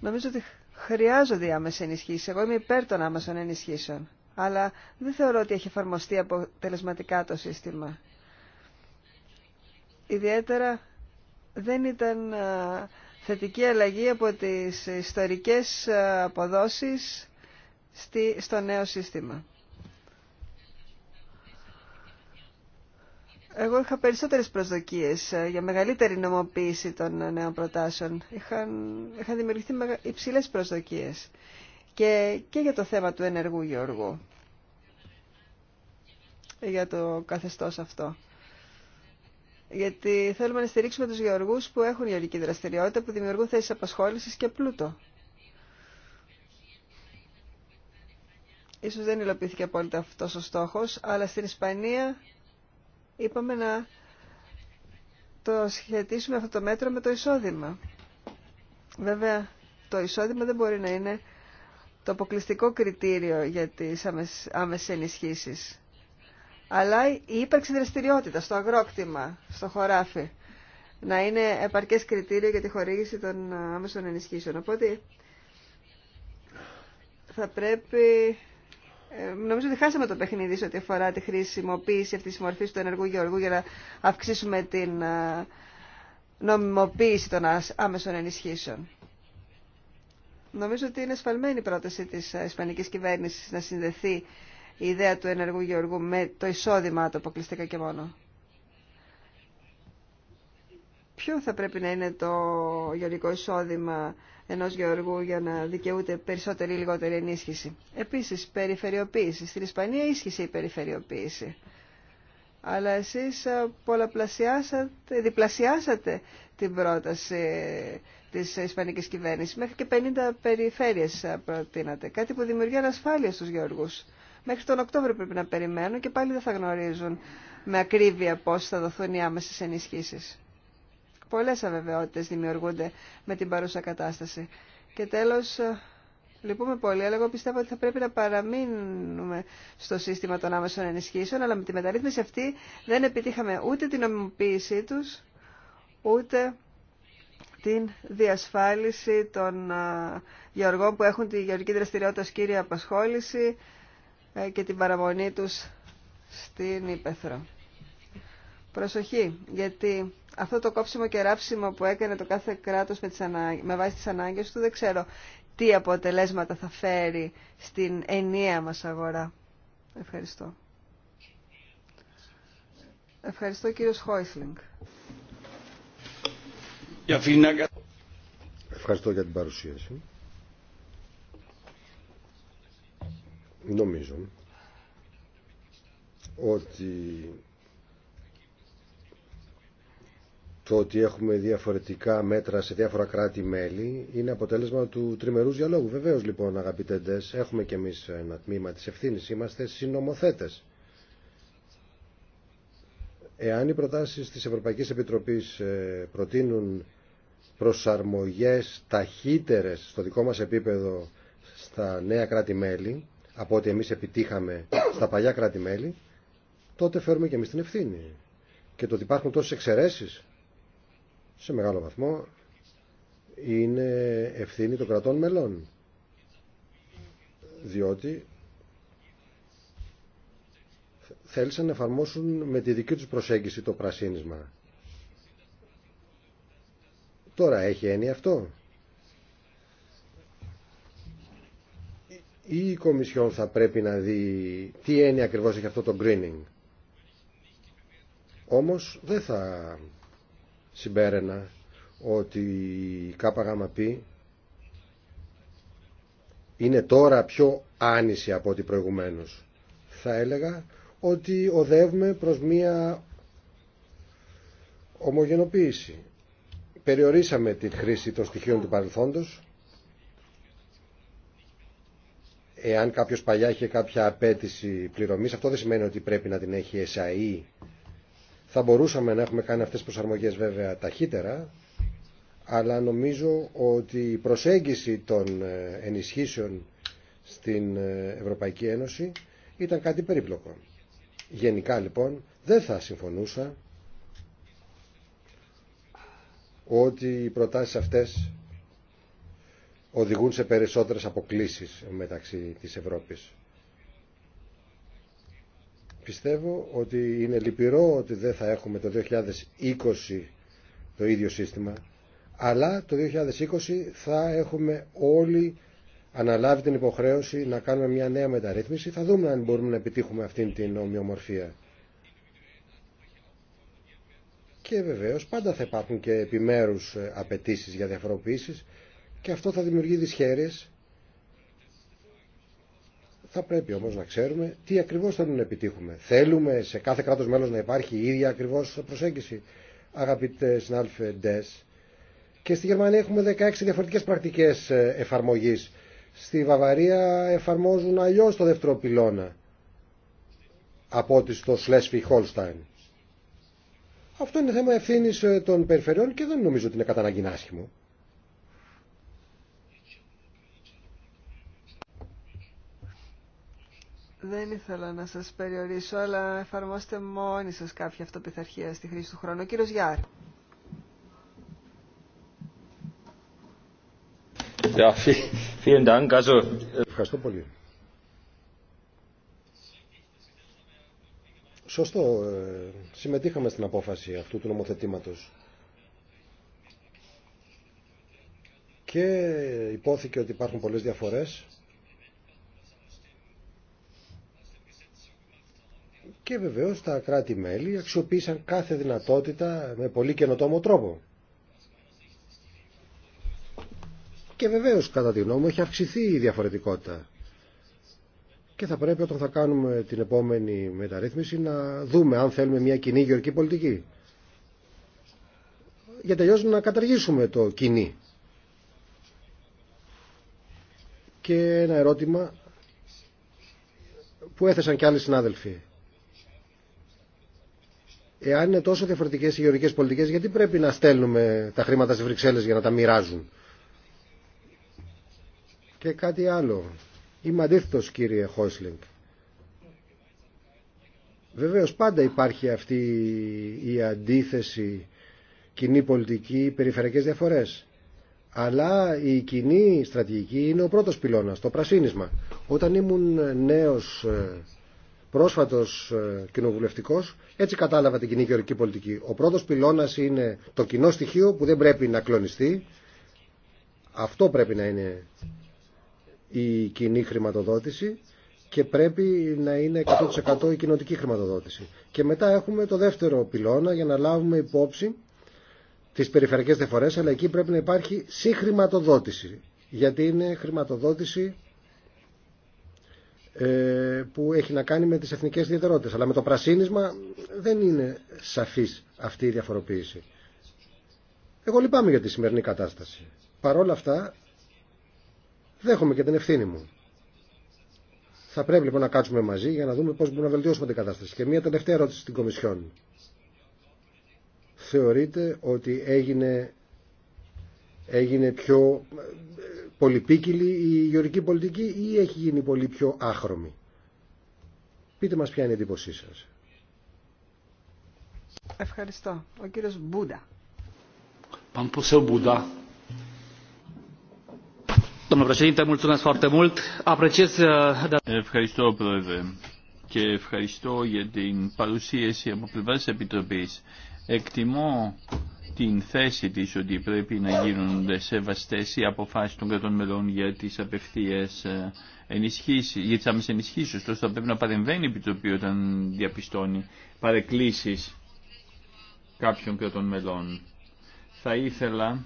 Νομίζω ότι χρειάζονται οι ενισχύσει. Εγώ είμαι υπέρ των άμεσων ενισχύσεων. Αλλά δεν θεωρώ ότι έχει εφαρμοστεί αποτελεσματικά το σύστημα. Ιδιαίτερα δεν ήταν θετική αλλαγή από τις ιστορικές αποδόσεις στο νέο σύστημα. Εγώ είχα περισσότερες προσδοκίες ε, για μεγαλύτερη νομοποίηση των νέων προτάσεων. Είχαν, δημιουργηθεί υψηλές προσδοκίες και, και για το θέμα του ενεργού Γιώργου, για το καθεστώς αυτό. Γιατί θέλουμε να στηρίξουμε τους γεωργούς που έχουν γεωργική δραστηριότητα, που δημιουργούν θέσεις απασχόλησης και πλούτο. Ίσως δεν υλοποιήθηκε απόλυτα αυτός ο στόχος, αλλά στην Ισπανία είπαμε να το σχετίσουμε αυτό το μέτρο με το εισόδημα. Βέβαια, το εισόδημα δεν μπορεί να είναι το αποκλειστικό κριτήριο για τις άμεσες ενισχύσεις. Αλλά η ύπαρξη δραστηριότητα στο αγρόκτημα, στο χωράφι, να είναι επαρκές κριτήριο για τη χορήγηση των άμεσων ενισχύσεων. Οπότε θα πρέπει ε, νομίζω ότι χάσαμε το παιχνίδι σε ό,τι αφορά τη χρησιμοποίηση αυτής της μορφής του ενεργού γεωργού για να αυξήσουμε την ε, νομιμοποίηση των άμεσων ενισχύσεων. Νομίζω ότι είναι σφαλμένη η πρόταση της ε, Ισπανικής κυβέρνησης να συνδεθεί η ιδέα του ενεργού γεωργού με το εισόδημά του αποκλειστικά και μόνο ποιο θα πρέπει να είναι το γεωργικό εισόδημα ενός γεωργού για να δικαιούται περισσότερη ή λιγότερη ενίσχυση. Επίσης, περιφερειοποίηση. Στην Ισπανία ίσχυσε η περιφερειοποίηση. Αλλά εσείς ε, πολλαπλασιάσατε, διπλασιάσατε την πρόταση της Ισπανικής κυβέρνησης. Μέχρι και 50 περιφέρειες ε, προτείνατε. Κάτι που δημιουργεί ανασφάλεια στους γεωργούς. Μέχρι τον Οκτώβριο πρέπει να περιμένουν και πάλι δεν θα γνωρίζουν με ακρίβεια πώ θα δοθούν οι άμεσες ενισχύσει. Πολλές αβεβαιότητες δημιουργούνται με την παρούσα κατάσταση. Και τέλος, ε, λυπούμε πολύ, αλλά εγώ πιστεύω ότι θα πρέπει να παραμείνουμε στο σύστημα των άμεσων ενισχύσεων, αλλά με τη μεταρρύθμιση αυτή δεν επιτύχαμε ούτε την νομιμοποίησή τους, ούτε την διασφάλιση των ε, γεωργών που έχουν τη γεωργική δραστηριότητα ως κύρια απασχόληση ε, και την παραμονή τους στην Ήπεθρο. Προσοχή, γιατί αυτό το κόψιμο και ράψιμο που έκανε το κάθε κράτος με, τις ανάγκες, με βάση τις ανάγκες του, δεν ξέρω τι αποτελέσματα θα φέρει στην ενιαία μας αγορά. Ευχαριστώ. Ευχαριστώ κύριος Χόισλινγκ.
Ευχαριστώ για την παρουσίαση. Νομίζω ότι το ότι έχουμε διαφορετικά μέτρα σε διάφορα κράτη-μέλη είναι αποτέλεσμα του τριμερούς διαλόγου. Βεβαίως λοιπόν αγαπητέ έχουμε και εμείς ένα τμήμα της ευθύνης, είμαστε συνομοθέτες. Εάν οι προτάσεις της Ευρωπαϊκής Επιτροπής ε, προτείνουν προσαρμογές ταχύτερες στο δικό μας επίπεδο στα νέα κράτη-μέλη, από ό,τι εμείς επιτύχαμε στα παλιά κράτη-μέλη, τότε φέρουμε κι εμείς την ευθύνη. Και το ότι υπάρχουν τόσε εξαιρεσει σε μεγάλο βαθμό είναι ευθύνη των κρατών μελών διότι θέλησαν να εφαρμόσουν με τη δική τους προσέγγιση το πρασίνισμα. Τώρα έχει έννοια αυτό. Ή η Κομισιόν θα πρέπει να δει τι έννοια ακριβώς έχει αυτό το greening. Όμως δεν θα συμπέρανα ότι η ΚΚΠ είναι τώρα πιο άνηση από ό,τι προηγουμένως. Θα έλεγα ότι οδεύουμε προς μία ομογενοποίηση. Περιορίσαμε τη χρήση των στοιχείων του παρελθόντος. Εάν κάποιος παλιά είχε κάποια απέτηση πληρωμής, αυτό δεν σημαίνει ότι πρέπει να την έχει ΕΣΑΗ θα μπορούσαμε να έχουμε κάνει αυτές τις προσαρμογές βέβαια ταχύτερα, αλλά νομίζω ότι η προσέγγιση των ε, ενισχύσεων στην ε, Ευρωπαϊκή Ένωση ήταν κάτι περίπλοκο. Γενικά λοιπόν δεν θα συμφωνούσα ότι οι προτάσεις αυτές οδηγούν σε περισσότερες αποκλίσεις μεταξύ της Ευρώπης. Πιστεύω ότι είναι λυπηρό ότι δεν θα έχουμε το 2020 το ίδιο σύστημα, αλλά το 2020 θα έχουμε όλοι αναλάβει την υποχρέωση να κάνουμε μια νέα μεταρρύθμιση. Θα δούμε αν μπορούμε να επιτύχουμε αυτήν την ομοιομορφία. Και βεβαίως πάντα θα υπάρχουν και επιμέρους ε, απαιτήσει για διαφοροποιήσεις και αυτό θα δημιουργεί δυσχέρειες θα πρέπει όμως να ξέρουμε τι ακριβώς θέλουμε να επιτύχουμε. Θέλουμε σε κάθε κράτος μέλος να υπάρχει η ίδια ακριβώς προσέγγιση. Αγαπητέ συνάδελφε Ντες, και στη Γερμανία έχουμε 16 διαφορετικές πρακτικές ε, εφαρμογής. Στη Βαβαρία εφαρμόζουν αλλιώς το δεύτερο πυλώνα από ό,τι στο Σλέσφι Χόλσταϊν. Αυτό είναι θέμα ευθύνη ε, των περιφερειών και δεν νομίζω ότι είναι κατά
Δεν ήθελα να σας περιορίσω, αλλά εφαρμόστε μόνοι σας κάποια αυτοπιθαρχία στη χρήση του χρόνου. Ο κύριος Γιάρ.
Äh, Ευχαριστώ πολύ. Σωστό. Ε, συμμετείχαμε στην απόφαση αυτού του νομοθετήματος. Και υπόθηκε ότι υπάρχουν πολλές διαφορές Και βεβαίω τα κράτη-μέλη αξιοποίησαν κάθε δυνατότητα με πολύ καινοτόμο τρόπο. Και βεβαίω κατά τη γνώμη μου έχει αυξηθεί η διαφορετικότητα. Και θα πρέπει όταν θα κάνουμε την επόμενη μεταρρύθμιση να δούμε αν θέλουμε μια κοινή γεωργική πολιτική. Για τελειώ να καταργήσουμε το κοινή. Και ένα ερώτημα που έθεσαν και άλλοι συνάδελφοι. Εάν είναι τόσο διαφορετικέ οι γεωργικέ πολιτικέ, γιατί πρέπει να στέλνουμε τα χρήματα στι Βρυξέλλε για να τα μοιράζουν. Και κάτι άλλο. Είμαι αντίθετο, κύριε Χόισλινγκ. Βεβαίω πάντα υπάρχει αυτή η αντίθεση κοινή πολιτική, περιφερειακές διαφορές. Αλλά η κοινή στρατηγική είναι ο πρώτος πυλώνας, το πρασίνισμα. Όταν ήμουν νέος ε, πρόσφατος ε, κοινοβουλευτικό έτσι κατάλαβα την κοινή γεωρική πολιτική. Ο πρώτος πυλώνας είναι το κοινό στοιχείο που δεν πρέπει να κλονιστεί. Αυτό πρέπει να είναι η κοινή χρηματοδότηση και πρέπει να είναι 100% η κοινοτική χρηματοδότηση. Και μετά έχουμε το δεύτερο πυλώνα για να λάβουμε υπόψη τι περιφερειακέ διαφορέ, αλλά εκεί πρέπει να υπάρχει συγχρηματοδότηση, γιατί είναι χρηματοδότηση ε, που έχει να κάνει με τις εθνικές ιδιαιτερότητες. Αλλά με το πρασίνισμα δεν είναι σαφής αυτή η διαφοροποίηση. Εγώ λυπάμαι για τη σημερινή κατάσταση. Παρόλα αυτά δέχομαι και την ευθύνη μου. Θα πρέπει λοιπόν να κάτσουμε μαζί για να δούμε πώς μπορούμε να βελτιώσουμε την κατάσταση. Και μια τελευταία ερώτηση στην Κομισιόν. Θεωρείτε ότι έγινε, έγινε πιο πολυπίκυλη η γεωρική πολιτική ή έχει γίνει πολύ πιο άχρωμη. Πείτε μας ποια είναι η εντύπωσή σας.
Ευχαριστώ. Ο κύριος Μπούντα.
ο Μπούντα.
Uh, ευχαριστώ πρόεδρε και ευχαριστώ για την παρουσίαση από πλευρά τη Επιτροπή. Εκτιμώ την θέση της ότι πρέπει να γίνονται σεβαστές οι αποφάσεις των κρατών μελών για τις απευθείες ε, ενισχύσεις, για τις άμεσες ενισχύσεις. Ωστόσο θα πρέπει να παρεμβαίνει η Επιτροπή όταν διαπιστώνει παρεκκλήσεις κάποιων κρατών μελών. Θα ήθελα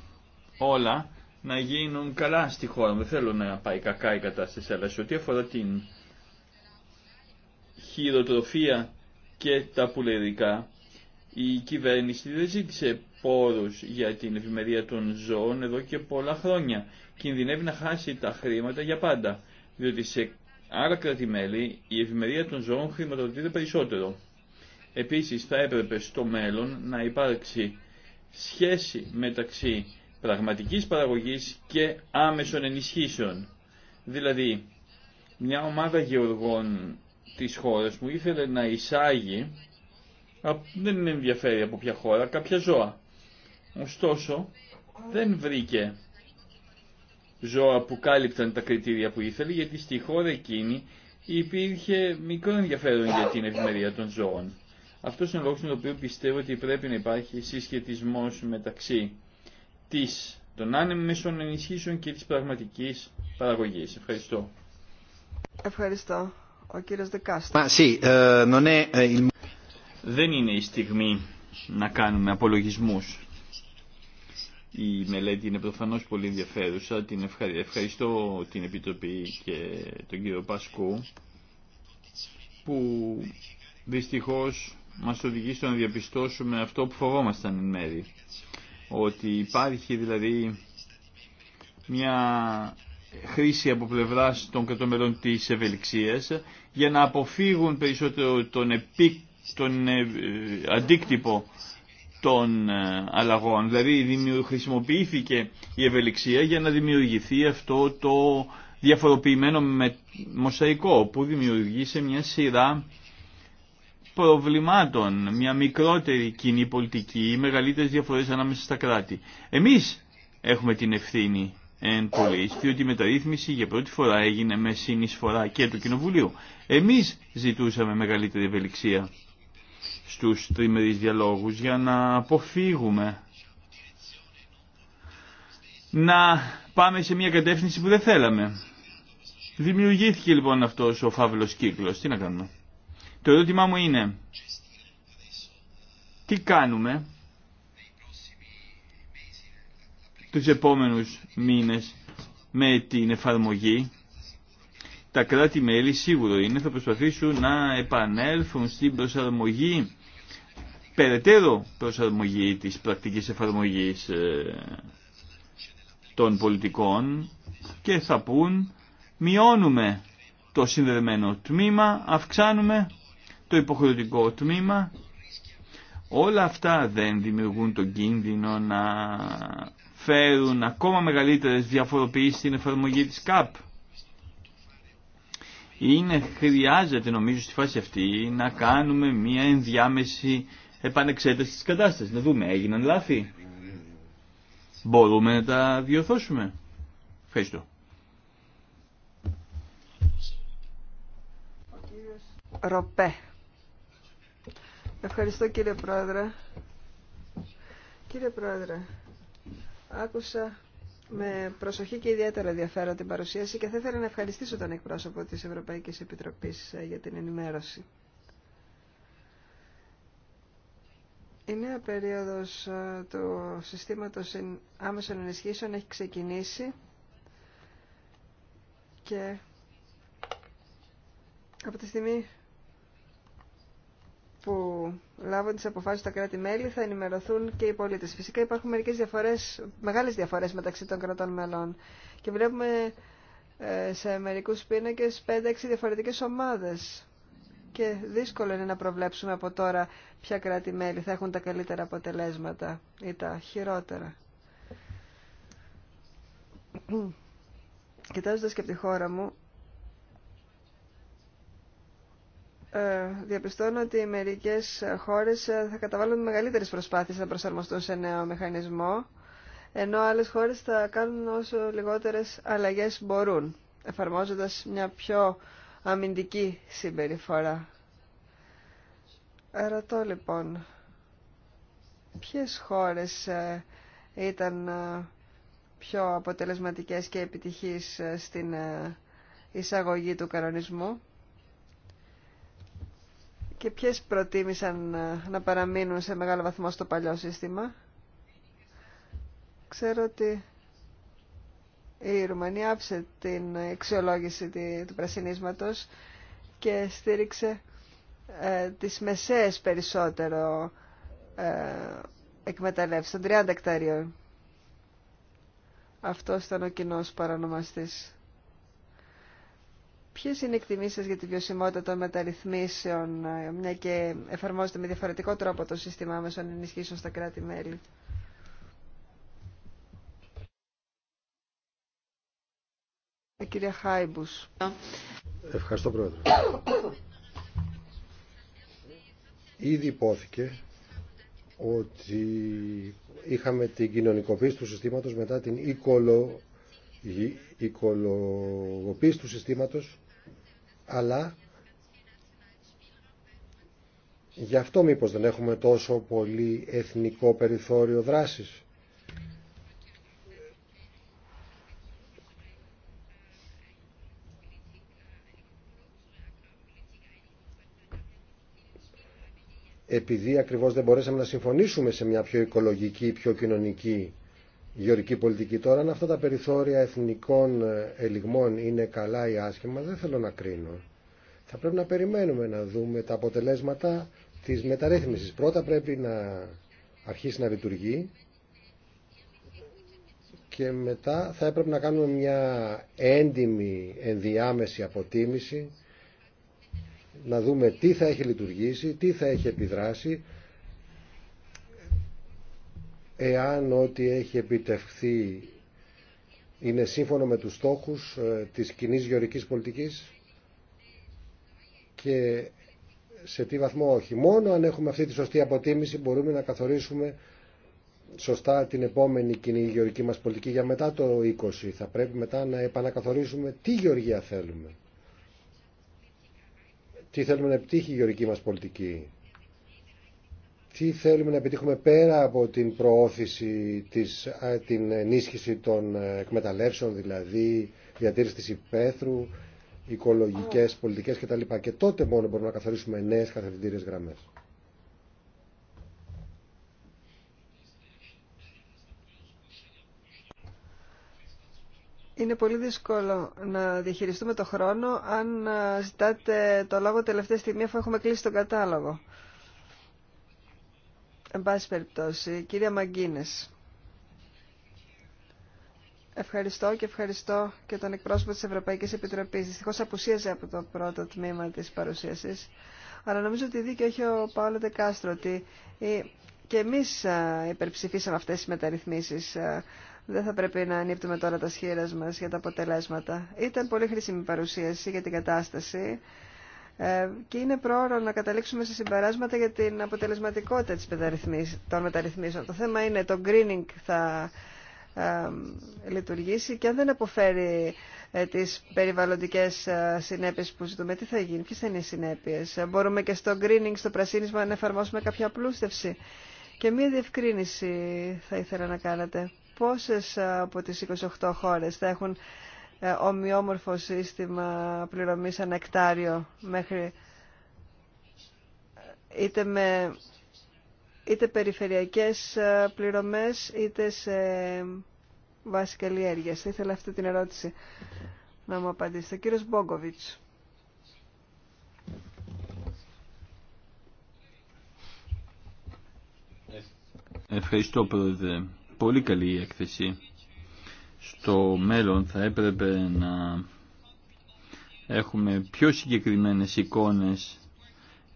όλα να γίνουν καλά στη χώρα. Δεν θέλω να πάει κακά η κατάσταση, αλλά σε ό,τι αφορά την χειροτροφία και τα πουλερικά, η κυβέρνηση δεν ζήτησε πόρους για την ευημερία των ζώων εδώ και πολλά χρόνια. Κινδυνεύει να χάσει τα χρήματα για πάντα, διότι σε άλλα κράτη-μέλη η ευημερία των ζώων χρηματοδοτείται περισσότερο. Επίσης θα έπρεπε στο μέλλον να υπάρξει σχέση μεταξύ πραγματικής παραγωγής και άμεσων ενισχύσεων. Δηλαδή, μια ομάδα γεωργών της χώρας μου ήθελε να εισάγει δεν ενδιαφέρει από ποια χώρα, κάποια ζώα. Ωστόσο, δεν βρήκε ζώα που κάλυπταν τα κριτήρια που ήθελε, γιατί στη χώρα εκείνη υπήρχε μικρό ενδιαφέρον για την ευημερία των ζώων. Αυτό είναι ο λόγος τον οποίο πιστεύω ότι πρέπει να υπάρχει συσχετισμός μεταξύ της, των άνεμων ενισχύσεων και της πραγματικής παραγωγής. Ευχαριστώ. Δεν είναι η στιγμή να κάνουμε απολογισμούς. Η μελέτη είναι προφανώ πολύ ενδιαφέρουσα. Την ευχαριστώ την Επιτροπή και τον κύριο Πασκού που δυστυχώς μας οδηγεί στο να διαπιστώσουμε αυτό που φοβόμασταν εν μέρη. Ότι υπάρχει δηλαδή μια χρήση από πλευράς των κατώμερων της ευελιξίας για να αποφύγουν περισσότερο τον επί τον ε, ε, αντίκτυπο των ε, αλλαγών. Δηλαδή χρησιμοποιήθηκε η ευελιξία για να δημιουργηθεί αυτό το διαφοροποιημένο με μοσαϊκό που δημιουργήσε μια σειρά προβλημάτων, μια μικρότερη κοινή πολιτική ή μεγαλύτερες διαφορές ανάμεσα στα κράτη. Εμείς έχουμε την ευθύνη εν πολλής, διότι η μεταρρύθμιση για πρώτη φορά έγινε με συνεισφορά και του Κοινοβουλίου. Εμείς ζητούσαμε μεγαλύτερη ευελιξία στους τριμερείς διαλόγους για να αποφύγουμε να πάμε σε μια κατεύθυνση που δεν θέλαμε. Δημιουργήθηκε λοιπόν αυτός ο φαύλος κύκλος. Τι να κάνουμε. Το ερώτημά μου είναι τι κάνουμε τους επόμενους μήνες με την εφαρμογή τα κράτη-μέλη σίγουρο είναι θα προσπαθήσουν να επανέλθουν στην προσαρμογή περαιτέρω προσαρμογή της πρακτικής εφαρμογής ε, των πολιτικών και θα πούν μειώνουμε το συνδεδεμένο τμήμα, αυξάνουμε το υποχρεωτικό τμήμα. Όλα αυτά δεν δημιουργούν τον κίνδυνο να φέρουν ακόμα μεγαλύτερες διαφοροποιήσεις στην εφαρμογή της ΚΑΠ. Είναι, χρειάζεται νομίζω στη φάση αυτή να κάνουμε μια ενδιάμεση επανεξέταση της κατάστασης. Να δούμε, έγιναν λάθη. Μπορούμε να τα διορθώσουμε. Ευχαριστώ.
Ροπέ. Ευχαριστώ κύριε Πρόεδρε. Κύριε Πρόεδρε, άκουσα με προσοχή και ιδιαίτερα ενδιαφέρον την παρουσίαση και θα ήθελα να ευχαριστήσω τον εκπρόσωπο της Ευρωπαϊκής Επιτροπής ε, για την ενημέρωση. Η νέα περίοδος ε, του συστήματος άμεσων ενισχύσεων έχει ξεκινήσει και από τη στιγμή που λάβουν τις αποφάσεις τα κράτη-μέλη θα ενημερωθούν και οι πολίτες. Φυσικά υπάρχουν μερικές διαφορές, μεγάλες διαφορές μεταξύ των κρατών μελών και βλέπουμε ε, σε μερικούς πίνακες 5-6 διαφορετικές ομάδες και δύσκολο είναι να προβλέψουμε από τώρα ποια κράτη-μέλη θα έχουν τα καλύτερα αποτελέσματα ή τα χειρότερα. Κοιτάζοντας και από τη χώρα μου, ε, διαπιστώνω ότι μερικές χώρες ε, θα καταβάλουν μεγαλύτερες προσπάθειες να προσαρμοστούν σε νέο μηχανισμό, ενώ άλλες χώρες θα κάνουν όσο λιγότερες αλλαγές μπορούν, εφαρμόζοντας μια πιο αμυντική συμπεριφορά. Ρωτώ λοιπόν, ποιες χώρες ε, ήταν ε, πιο αποτελεσματικές και επιτυχείς ε, στην εισαγωγή του κανονισμού και ποιες προτίμησαν να παραμείνουν σε μεγάλο βαθμό στο παλιό σύστημα. Ξέρω ότι η Ρουμανία άψε την αξιολόγηση του πρασινίσματος και στήριξε ε, τις μεσαίες περισσότερο ε, εκμεταλλεύσεις, των 30 εκταρίων. Αυτό ήταν ο κοινό παρανομαστής. Ποιες είναι οι εκτιμήσεις για τη βιωσιμότητα των μεταρρυθμίσεων, ε, μια και εφαρμόζεται με διαφορετικό τρόπο το σύστημα άμεσων ενισχύσεων στα κράτη-μέλη.
Ε, Ευχαριστώ πρόεδρε. Ήδη υπόθηκε ότι είχαμε την κοινωνικοποίηση του συστήματος μετά την οικολο... οικολογοποίηση του συστήματος αλλά γι' αυτό μήπως δεν έχουμε τόσο πολύ εθνικό περιθώριο δράσης επειδή ακριβώς δεν μπορέσαμε να συμφωνήσουμε σε μια πιο οικολογική, πιο κοινωνική γεωρική πολιτική. Τώρα, αν αυτά τα περιθώρια εθνικών ε, ελιγμών είναι καλά ή άσχημα, δεν θέλω να κρίνω. Θα πρέπει να περιμένουμε να δούμε τα αποτελέσματα της μεταρρύθμισης. Πρώτα πρέπει να αρχίσει να λειτουργεί και μετά θα έπρεπε να κάνουμε μια έντιμη ενδιάμεση αποτίμηση να δούμε τι θα έχει λειτουργήσει, τι θα έχει επιδράσει, εάν ό,τι έχει επιτευχθεί είναι σύμφωνο με τους στόχους ε, της κοινή γεωρικής πολιτικής και σε τι βαθμό όχι. Μόνο αν έχουμε αυτή τη σωστή αποτίμηση μπορούμε να καθορίσουμε σωστά την επόμενη κοινή γεωρική μας πολιτική για μετά το 20. Θα πρέπει μετά να επανακαθορίσουμε τι γεωργία θέλουμε τι θέλουμε να επιτύχει η γεωρική μας πολιτική, τι θέλουμε να επιτύχουμε πέρα από την προώθηση, της, την ενίσχυση των εκμεταλλεύσεων, δηλαδή διατήρηση της υπαίθρου, οικολογικές πολιτικές κτλ. Και τότε μόνο μπορούμε να καθορίσουμε νέες καθευθυντήριες γραμμές.
Είναι πολύ δύσκολο να διαχειριστούμε το χρόνο αν ε, ζητάτε το λόγο τελευταία στιγμή αφού έχουμε κλείσει τον κατάλογο. Εν πάση περιπτώσει, κυρία Μαγκίνες. Ευχαριστώ και ευχαριστώ και τον εκπρόσωπο της Ευρωπαϊκής Επιτροπής. Δυστυχώς απουσίαζε από το πρώτο τμήμα της παρουσίασης. Αλλά νομίζω ότι δίκαιο έχει ο Παόλο Δεκάστρο ότι και εμείς ε, υπερψηφίσαμε αυτές τις μεταρρυθμίσεις ε, δεν θα πρέπει να ανύπτουμε τώρα τα σχήρα μας για τα αποτελέσματα. Ήταν πολύ χρήσιμη παρουσίαση για την κατάσταση ε, και είναι πρόωρο να καταλήξουμε σε συμπεράσματα για την αποτελεσματικότητα της των μεταρρυθμίσεων. Το θέμα είναι το greening θα ε, λειτουργήσει και αν δεν αποφέρει ε, τις περιβαλλοντικές συνέπειες που ζητούμε, τι θα γίνει, ποιες θα είναι οι συνέπειες. Μπορούμε και στο greening, στο πρασίνισμα να εφαρμόσουμε κάποια απλούστευση. Και μία διευκρίνηση θα ήθελα να κάνετε πόσες ε, από τις 28 χώρες θα έχουν ε, ομοιόμορφο σύστημα πληρωμής ανεκτάριο μέχρι ε, είτε με είτε περιφερειακές πληρωμές είτε σε βάση καλλιέργειας. Ήθελα αυτή την ερώτηση να μου απαντήσετε. Κύριος Μπόγκοβιτς.
Ευχαριστώ πρόεδρε πολύ καλή η έκθεση. Στο μέλλον θα έπρεπε να έχουμε πιο συγκεκριμένες εικόνες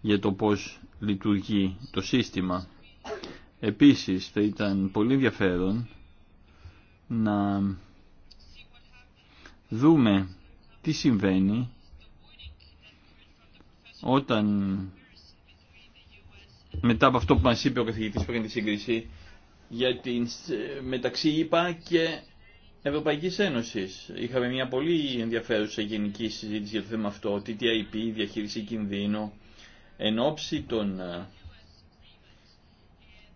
για το πώς λειτουργεί το σύστημα. Επίσης θα ήταν πολύ ενδιαφέρον να δούμε τι συμβαίνει όταν μετά από αυτό που μας είπε ο καθηγητής πριν τη σύγκριση για την, ε, μεταξύ ΙΠΑ και Ευρωπαϊκής Ένωση. Είχαμε μια πολύ ενδιαφέρουσα γενική συζήτηση για το θέμα αυτό, TTIP, διαχείριση κινδύνου, εν ώψη των ε,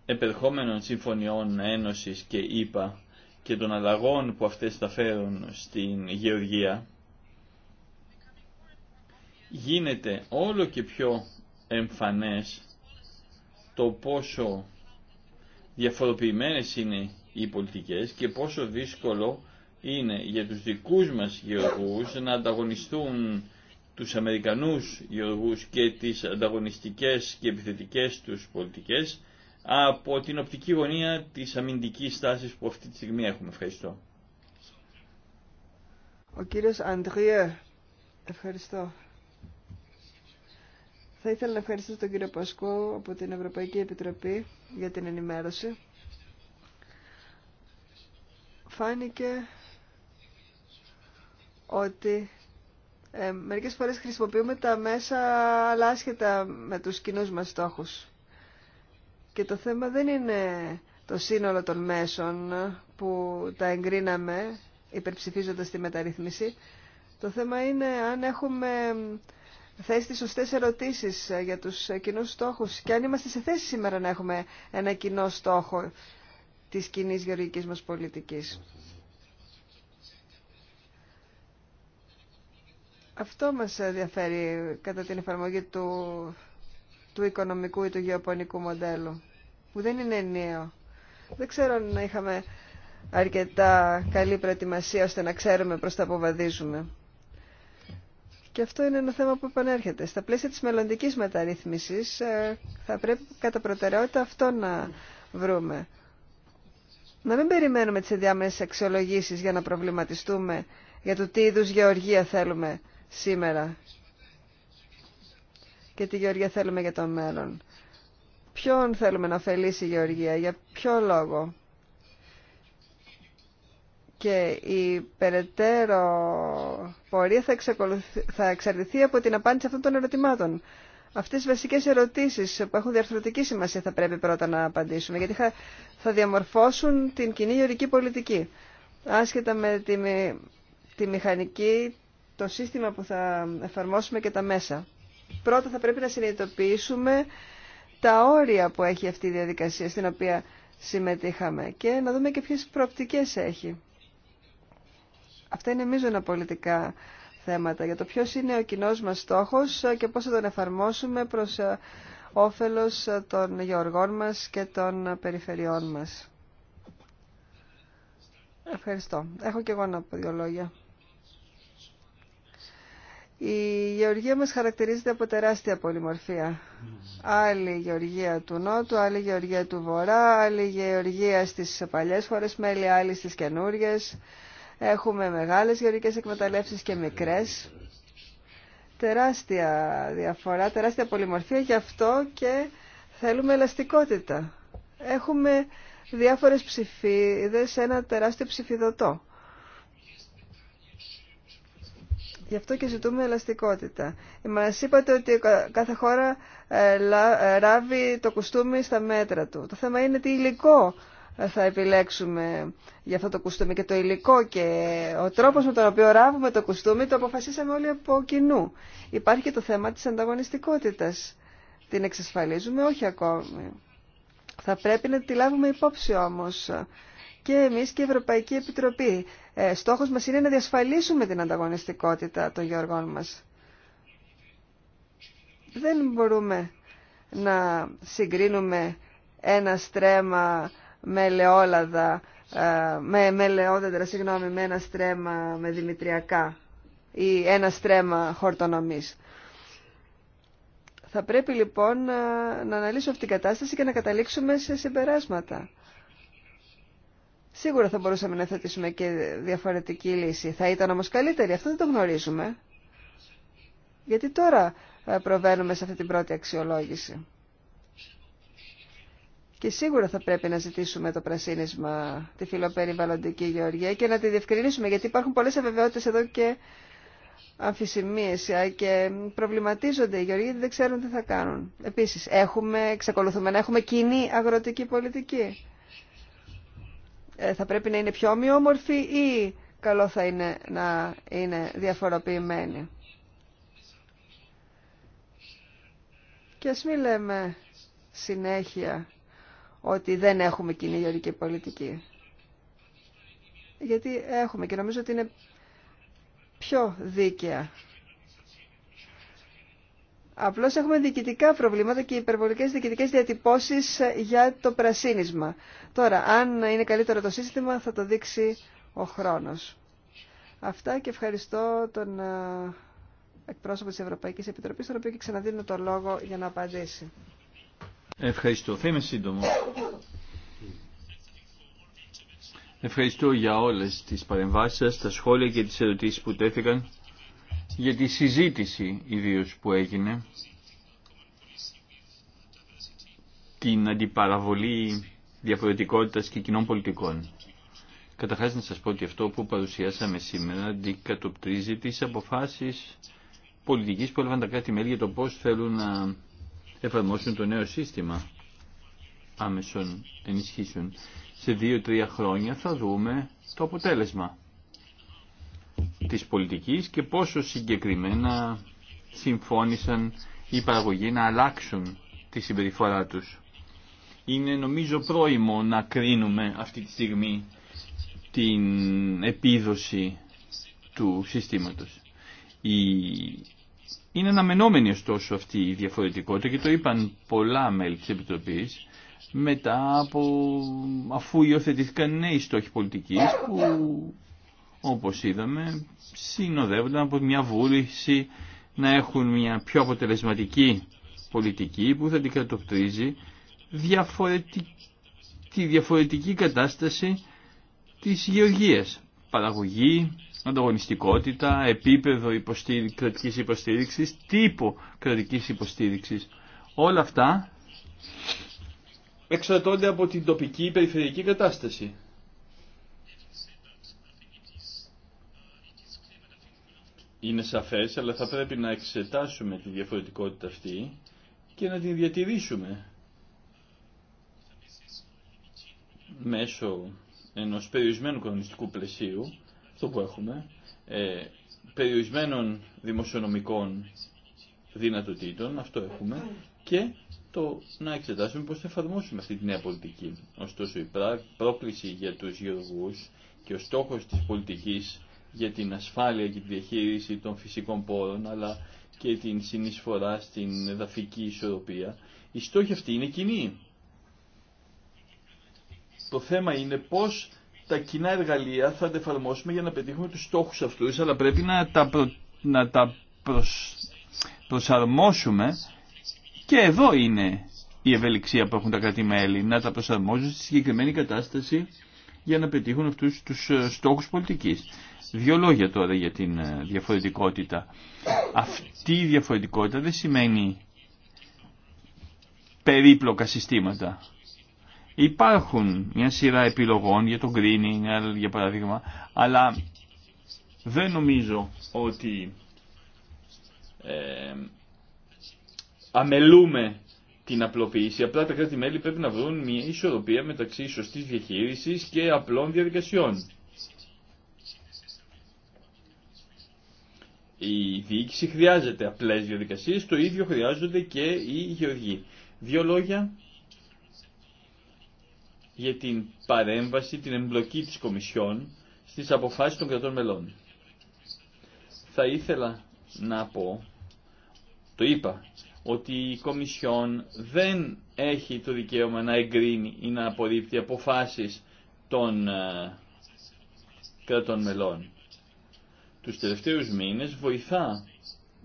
επερχόμενων συμφωνιών Ένωσης και ΙΠΑ και των αλλαγών που αυτές θα φέρουν στην γεωργία, γίνεται όλο και πιο εμφανές το πόσο διαφοροποιημένες είναι οι πολιτικές και πόσο δύσκολο είναι για τους δικούς μας γεωργούς να ανταγωνιστούν τους Αμερικανούς γεωργούς και τις ανταγωνιστικές και επιθετικές τους πολιτικές από την οπτική γωνία της αμυντικής στάσης που αυτή τη στιγμή έχουμε. Ευχαριστώ.
Ο κύριος Αντρίε, ευχαριστώ. Θα ήθελα να ευχαριστήσω τον κύριο Πασκό από την Ευρωπαϊκή Επιτροπή για την ενημέρωση. Φάνηκε ότι ε, μερικές φορές χρησιμοποιούμε τα μέσα αλλά άσχετα με τους κοινούς μας στόχους. Και το θέμα δεν είναι το σύνολο των μέσων που τα εγκρίναμε υπερψηφίζοντας τη μεταρρύθμιση. Το θέμα είναι αν έχουμε θέσει τι σωστέ ερωτήσει ε, για τους ε, κοινούς στόχους και αν είμαστε σε θέση σήμερα να έχουμε ένα κοινό στόχο της κοινή γεωργικής μας πολιτικής. Αυτό μας ε, ενδιαφέρει κατά την εφαρμογή του, του οικονομικού ή του γεωπονικού μοντέλου, που δεν είναι ενιαίο. Δεν ξέρω αν είχαμε αρκετά καλή προετοιμασία ώστε να ξέρουμε προς τα αποβαδίζουμε. Και αυτό είναι ένα θέμα που επανέρχεται. Στα πλαίσια της μελλοντική μεταρρύθμισης ε, θα πρέπει κατά προτεραιότητα αυτό να βρούμε. Να μην περιμένουμε τις ενδιάμενες αξιολογήσεις για να προβληματιστούμε για το τι είδους γεωργία θέλουμε σήμερα και τι γεωργία θέλουμε για το μέλλον. Ποιον θέλουμε να ωφελήσει η γεωργία, για ποιο λόγο και η περαιτέρω πορεία θα, θα εξαρτηθεί από την απάντηση αυτών των ερωτημάτων. Αυτέ τι βασικέ ερωτήσει που έχουν διαρθρωτική σημασία θα πρέπει πρώτα να απαντήσουμε, γιατί θα διαμορφώσουν την κοινή γεωρική πολιτική. Άσχετα με τη, τη μηχανική, το σύστημα που θα εφαρμόσουμε και τα μέσα. Πρώτα θα πρέπει να συνειδητοποιήσουμε τα όρια που έχει αυτή η διαδικασία στην οποία συμμετείχαμε και να δούμε και ποιες προοπτικές έχει. Αυτά είναι μείζωνα πολιτικά θέματα για το ποιο είναι ο κοινό μα στόχος και πώς θα τον εφαρμόσουμε προς ε, όφελος ε, των γεωργών μας και των περιφερειών μας. Ευχαριστώ. Έχω και εγώ να πω δύο λόγια. Η γεωργία μας χαρακτηρίζεται από τεράστια πολυμορφία. Άλλη γεωργία του Νότου, άλλη γεωργία του Βορρά, άλλη γεωργία στις παλιές χώρες μέλη, άλλη στις καινούριες. Έχουμε μεγάλες γεωργικές εκμεταλλεύσεις και μικρές. Τεράστια διαφορά, τεράστια πολυμορφία γι' αυτό και θέλουμε ελαστικότητα. Έχουμε διάφορες ψηφίδες σε ένα τεράστιο ψηφιδωτό. Γι' αυτό και ζητούμε ελαστικότητα. Μα είπατε ότι κάθε χώρα ε, ε, ράβει το κουστούμι στα μέτρα του. Το θέμα είναι τι υλικό θα επιλέξουμε για αυτό το κουστούμι και το υλικό και ο τρόπος με τον οποίο ράβουμε το κουστούμι το αποφασίσαμε όλοι από κοινού. Υπάρχει και το θέμα της ανταγωνιστικότητας. Την εξασφαλίζουμε, όχι ακόμη. Θα πρέπει να τη λάβουμε υπόψη όμως και εμείς και η Ευρωπαϊκή Επιτροπή. Ε, στόχος μας είναι να διασφαλίσουμε την ανταγωνιστικότητα των γεωργών μας. Δεν μπορούμε να συγκρίνουμε ένα στρέμμα με ελαιόλαδα, ε, με, με ελαιόδεντρα, συγγνώμη, με ένα στρέμμα με δημητριακά ή ένα στρέμμα χορτονομής. Θα πρέπει λοιπόν ε, να, αναλύσουμε αυτή την κατάσταση και να καταλήξουμε σε συμπεράσματα. Σίγουρα θα μπορούσαμε να θετήσουμε και διαφορετική λύση. Θα ήταν όμως καλύτερη, αυτό δεν το γνωρίζουμε. Γιατί τώρα ε, προβαίνουμε σε αυτή την πρώτη αξιολόγηση. Και σίγουρα θα πρέπει να ζητήσουμε το πρασίνισμα, τη φιλοπεριβαλλοντική γεωργία και να τη διευκρινίσουμε, γιατί υπάρχουν πολλές αβεβαιότητες εδώ και αμφισημίες και προβληματίζονται οι γεωργοί, δεν ξέρουν τι θα κάνουν. Επίσης, έχουμε, εξακολουθούμε να έχουμε κοινή αγροτική πολιτική. Ε, θα πρέπει να είναι πιο ομοιόμορφη ή καλό θα είναι να είναι διαφοροποιημένη. Και ας μην λέμε συνέχεια ότι δεν έχουμε κοινή γεωρική πολιτική. Γιατί έχουμε και νομίζω ότι είναι πιο δίκαια. Απλώς έχουμε διοικητικά προβλήματα και υπερβολικές διοικητικές διατυπώσεις για το πρασίνισμα. Τώρα, αν είναι καλύτερο το σύστημα, θα το δείξει ο χρόνος. Αυτά και ευχαριστώ τον ε, εκπρόσωπο της Ευρωπαϊκής Επιτροπής, τον οποίο και ξαναδίνω το λόγο για να απαντήσει.
Ευχαριστώ. Θα είμαι σύντομο. Ευχαριστώ για όλες τις παρεμβάσεις σας, τα σχόλια και τις ερωτήσεις που τέθηκαν, για τη συζήτηση ιδίως που έγινε, την αντιπαραβολή διαφορετικότητας και κοινών πολιτικών. Καταρχάς να σας πω ότι αυτό που παρουσιάσαμε σήμερα αντικατοπτρίζει τις αποφάσεις πολιτικής που έλαβαν τα κράτη-μέλη για το πώς θέλουν να εφαρμόσουν το νέο σύστημα άμεσων ενισχύσεων. Σε δύο-τρία χρόνια θα δούμε το αποτέλεσμα της πολιτικής και πόσο συγκεκριμένα συμφώνησαν οι παραγωγοί να αλλάξουν τη συμπεριφορά τους. Είναι νομίζω πρόημο να κρίνουμε αυτή τη στιγμή την επίδοση του συστήματος. Η είναι αναμενόμενη ωστόσο αυτή η διαφορετικότητα και το είπαν πολλά μέλη της Επιτροπής μετά από αφού υιοθετήθηκαν νέοι στόχοι πολιτικής που όπως είδαμε συνοδεύονταν από μια βούληση να έχουν μια πιο αποτελεσματική πολιτική που θα αντικατοπτρίζει διαφορετική, τη διαφορετική κατάσταση της γεωργίας. Παραγωγή, ανταγωνιστικότητα, επίπεδο υποστήρι, κρατικής υποστήριξης, τύπο κρατικής υποστήριξης. Όλα αυτά εξαρτώνται από την τοπική περιφερειακή κατάσταση. Είναι σαφές, αλλά θα πρέπει να εξετάσουμε τη διαφορετικότητα αυτή και να την διατηρήσουμε μέσω ενός περιορισμένου κανονιστικού πλαισίου αυτό που έχουμε, ε, περιορισμένων δημοσιονομικών δυνατοτήτων, αυτό έχουμε, και το να εξετάσουμε πώς θα εφαρμόσουμε αυτή τη νέα πολιτική. Ωστόσο η πρόκληση για τους γεωργούς και ο στόχος της πολιτικής για την ασφάλεια και τη διαχείριση των φυσικών πόρων, αλλά και την συνεισφορά στην εδαφική ισορροπία, η στόχη αυτή είναι κοινή. Το θέμα είναι πώς τα κοινά εργαλεία θα τα εφαρμόσουμε για να πετύχουμε τους στόχους αυτούς, αλλά πρέπει να τα, να τα προσαρμόσουμε και εδώ είναι η ευελιξία που έχουν τα κράτη-μέλη, να τα προσαρμόζουν στη συγκεκριμένη κατάσταση για να πετύχουν αυτούς τους ε, στόχους πολιτικής. Δύο λόγια τώρα για την ε, διαφορετικότητα. Αυτή η διαφορετικότητα δεν σημαίνει περίπλοκα συστήματα. Υπάρχουν μια σειρά επιλογών για το greening, για παράδειγμα, αλλά δεν νομίζω ότι ε, αμελούμε την απλοποίηση. Απλά τα κράτη-μέλη πρέπει να βρουν μια ισορροπία μεταξύ σωστής διαχείρισης και απλών διαδικασιών. Η διοίκηση χρειάζεται απλές διαδικασίες, το ίδιο χρειάζονται και οι γεωργοί. Δύο λόγια για την παρέμβαση, την εμπλοκή της Κομισιόν στις αποφάσεις των κρατών μελών. Θα ήθελα να πω, το είπα, ότι η Κομισιόν δεν έχει το δικαίωμα να εγκρίνει ή να απορρίπτει αποφάσεις των ε, κρατών μελών. Τους τελευταίους μήνες βοηθά,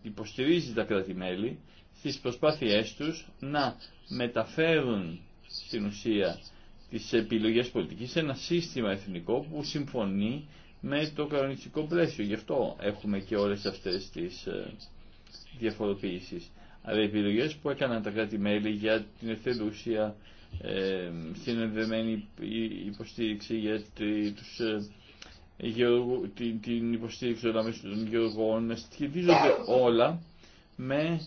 υποστηρίζει τα κράτη-μέλη... στις προσπάθειές τους να μεταφέρουν στην ουσία τις επιλογές πολιτικής ένα σύστημα εθνικό που συμφωνεί με το κανονιστικό πλαίσιο. Γι' αυτό έχουμε και όλες αυτές τις ε, διαφοροποίησεις. Αλλά οι επιλογές που έκαναν τα κράτη-μέλη για την εθελούσια ε, υποστήριξη για τους, ε, γεωργού, την, την, υποστήριξη των γεωργών σχετίζονται όλα με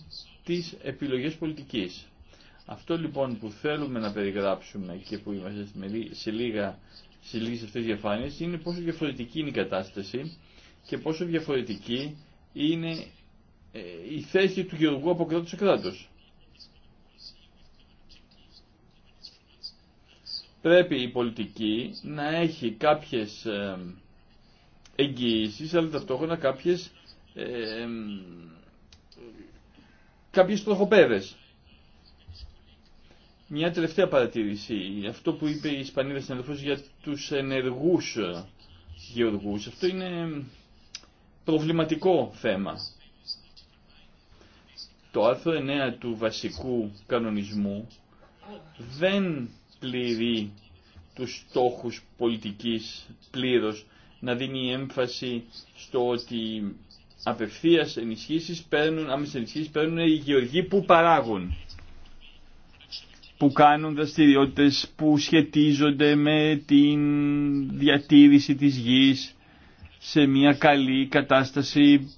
τις επιλογές πολιτικής. Αυτό λοιπόν που θέλουμε να περιγράψουμε και που είμαστε σε, λίγα, σε λίγες αυτές διαφάνειες είναι πόσο διαφορετική είναι η κατάσταση και πόσο διαφορετική είναι ε, η θέση του γεωργού από κράτος σε κράτος. Πρέπει η πολιτική να έχει κάποιες ε, εγγυήσεις αλλά ταυτόχρονα κάποιες, ε, ε κάποιες τροχοπέδες μια τελευταία παρατήρηση. Αυτό που είπε η Ισπανίδα συναδελφός για τους ενεργούς γεωργούς. Αυτό είναι προβληματικό θέμα. Το άρθρο 9 του βασικού κανονισμού δεν πληρεί τους στόχους πολιτικής πλήρως να δίνει έμφαση στο ότι απευθείας ενισχύσεις παίρνουν, άμεσες ενισχύσεις παίρνουν οι γεωργοί που παράγουν που κάνουν δραστηριότητε που σχετίζονται με την διατήρηση της γης σε μια καλή κατάσταση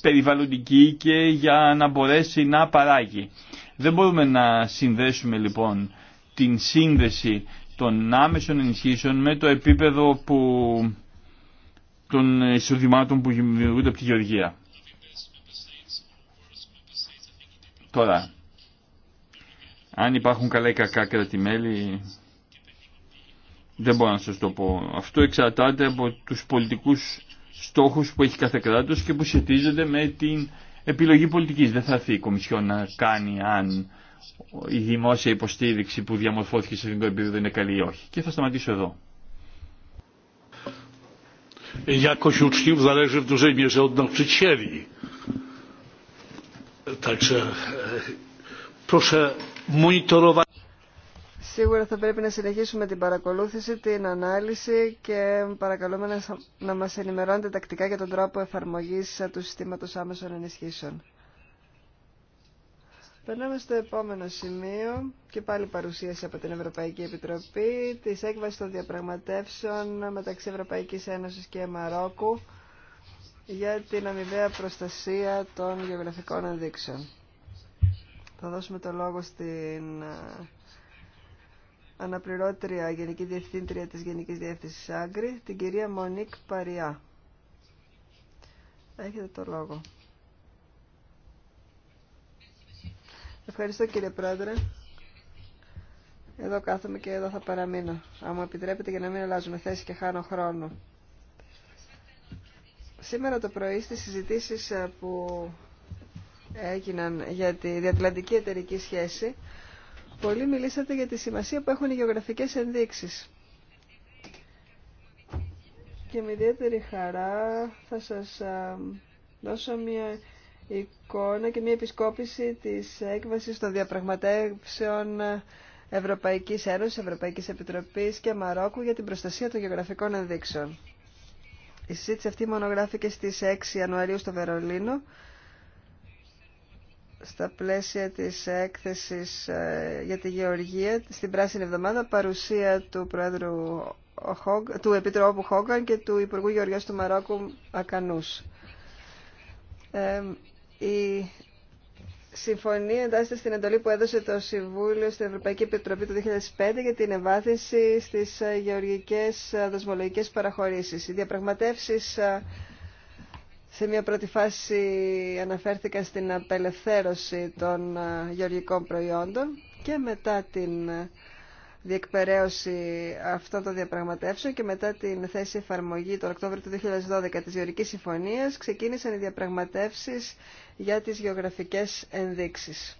περιβαλλοντική και για να μπορέσει να παράγει. Δεν μπορούμε να συνδέσουμε λοιπόν την σύνδεση των άμεσων ενισχύσεων με το επίπεδο που, των εισοδημάτων που δημιουργούνται από τη γεωργία. Τώρα, αν υπάρχουν καλά ή κακά κράτη-μέλη, δεν μπορώ να σας το πω. Αυτό εξαρτάται από τους πολιτικούς στόχους που έχει κάθε κράτος και που σχετίζονται με την επιλογή πολιτικής. Δεν θα έρθει η Κομισιόν να κάνει αν η δημόσια υποστήριξη που διαμορφώθηκε σε το επίπεδο είναι καλή ή όχι. Και θα σταματήσω εδώ. Także e, proszę
Σίγουρα θα πρέπει να συνεχίσουμε την παρακολούθηση, την ανάλυση και παρακαλούμε να μας ενημερώνετε τακτικά για τον τρόπο εφαρμογής του συστήματος άμεσων ενισχύσεων. Περνάμε στο επόμενο σημείο και πάλι παρουσίαση από την Ευρωπαϊκή Επιτροπή της έκβασης των διαπραγματεύσεων μεταξύ Ευρωπαϊκής Ένωσης και Μαρόκου για την αμοιβαία προστασία των γεωγραφικών ενδείξεων. Θα δώσουμε το λόγο στην ε, αναπληρώτρια Γενική Διευθύντρια της Γενικής Διεύθυνσης Άγκρη, την κυρία Μονίκ Παριά. Έχετε το λόγο. Ευχαριστώ κύριε Πρόεδρε. Εδώ κάθομαι και εδώ θα παραμείνω. Αν μου επιτρέπετε για να μην αλλάζουμε θέση και χάνω χρόνο. Σήμερα το πρωί στις συζητήσεις ε, που έγιναν για τη διατλαντική εταιρική σχέση, πολλοί μιλήσατε για τη σημασία που έχουν οι γεωγραφικές ενδείξεις. Και με ιδιαίτερη χαρά θα σας δώσω μια εικόνα και μια επισκόπηση της έκβασης των διαπραγματεύσεων Ευρωπαϊκής Ένωσης, Ευρωπαϊκής Επιτροπής και Μαρόκου για την προστασία των γεωγραφικών ενδείξεων. Η συζήτηση αυτή μονογράφηκε στις 6 Ιανουαρίου στο Βερολίνο στα πλαίσια της έκθεσης ε, για τη Γεωργία στην Πράσινη Εβδομάδα παρουσία του Πρόεδρου του Επιτρόπου Χόγκαν και του Υπουργού Γεωργίας του Μαρόκου Ακανούς. Ε, η συμφωνία εντάσσεται στην εντολή που έδωσε το Συμβούλιο στην Ευρωπαϊκή Επιτροπή το 2005 για την ευάθυνση στις γεωργικές ε, δοσμολογικές παραχωρήσεις. Οι διαπραγματεύσεις σε μια πρώτη φάση αναφέρθηκα στην απελευθέρωση των ε, γεωργικών προϊόντων και μετά την ε, διεκπαιρέωση αυτών των διαπραγματεύσεων και μετά την θέση εφαρμογή τον Οκτώβριο του 2012 της Γεωργικής Συμφωνίας ξεκίνησαν οι διαπραγματεύσεις για τις γεωγραφικές ενδείξεις.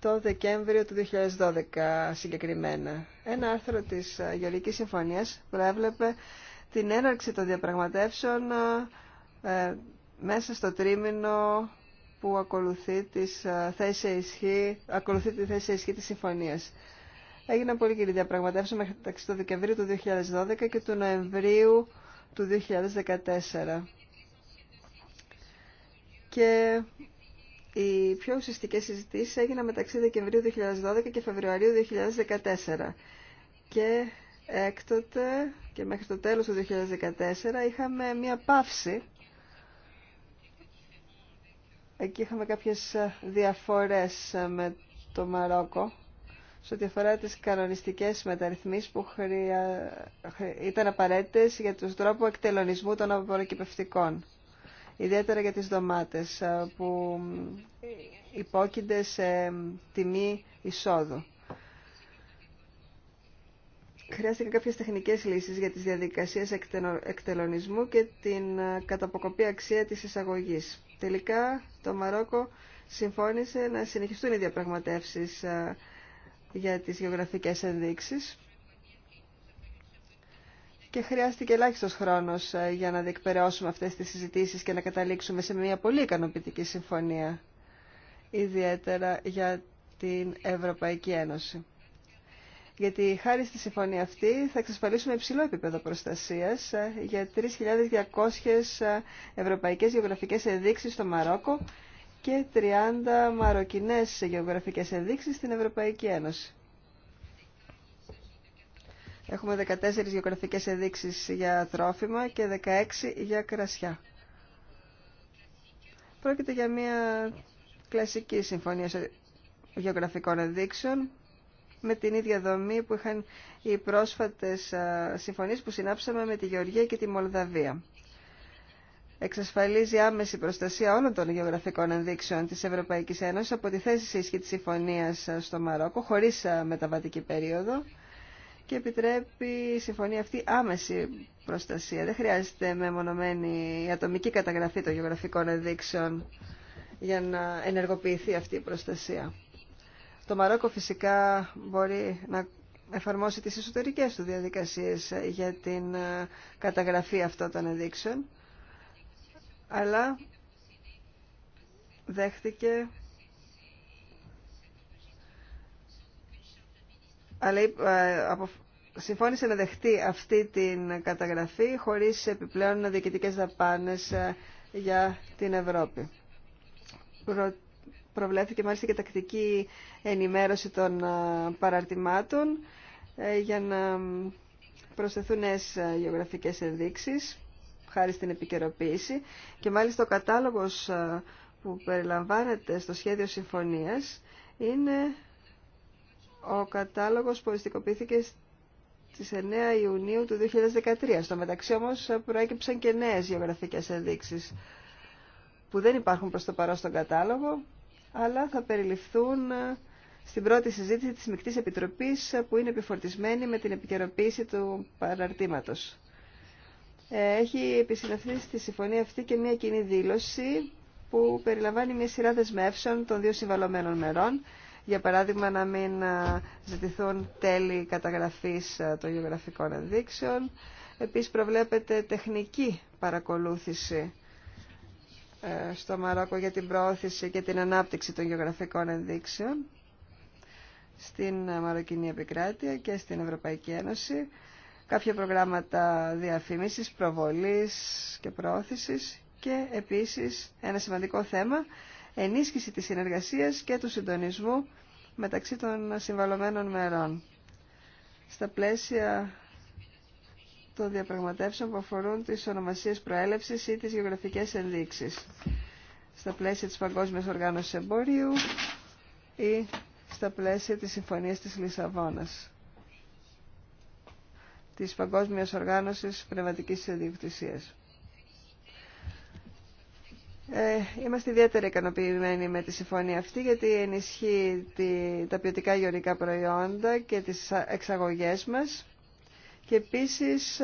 Το Δεκέμβριο του 2012 συγκεκριμένα. Ένα άρθρο της ε, Γεωργικής Συμφωνίας προέβλεπε την έναρξη των διαπραγματεύσεων ε, ε, μέσα στο τρίμηνο που ακολουθεί, της, ε, θέση ισχύ, ακολουθεί τη θέση ισχύ της συμφωνίας. Έγιναν πολύ κύριοι διαπραγματεύσεις μεταξύ του Δεκεμβρίου του 2012 και του Νοεμβρίου του 2014. Και οι πιο ουσιαστικέ συζητήσει έγιναν μεταξύ Δεκεμβρίου 2012 και Φεβρουαρίου 2014. Και Έκτοτε και μέχρι το τέλος του 2014 είχαμε μία παύση. Εκεί είχαμε κάποιες διαφορές με το Μαρόκο σε ό,τι αφορά τις κανονιστικές μεταρρυθμίσεις που χρεια... ήταν απαραίτητες για τους τρόπους εκτελονισμού των απορροκυπευτικών. Ιδιαίτερα για τις δομάτες ε, που ε, υπόκεινται σε τιμή εισόδου χρειάστηκαν κάποιες τεχνικές λύσεις για τις διαδικασίες εκτελονισμού και την ε, καταποκοπή αξία της εισαγωγής. Τελικά το Μαρόκο συμφώνησε να συνεχιστούν οι διαπραγματεύσεις ε, για τις γεωγραφικές ενδείξεις και χρειάστηκε ελάχιστο χρόνο ε, για να διεκπαιρεώσουμε αυτέ τι συζητήσει και να καταλήξουμε σε μια πολύ ικανοποιητική συμφωνία, ιδιαίτερα για την Ευρωπαϊκή Ένωση γιατί χάρη στη συμφωνία αυτή θα εξασφαλίσουμε υψηλό επίπεδο προστασίας ε, για 3.200 ε, ευρωπαϊκές γεωγραφικές ενδείξεις στο Μαρόκο και 30 μαροκινές γεωγραφικές ενδείξεις στην Ευρωπαϊκή Ένωση. Έχουμε 14 γεωγραφικές ενδείξεις για τρόφιμα και 16 για κρασιά. Πρόκειται για μια κλασική συμφωνία γεωγραφικών ενδείξεων με την ίδια δομή που είχαν οι πρόσφατες συμφωνίες που συνάψαμε με τη Γεωργία και τη Μολδαβία. Εξασφαλίζει άμεση προστασία όλων των γεωγραφικών ενδείξεων της Ευρωπαϊκής Ένωσης από τη θέση σε ισχύ της συμφωνίας στο Μαρόκο, χωρίς μεταβατική περίοδο και επιτρέπει η συμφωνία αυτή άμεση προστασία. Δεν χρειάζεται μεμονωμένη η ατομική καταγραφή των γεωγραφικών ενδείξεων για να ενεργοποιηθεί αυτή η προστασία. Το Μαρόκο φυσικά μπορεί να εφαρμόσει τις εσωτερικές του διαδικασίες για την ε, καταγραφή αυτών των ενδείξεων, αλλά δέχτηκε αλλά ε, συμφώνησε να δεχτεί αυτή την καταγραφή χωρίς επιπλέον διοικητικές δαπάνες ε, για την Ευρώπη προβλέφθηκε μάλιστα και τακτική ενημέρωση των παραρτημάτων ε, για να προσθεθούν νέε γεωγραφικές ενδείξεις χάρη στην επικαιροποίηση και μάλιστα ο κατάλογος που περιλαμβάνεται στο σχέδιο συμφωνίας είναι ο κατάλογος που οριστικοποιήθηκε στις 9 Ιουνίου του 2013. Στο μεταξύ όμως προέκυψαν και νέες γεωγραφικές ενδείξεις που δεν υπάρχουν προς το παρόν στον κατάλογο αλλά θα περιληφθούν ε, στην πρώτη συζήτηση της Μικτής Επιτροπής ε, που είναι επιφορτισμένη με την επικαιροποίηση του παραρτήματος. Ε, έχει επισυναφθεί στη συμφωνία αυτή και μια κοινή δήλωση που περιλαμβάνει μια σειρά δεσμεύσεων των δύο συμβαλωμένων μερών. Για παράδειγμα, να μην ζητηθούν τέλη καταγραφής των γεωγραφικών ενδείξεων. Επίσης, προβλέπεται τεχνική παρακολούθηση ε, στο Μαρόκο για την προώθηση και την ανάπτυξη των γεωγραφικών ενδείξεων στην Μαροκινή Επικράτεια και στην Ευρωπαϊκή Ένωση. Κάποια προγράμματα διαφήμισης, προβολής και προώθησης και επίσης ένα σημαντικό θέμα, ενίσχυση της συνεργασίας και του συντονισμού μεταξύ των συμβαλωμένων μερών. Στα πλαίσια των διαπραγματεύσεων που αφορούν τις ονομασίες προέλευσης ή τι γεωγραφικές ενδείξεις στα πλαίσια της Παγκόσμια Οργάνωση Εμπορίου ή στα πλαίσια της Συμφωνίας της Λισαβόνας της Παγκόσμια Οργάνωσης Πνευματική Ιδιοκτησία. Ε, είμαστε ιδιαίτερα ικανοποιημένοι με τη συμφωνία αυτή γιατί ενισχύει τη, τα ποιοτικά γεωρικά προϊόντα και τις εξαγωγές μας και επίσης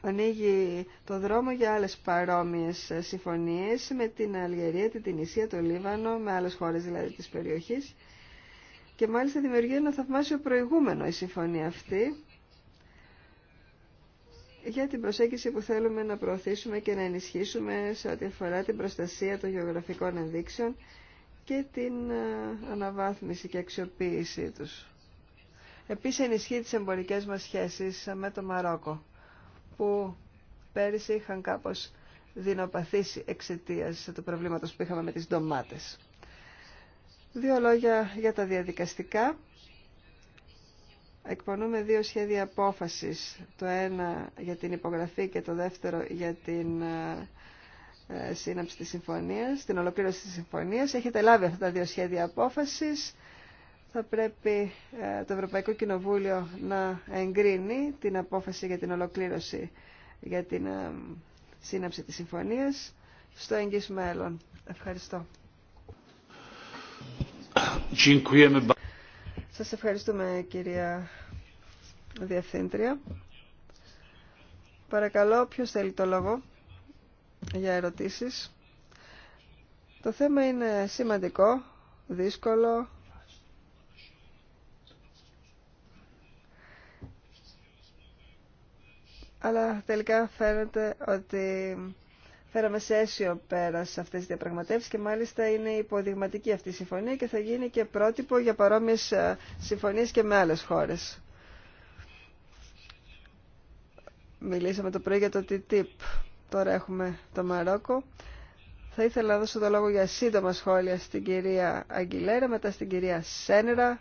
ανοίγει το δρόμο για άλλες παρόμοιες ε, συμφωνίες με την Αλγερία, την Τινησία, το Λίβανο, με άλλες χώρες δηλαδή της περιοχής και μάλιστα δημιουργεί ένα θαυμάσιο προηγούμενο η συμφωνία αυτή για την προσέγγιση που θέλουμε να προωθήσουμε και να ενισχύσουμε σε ό,τι αφορά την προστασία των γεωγραφικών ενδείξεων και την ε, αναβάθμιση και αξιοποίησή τους. Επίσης ενισχύει τις εμπορικές μας σχέσεις με το Μαρόκο, που πέρυσι είχαν κάπως δεινοπαθήσει εξαιτία του προβλήματος που είχαμε με τις ντομάτες. Δύο λόγια για τα διαδικαστικά. Εκπονούμε δύο σχέδια απόφασης, το ένα για την υπογραφή και το δεύτερο για την ε, σύναψη της συμφωνίας, την ολοκλήρωση της συμφωνίας. Έχετε λάβει αυτά τα δύο σχέδια απόφασης θα πρέπει ε, το Ευρωπαϊκό Κοινοβούλιο να εγκρίνει την απόφαση για την ολοκλήρωση για την ε, σύναψη της συμφωνίας στο εγγύς μέλλον. Ευχαριστώ. Σας ευχαριστούμε κυρία Διευθύντρια. Παρακαλώ, ποιος θέλει το λόγο για ερωτήσεις. Το θέμα είναι σημαντικό, δύσκολο, αλλά τελικά φαίνεται ότι φέραμε σε αίσιο πέρα σε αυτές τις διαπραγματεύσεις και μάλιστα είναι υποδειγματική αυτή η συμφωνία και θα γίνει και πρότυπο για παρόμοιες ε, συμφωνίες και με άλλες χώρες. Μιλήσαμε το πρωί για το TTIP. Τώρα έχουμε το Μαρόκο. Θα ήθελα να δώσω το λόγο για σύντομα σχόλια στην κυρία Αγγιλέρα, μετά στην κυρία Σένερα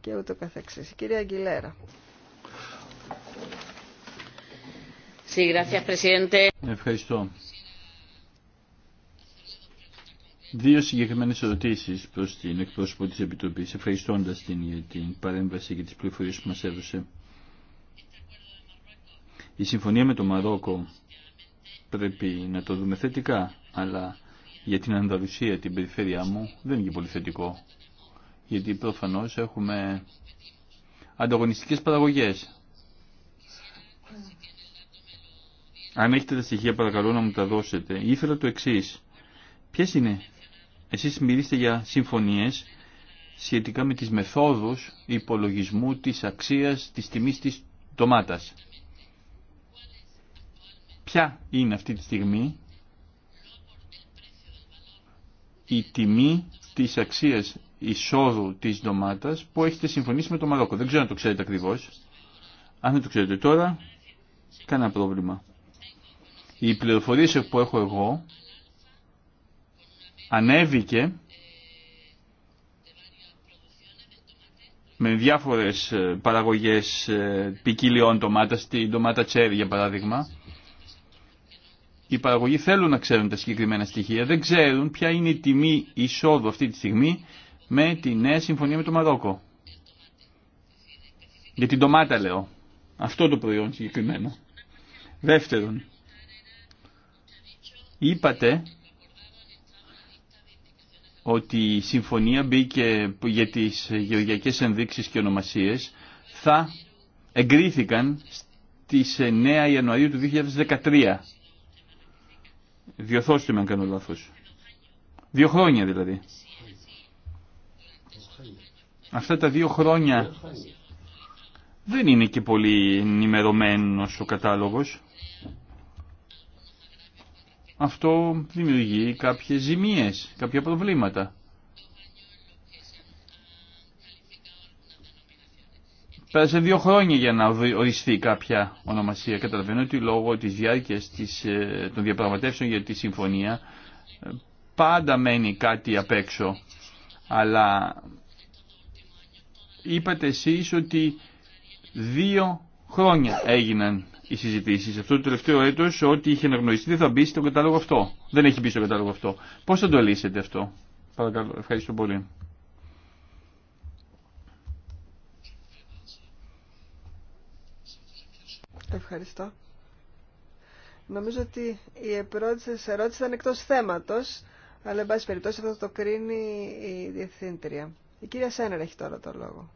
και ούτω καθεξής. Κυρία Αγγιλέρα.
Ευχαριστώ. Δύο συγκεκριμένες ερωτήσει προς την εκπρόσωπο τη Επιτροπή, ευχαριστώντας την για την παρέμβαση και τις πληροφορίες που μα έδωσε. Η συμφωνία με το Μαρόκο πρέπει να το δούμε θετικά, αλλά για την Ανταλουσία, την περιφέρειά μου, δεν είναι και πολύ θετικό. Γιατί προφανώς έχουμε ανταγωνιστικές παραγωγές. Αν έχετε τα στοιχεία παρακαλώ να μου τα δώσετε. Ήθελα το εξή. Ποιε είναι, εσείς μιλήσετε για συμφωνίες σχετικά με τις μεθόδους υπολογισμού της αξίας της τιμής της ντομάτας. Ποια είναι αυτή τη στιγμή η τιμή της αξίας εισόδου της ντομάτας που έχετε συμφωνήσει με το Μαρόκο. Δεν ξέρω αν το ξέρετε ακριβώς. Αν δεν το ξέρετε τώρα, κανένα πρόβλημα. Οι πληροφορίες που έχω εγώ ανέβηκε με διάφορες ε, παραγωγές ε, ποικιλιών ντομάτα, στην ντομάτα τσέρι για παράδειγμα. Οι παραγωγοί θέλουν να ξέρουν τα συγκεκριμένα στοιχεία, δεν ξέρουν ποια είναι η τιμή εισόδου αυτή τη στιγμή με τη νέα συμφωνία με το Μαρόκο. Για την ντομάτα λέω. Αυτό το προϊόν συγκεκριμένο. Δεύτερον, Είπατε ότι η συμφωνία μπήκε για τις γεωργιακές ενδείξεις και ονομασίες θα εγκρίθηκαν στις 9 Ιανουαρίου του 2013. Διορθώστε με αν κάνω λάθος. Δύο χρόνια δηλαδή. Αυτά τα δύο χρόνια δεν είναι και πολύ ενημερωμένος ο κατάλογος αυτό δημιουργεί κάποιες ζημίες, κάποια προβλήματα. Πέρασε δύο χρόνια για να οριστεί κάποια ονομασία. Καταλαβαίνω ότι λόγω της διάρκειας της, ε, των διαπραγματεύσεων για τη συμφωνία ε, πάντα μένει κάτι απ' έξω. Αλλά είπατε εσείς ότι δύο χρόνια έγιναν οι συζητήσει αυτό το τελευταίο έτο ότι είχε αναγνωριστεί δεν θα μπει στον κατάλογο αυτό. Δεν έχει μπει στο κατάλογο αυτό. Πώ θα το λύσετε αυτό, Παρακαλώ. Ευχαριστώ πολύ.
Ευχαριστώ. Νομίζω ότι η πρώτη σα ερώτηση ήταν εκτό θέματο, αλλά εν πάση περιπτώσει αυτό το κρίνει η διευθύντρια. Η κυρία Σένερ έχει τώρα το λόγο.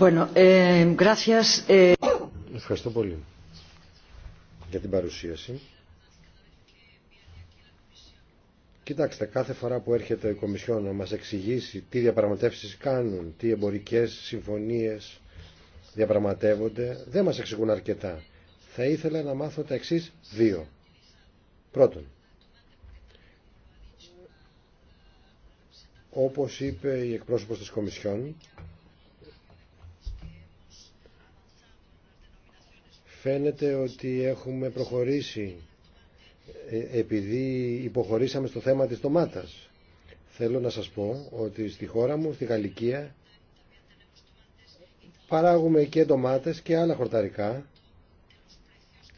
Eh, eh.
Ευχαριστώ πολύ για την παρουσίαση. Κοιτάξτε, κάθε φορά που έρχεται η Κομισιόν να μας εξηγήσει τι διαπραγματεύσεις κάνουν, τι εμπορικές συμφωνίες διαπραγματεύονται, δεν μας εξηγούν αρκετά. Θα ήθελα να μάθω τα εξής δύο. Πρώτον, όπως είπε η εκπρόσωπος της Κομισιόν, φαίνεται ότι έχουμε προχωρήσει ε, επειδή υποχωρήσαμε στο θέμα της ντομάτας. Θέλω να σας πω ότι στη χώρα μου, στη Γαλλικία, παράγουμε και ντομάτες και άλλα χορταρικά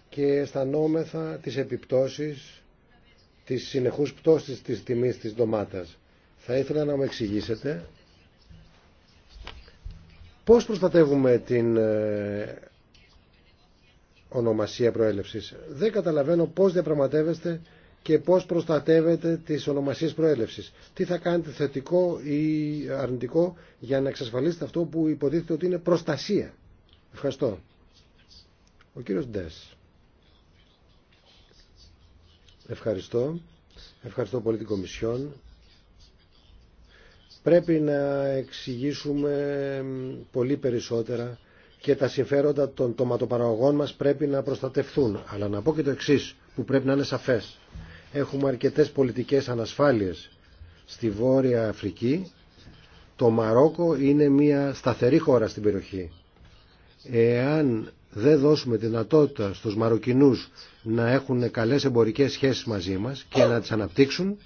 και αισθανόμεθα τις επιπτώσεις της συνεχούς πτώσης της τιμής της ντομάτας. Θα ήθελα να μου εξηγήσετε πώς προστατεύουμε την ε, ονομασία προέλευσης. Δεν καταλαβαίνω πώς διαπραγματεύεστε και πώς προστατεύετε τις ονομασίες προέλευσης. Τι θα κάνετε θετικό ή αρνητικό για να εξασφαλίσετε αυτό που υποτίθεται ότι είναι προστασία. Ευχαριστώ. Ο κύριος Ντες. Ευχαριστώ. Ευχαριστώ πολύ την Κομισιόν. Πρέπει να εξηγήσουμε πολύ περισσότερα και τα συμφέροντα των τοματοπαραγωγών μας πρέπει να προστατευθούν. Αλλά να πω και το εξής που πρέπει να είναι σαφές. Έχουμε αρκετές πολιτικές ανασφάλειες στη Βόρεια Αφρική. Το Μαρόκο είναι μια σταθερή χώρα στην περιοχή. Εάν δεν δώσουμε δυνατότητα στους Μαροκινούς να έχουν καλές εμπορικές σχέσεις μαζί μας και να τις αναπτύξουν,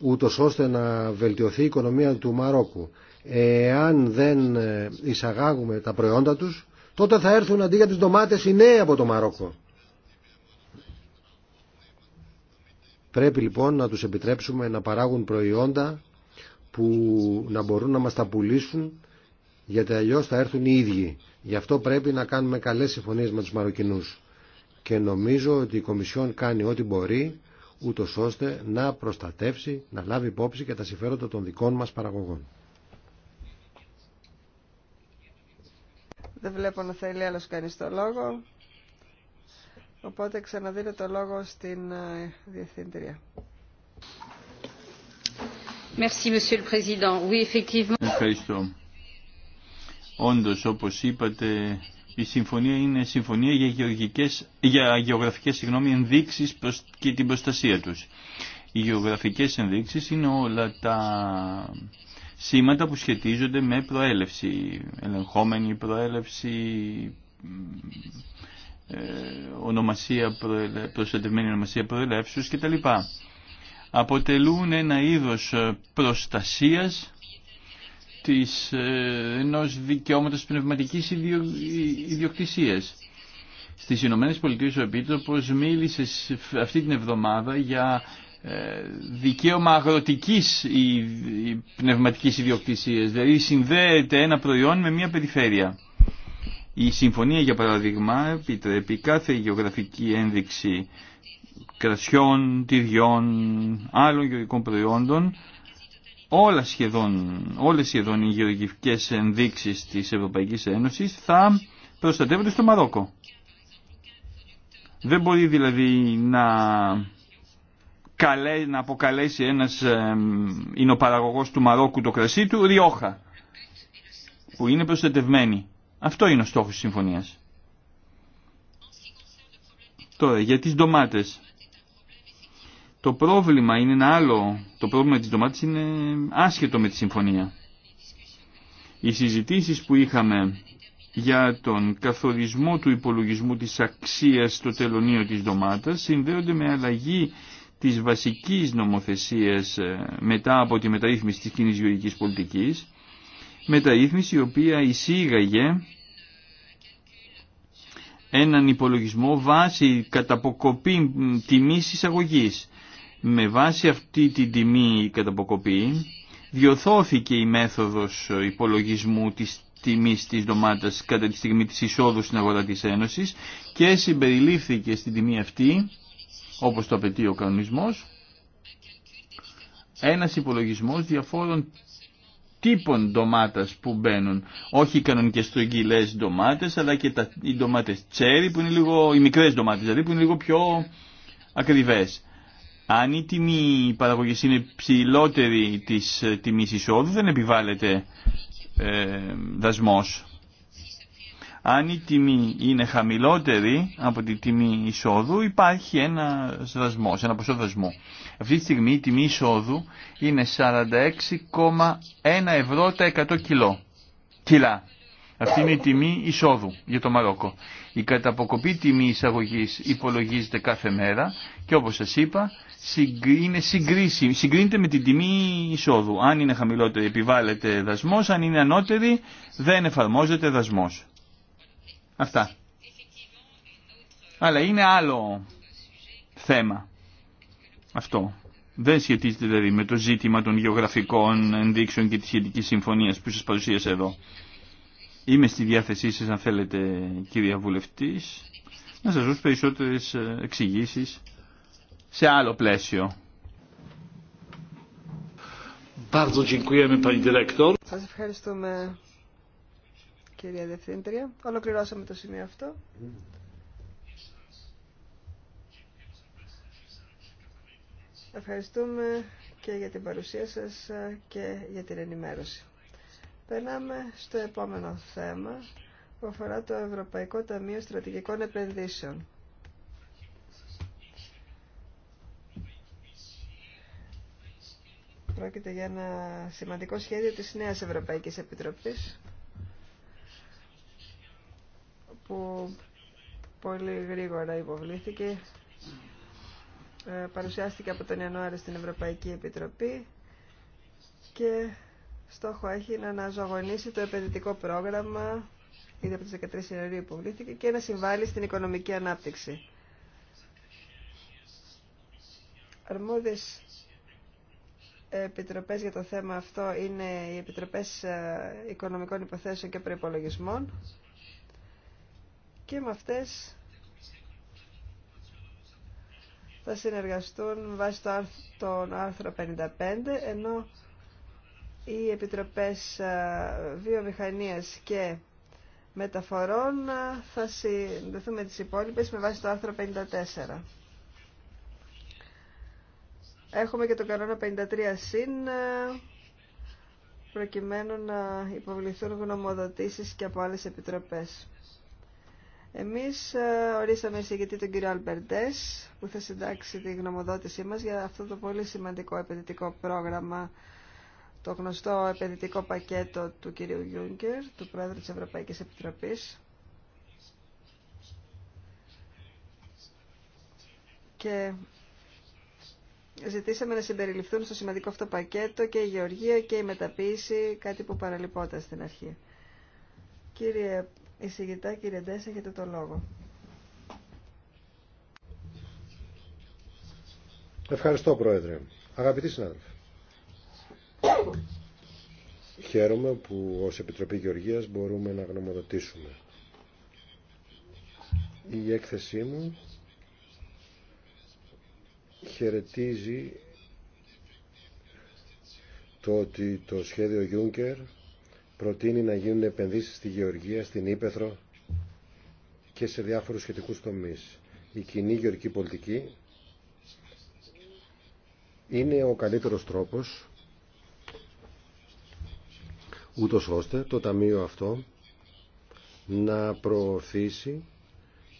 ούτω ώστε να βελτιωθεί η οικονομία του Μαρόκου εάν δεν εισαγάγουμε τα προϊόντα τους, τότε θα έρθουν αντί για τις ντομάτες οι νέοι από το Μαρόκο. Πρέπει λοιπόν να τους επιτρέψουμε να παράγουν προϊόντα που να μπορούν να μας τα πουλήσουν γιατί αλλιώ θα έρθουν οι ίδιοι. Γι' αυτό πρέπει να κάνουμε καλές συμφωνίες με τους Μαροκινούς. Και νομίζω ότι η Κομισιόν κάνει ό,τι μπορεί ούτως ώστε να προστατεύσει, να λάβει υπόψη και τα συμφέροντα των δικών μας παραγωγών.
Δεν βλέπω να θέλει άλλο κάνει το λόγο. Οπότε ξαναδίνω το λόγο στην ε, Διευθύντρια.
Ευχαριστώ. Όντω όπω είπατε, η συμφωνία είναι συμφωνία για, γεωργικές, για γεωγραφικές συγγνώμη, ενδείξεις προς, και την προστασία τους. Οι γεωγραφικές ενδείξεις είναι όλα τα σήματα που σχετίζονται με προέλευση, ελεγχόμενη προέλευση, ε, ονομασία προελε... προστατευμένη ονομασία προελεύσεως κτλ. Αποτελούν ένα είδος ε, προστασίας της, ε, ενός δικαιώματος πνευματικής ιδιο... ιδιοκτησίας. Στις Ηνωμένες Πολιτείες ο Επίτροπος μίλησε αυτή την εβδομάδα για ε, δικαίωμα αγροτικής ή πνευματικής ιδιοκτησίας. Δηλαδή συνδέεται ένα προϊόν με μια περιφέρεια. Η συμφωνία για παράδειγμα επιτρέπει κάθε γεωγραφική ένδειξη κρασιών, τυριών, άλλων γεωργικών προϊόντων όλα σχεδόν, όλες σχεδόν οι γεωργικές ενδείξεις της Ευρωπαϊκής Ένωσης θα προστατεύονται στο Μαρόκο. Δεν μπορεί δηλαδή να καλέ, να αποκαλέσει ένας ε, παραγωγός του Μαρόκου το κρασί του Ριόχα, που είναι προστατευμένη. Αυτό είναι ο στόχος της συμφωνίας. Τώρα, για τις ντομάτες. Το πρόβλημα είναι ένα άλλο. Το πρόβλημα της ντομάτας είναι άσχετο με τη συμφωνία. Οι συζητήσεις που είχαμε για τον καθορισμό του υπολογισμού της αξίας στο τελωνίο της ντομάτας συνδέονται με αλλαγή της βασικής νομοθεσίας ε, μετά από τη μεταρρύθμιση της κοινής γεωργικής πολιτικής, μεταρρύθμιση η οποία εισήγαγε έναν υπολογισμό βάση καταποκοπή τιμής εισαγωγής. Με βάση αυτή την τιμή καταποκοπή διορθώθηκε η μέθοδος υπολογισμού της τιμής της ντομάτας κατά τη στιγμή της εισόδου στην αγορά της Ένωσης και συμπεριλήφθηκε στην τιμή αυτή όπως το απαιτεί ο κανονισμός, ένας υπολογισμός διαφόρων τύπων ντομάτας που μπαίνουν. Όχι οι κανονικές στρογγυλές ντομάτες, αλλά και τα, οι ντομάτες τσέρι, που είναι λίγο, οι μικρές ντομάτες δηλαδή, που είναι λίγο πιο ακριβές. Αν η τιμή παραγωγή είναι ψηλότερη της ε, τιμής εισόδου, δεν επιβάλλεται ε, δασμός. Αν η τιμή είναι χαμηλότερη από τη τιμή εισόδου, υπάρχει ένα δασμό, ένα ποσό δασμού. Αυτή τη στιγμή η τιμή εισόδου είναι 46,1 ευρώ τα 100 κιλό. κιλά. Αυτή είναι η τιμή εισόδου για το Μαρόκο. Η καταποκοπή τιμή εισαγωγή υπολογίζεται κάθε μέρα και όπως σας είπα είναι συγκρίσιμη. συγκρίνεται με την τιμή εισόδου. Αν είναι χαμηλότερη επιβάλλεται δασμό, αν είναι ανώτερη δεν εφαρμόζεται δασμό. Αυτά. Αλλά είναι άλλο θέμα αυτό. Δεν σχετίζεται δηλαδή με το ζήτημα των γεωγραφικών ενδείξεων και της σχετική συμφωνίας που σας παρουσίασα εδώ. Είμαι στη διάθεσή σας αν θέλετε κυρία Βουλευτής να σας δώσω περισσότερες εξηγήσει σε άλλο πλαίσιο. Σας
ευχαριστούμε κυρία Διευθύντρια. Ολοκληρώσαμε το σημείο αυτό. Ευχαριστούμε και για την παρουσία σας και για την ενημέρωση. Περνάμε στο επόμενο θέμα που αφορά το Ευρωπαϊκό Ταμείο Στρατηγικών Επενδύσεων. Πρόκειται για ένα σημαντικό σχέδιο της νέας Ευρωπαϊκής Επιτροπής που πολύ γρήγορα υποβλήθηκε. Ε, παρουσιάστηκε από τον Ιανουάριο στην Ευρωπαϊκή Επιτροπή και στόχο έχει να αναζωογονήσει το επενδυτικό πρόγραμμα ήδη από τις 13 Ιανουαρίου υποβλήθηκε και να συμβάλλει στην οικονομική ανάπτυξη. Αρμόδιες επιτροπές για το θέμα αυτό είναι οι επιτροπές ε, οικονομικών υποθέσεων και προϋπολογισμών και με αυτές θα συνεργαστούν βάσει τον άρθρο 55 ενώ οι επιτροπές βιομηχανίας και μεταφορών θα συνδεθούν με τις υπόλοιπες με βάση το άρθρο 54. Έχουμε και τον κανόνα 53 συν προκειμένου να υποβληθούν γνωμοδοτήσεις και από άλλες επιτροπές. Εμείς ε, ορίσαμε εισηγητή τον κύριο Αλμπερντές που θα συντάξει τη γνωμοδότησή μας για αυτό το πολύ σημαντικό επενδυτικό πρόγραμμα το γνωστό επενδυτικό πακέτο του κυρίου Γιούγκερ, του Πρόεδρου της Ευρωπαϊκής Επιτροπής. Και ζητήσαμε να συμπεριληφθούν στο σημαντικό αυτό πακέτο και η γεωργία και η μεταποίηση, κάτι που παραλυπόταν στην αρχή. Κύριε Εισηγητά, κύριε Ντές, έχετε το λόγο.
Ευχαριστώ, Πρόεδρε. Αγαπητοί συνάδελφοι, χαίρομαι που ως Επιτροπή Γεωργίας μπορούμε να γνωμοδοτήσουμε. Η έκθεσή μου χαιρετίζει το ότι το σχέδιο Juncker προτείνει να γίνουν επενδύσεις στη γεωργία, στην Ήπεθρο και σε διάφορους σχετικούς τομείς. Η κοινή γεωργική πολιτική είναι ο καλύτερος τρόπος ούτως ώστε το Ταμείο αυτό να προωθήσει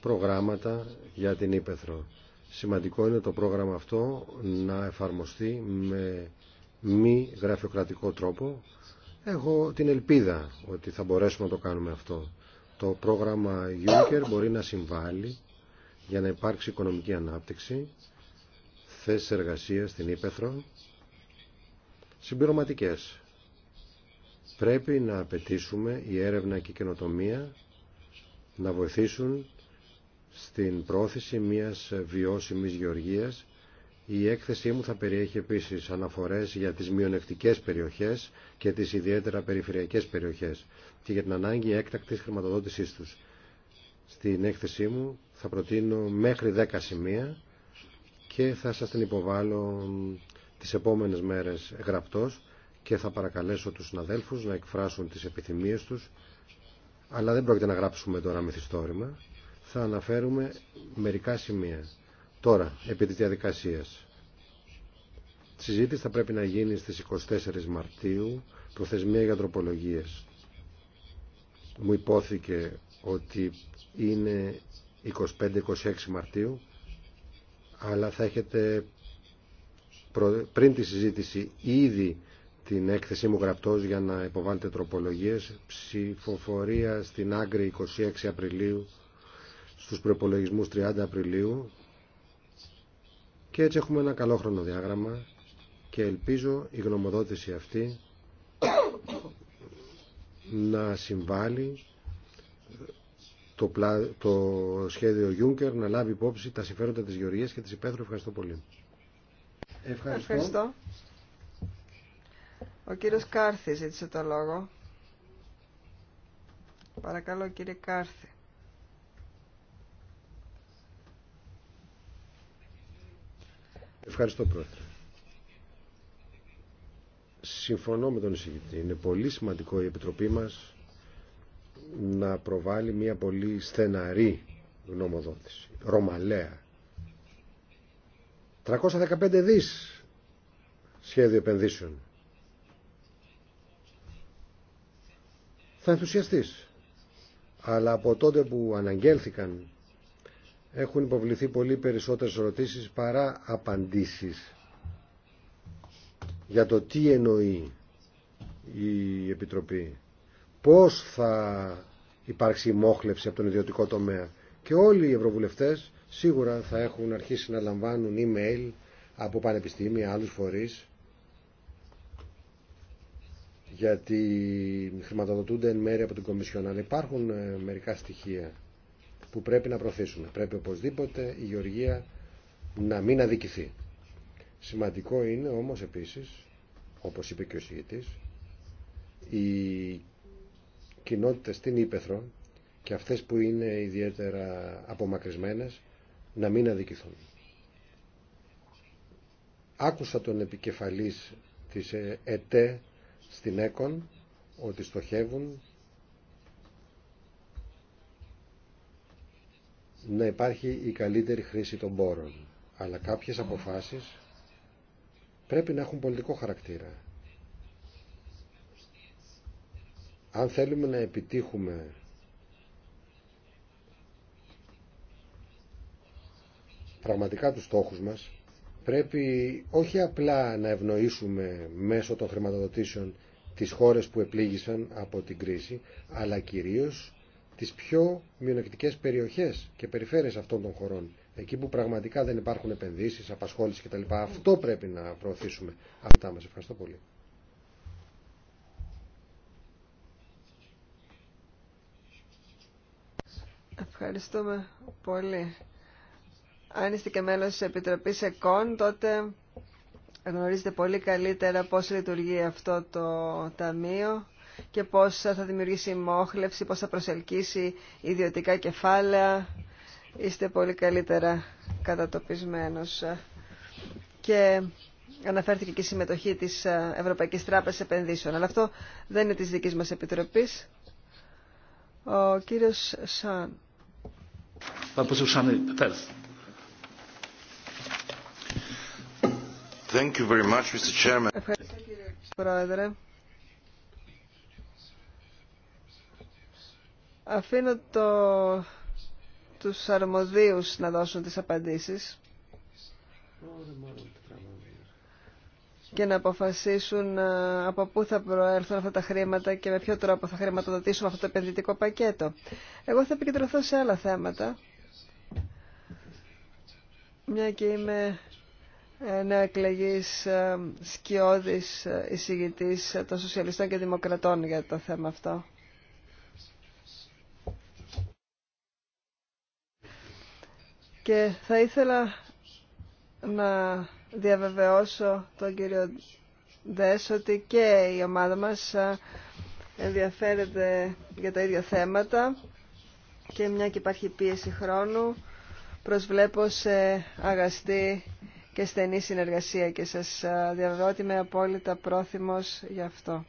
προγράμματα για την Ήπεθρο. Σημαντικό είναι το πρόγραμμα αυτό να εφαρμοστεί με μη γραφειοκρατικό τρόπο Έχω την ελπίδα ότι θα μπορέσουμε να το κάνουμε αυτό. Το πρόγραμμα Juncker μπορεί να συμβάλλει για να υπάρξει οικονομική ανάπτυξη, θέσεις εργασίας στην Ήπεθρο, συμπληρωματικές. Πρέπει να απαιτήσουμε η έρευνα και η καινοτομία να βοηθήσουν στην πρόθεση μιας βιώσιμης γεωργίας η έκθεσή μου θα περιέχει επίσης αναφορές για τις μειονεκτικές περιοχές και τις ιδιαίτερα περιφερειακές περιοχές και για την ανάγκη έκτακτης χρηματοδότησής τους. Στην έκθεσή μου θα προτείνω μέχρι 10 σημεία και θα σας την υποβάλω τις επόμενες μέρες γραπτός και θα παρακαλέσω τους συναδέλφους να εκφράσουν τις επιθυμίες τους αλλά δεν πρόκειται να γράψουμε τώρα μυθιστόρημα θα αναφέρουμε μερικά σημεία Τώρα, επί της διαδικασίας. Η συζήτηση θα πρέπει να γίνει στις 24 Μαρτίου, προθεσμία για τροπολογίες. Μου υπόθηκε ότι είναι 25-26 Μαρτίου, αλλά θα έχετε πριν τη συζήτηση ήδη την έκθεσή μου γραπτός για να υποβάλλετε τροπολογίες. Ψηφοφορία στην Άγκρη 26 Απριλίου, στους προπολογισμούς 30 Απριλίου και έτσι έχουμε ένα καλό χρονοδιάγραμμα και ελπίζω η γνωμοδότηση αυτή να συμβάλλει το, σχέδιο Juncker να λάβει υπόψη τα συμφέροντα της Γεωργίας και της Υπέθρου. Ευχαριστώ πολύ. Ευχαριστώ.
Ο κύριος Κάρθη ζήτησε το λόγο. Παρακαλώ κύριε Κάρθη.
Ευχαριστώ πρόεδρε. Συμφωνώ με τον εισηγητή. Είναι πολύ σημαντικό η Επιτροπή μας να προβάλλει μια πολύ στεναρή γνωμοδότηση. Ρωμαλαία. 315 δις σχέδιο επενδύσεων. Θα ενθουσιαστείς. Αλλά από τότε που αναγγέλθηκαν έχουν υποβληθεί πολύ περισσότερες ερωτήσεις παρά απαντήσεις για το τι εννοεί η Επιτροπή. Πώς θα υπάρξει μόχλευση από τον ιδιωτικό τομέα. Και όλοι οι ευρωβουλευτές σίγουρα θα έχουν αρχίσει να λαμβάνουν email από πανεπιστήμια, άλλους φορείς, γιατί χρηματοδοτούνται εν μέρει από την Κομισιόν. Αλλά υπάρχουν ε, μερικά στοιχεία που πρέπει να προωθήσουμε. Πρέπει οπωσδήποτε η Γεωργία να μην αδικηθεί. Σημαντικό είναι όμως επίσης, όπως είπε και ο συγητής, οι κοινότητες στην Ήπεθρο και αυτές που είναι ιδιαίτερα απομακρυσμένες να μην αδικηθούν. Άκουσα τον επικεφαλής της ΕΤΕ στην ΕΚΟΝ ότι στοχεύουν να υπάρχει η καλύτερη χρήση των πόρων. Αλλά κάποιες αποφάσεις πρέπει να έχουν πολιτικό χαρακτήρα. Αν θέλουμε να επιτύχουμε πραγματικά τους στόχους μας, πρέπει όχι απλά να ευνοήσουμε μέσω των χρηματοδοτήσεων τις χώρες που επλήγησαν από την κρίση, αλλά κυρίως τις πιο μειονεκτικές περιοχές και περιφέρειες αυτών των χωρών. Εκεί που πραγματικά δεν υπάρχουν επενδύσεις, απασχόληση κτλ. Αυτό πρέπει να προωθήσουμε. Αυτά μας. Ευχαριστώ πολύ.
Ευχαριστούμε πολύ. Αν είστε και μέλος της Επιτροπής ΕΚΟΝ, τότε γνωρίζετε πολύ καλύτερα πώς λειτουργεί αυτό το ταμείο και πώς θα δημιουργήσει μόχλευση, πώς θα προσελκύσει ιδιωτικά κεφάλαια. Είστε πολύ καλύτερα κατατοπισμένος. Και αναφέρθηκε και η συμμετοχή της Ευρωπαϊκής Τράπεζας Επενδύσεων. Αλλά αυτό δεν είναι της δικής μας επιτροπής. Ο κύριος Σαν.
Thank you very much, Mr. Chairman.
Ευχαριστώ κύριε Πρόεδρε. Αφήνω το, τους αρμοδίους να δώσουν τις απαντήσεις και να αποφασίσουν ε, από πού θα προέρθουν αυτά τα χρήματα και με ποιο τρόπο θα χρηματοδοτήσουμε αυτό το επενδυτικό πακέτο. Εγώ θα επικεντρωθώ σε άλλα θέματα, μια και είμαι ε, νέα εκλεγής ε, σκιώδης εισηγητής των Σοσιαλιστών και Δημοκρατών για το θέμα αυτό. Και θα ήθελα να διαβεβαιώσω τον κύριο Ντες ότι και η ομάδα μας ενδιαφέρεται για τα ίδια θέματα και μια και υπάρχει πίεση χρόνου προσβλέπω σε αγαστή και στενή συνεργασία και σας διαβεβαιώ ότι είμαι απόλυτα πρόθυμος γι' αυτό.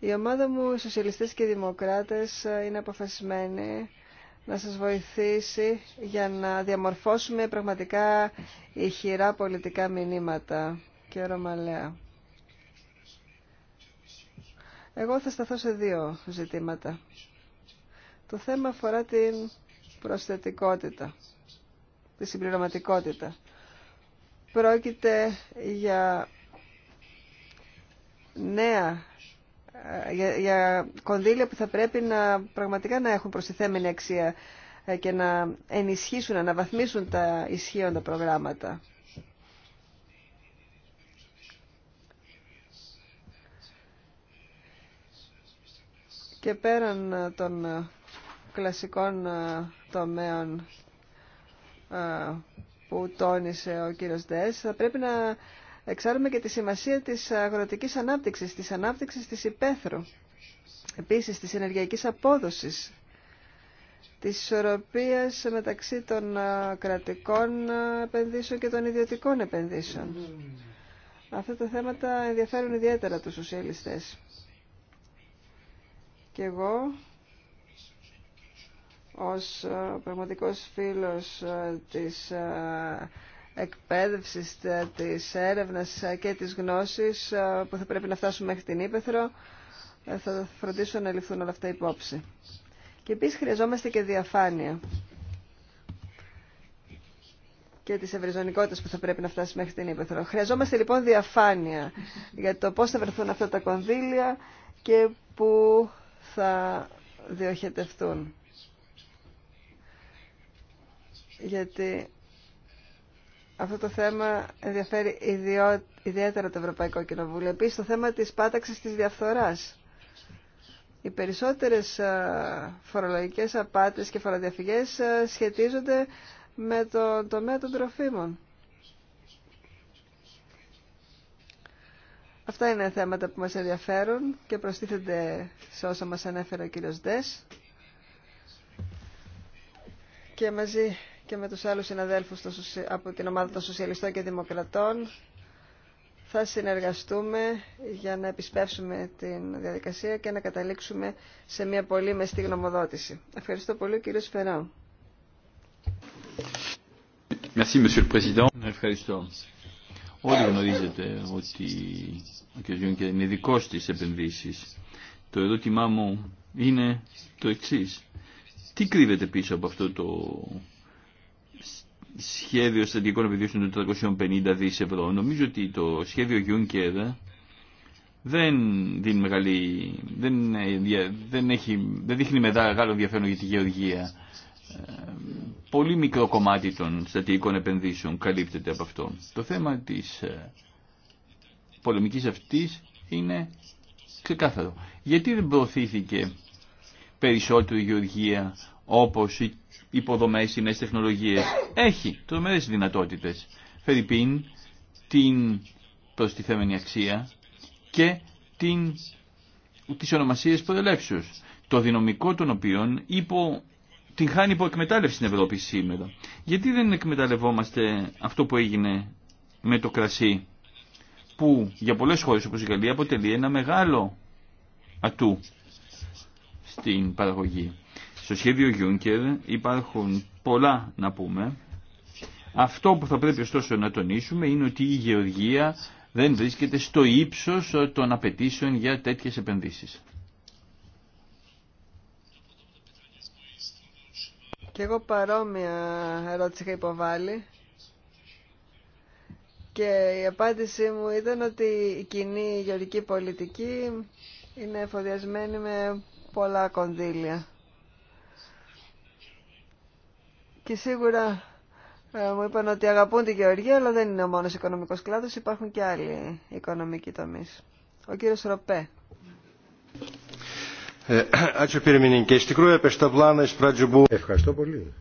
Η ομάδα μου, οι σοσιαλιστές και δημοκράτες, είναι αποφασισμένοι να σας βοηθήσει για να διαμορφώσουμε πραγματικά ηχηρά πολιτικά μηνύματα και ρωμαλαία. Εγώ θα σταθώ σε δύο ζητήματα. Το θέμα αφορά την προσθετικότητα, τη συμπληρωματικότητα. Πρόκειται για νέα ε, για, για κονδύλια που θα πρέπει να πραγματικά να έχουν προστιθέμενη αξία ε, και να ενισχύσουν, να αναβαθμίσουν τα ισχύοντα προγράμματα. Και πέραν ε, των κλασικών τομέων που τόνισε ο κύριος Δες, θα πρέπει να εξάρουμε και τη σημασία της αγροτικής ανάπτυξης, της ανάπτυξης της υπαίθρου, επίσης της ενεργειακής απόδοσης, της ισορροπίας μεταξύ των κρατικών επενδύσεων και των ιδιωτικών επενδύσεων. Αυτά τα θέματα ενδιαφέρουν ιδιαίτερα τους σοσιαλιστές. Και εγώ, ως πραγματικός φίλος της εκπαίδευσης, ε, της έρευνας ε, και της γνώσης ε, που θα πρέπει να φτάσουν μέχρι την Ήπεθρο. Θα φροντίσω να ληφθούν όλα αυτά υπόψη. Και επίσης χρειαζόμαστε και διαφάνεια και τις ευρυζωνικότητα που θα πρέπει να φτάσει μέχρι την Ήπεθρο. Χρειαζόμαστε λοιπόν διαφάνεια για το πώς θα βρεθούν αυτά τα κονδύλια και πού θα διοχετευτούν. Γιατί αυτό το θέμα ενδιαφέρει ιδιαίτερα το Ευρωπαϊκό Κοινοβούλιο. Επίσης το θέμα της πάταξης της διαφθοράς. Οι περισσότερες φορολογικές απάτες και φοροδιαφυγές σχετίζονται με το τομέα των τροφίμων. Αυτά είναι θέματα που μας ενδιαφέρουν και προστίθενται σε όσα μας ανέφερε ο κύριος Δες. Και μαζί και με τους άλλους συναδέλφους από την ομάδα των Σοσιαλιστών και Δημοκρατών θα συνεργαστούμε για να επισπεύσουμε την διαδικασία και να καταλήξουμε σε μια πολύ μεστή γνωμοδότηση. Ευχαριστώ πολύ κύριο Σφεράου.
Ναι, ευχαριστώ. Όλοι γνωρίζετε ότι ο κ. Γιούνκερ είναι ειδικό τη επενδύσει. Το ερώτημά μου είναι το εξή. Τι κρύβεται πίσω από αυτό το σχέδιο στρατηγικών επιδιώσεων των 350 δις ευρώ. Νομίζω ότι το σχέδιο Juncker δεν, δεν, ε, δεν δείχνει μεγάλο ενδιαφέρον για τη γεωργία. Ε, πολύ μικρό κομμάτι των στρατηγικών επενδύσεων καλύπτεται από αυτό. Το θέμα της ε, πολεμικής αυτής είναι ξεκάθαρο. Γιατί δεν προωθήθηκε περισσότερο η γεωργία όπως οι υποδομές, οι νέες τεχνολογίες. Έχει τρομερές δυνατότητες. Φερρυπίν, την προστιθέμενη αξία και την, τις ονομασίες προελεύσεως, το δυναμικό των οποίων υπό, την χάνει υπό εκμετάλλευση στην Ευρώπη σήμερα. Γιατί δεν εκμεταλλευόμαστε αυτό που έγινε με το κρασί, που για πολλές χώρες όπως η Γαλλία αποτελεί ένα μεγάλο ατού στην παραγωγή. Στο σχέδιο Γιούνκερ υπάρχουν πολλά να πούμε. Αυτό που θα πρέπει ωστόσο να τονίσουμε είναι ότι η γεωργία δεν βρίσκεται στο ύψος των απαιτήσεων για τέτοιες επενδύσεις.
Και εγώ παρόμοια ερώτηση είχα υποβάλει και η απάντησή μου ήταν ότι η κοινή γεωργική πολιτική είναι εφοδιασμένη με πολλά κονδύλια. και σίγουρα ε, μου είπαν ότι αγαπούν τη γεωργία, αλλά δεν είναι ο μόνος οικονομικός κλάδος, υπάρχουν και άλλοι οικονομικοί τομείς. Ο κύριος Ροπέ.
Ε, Ευχαριστώ πολύ.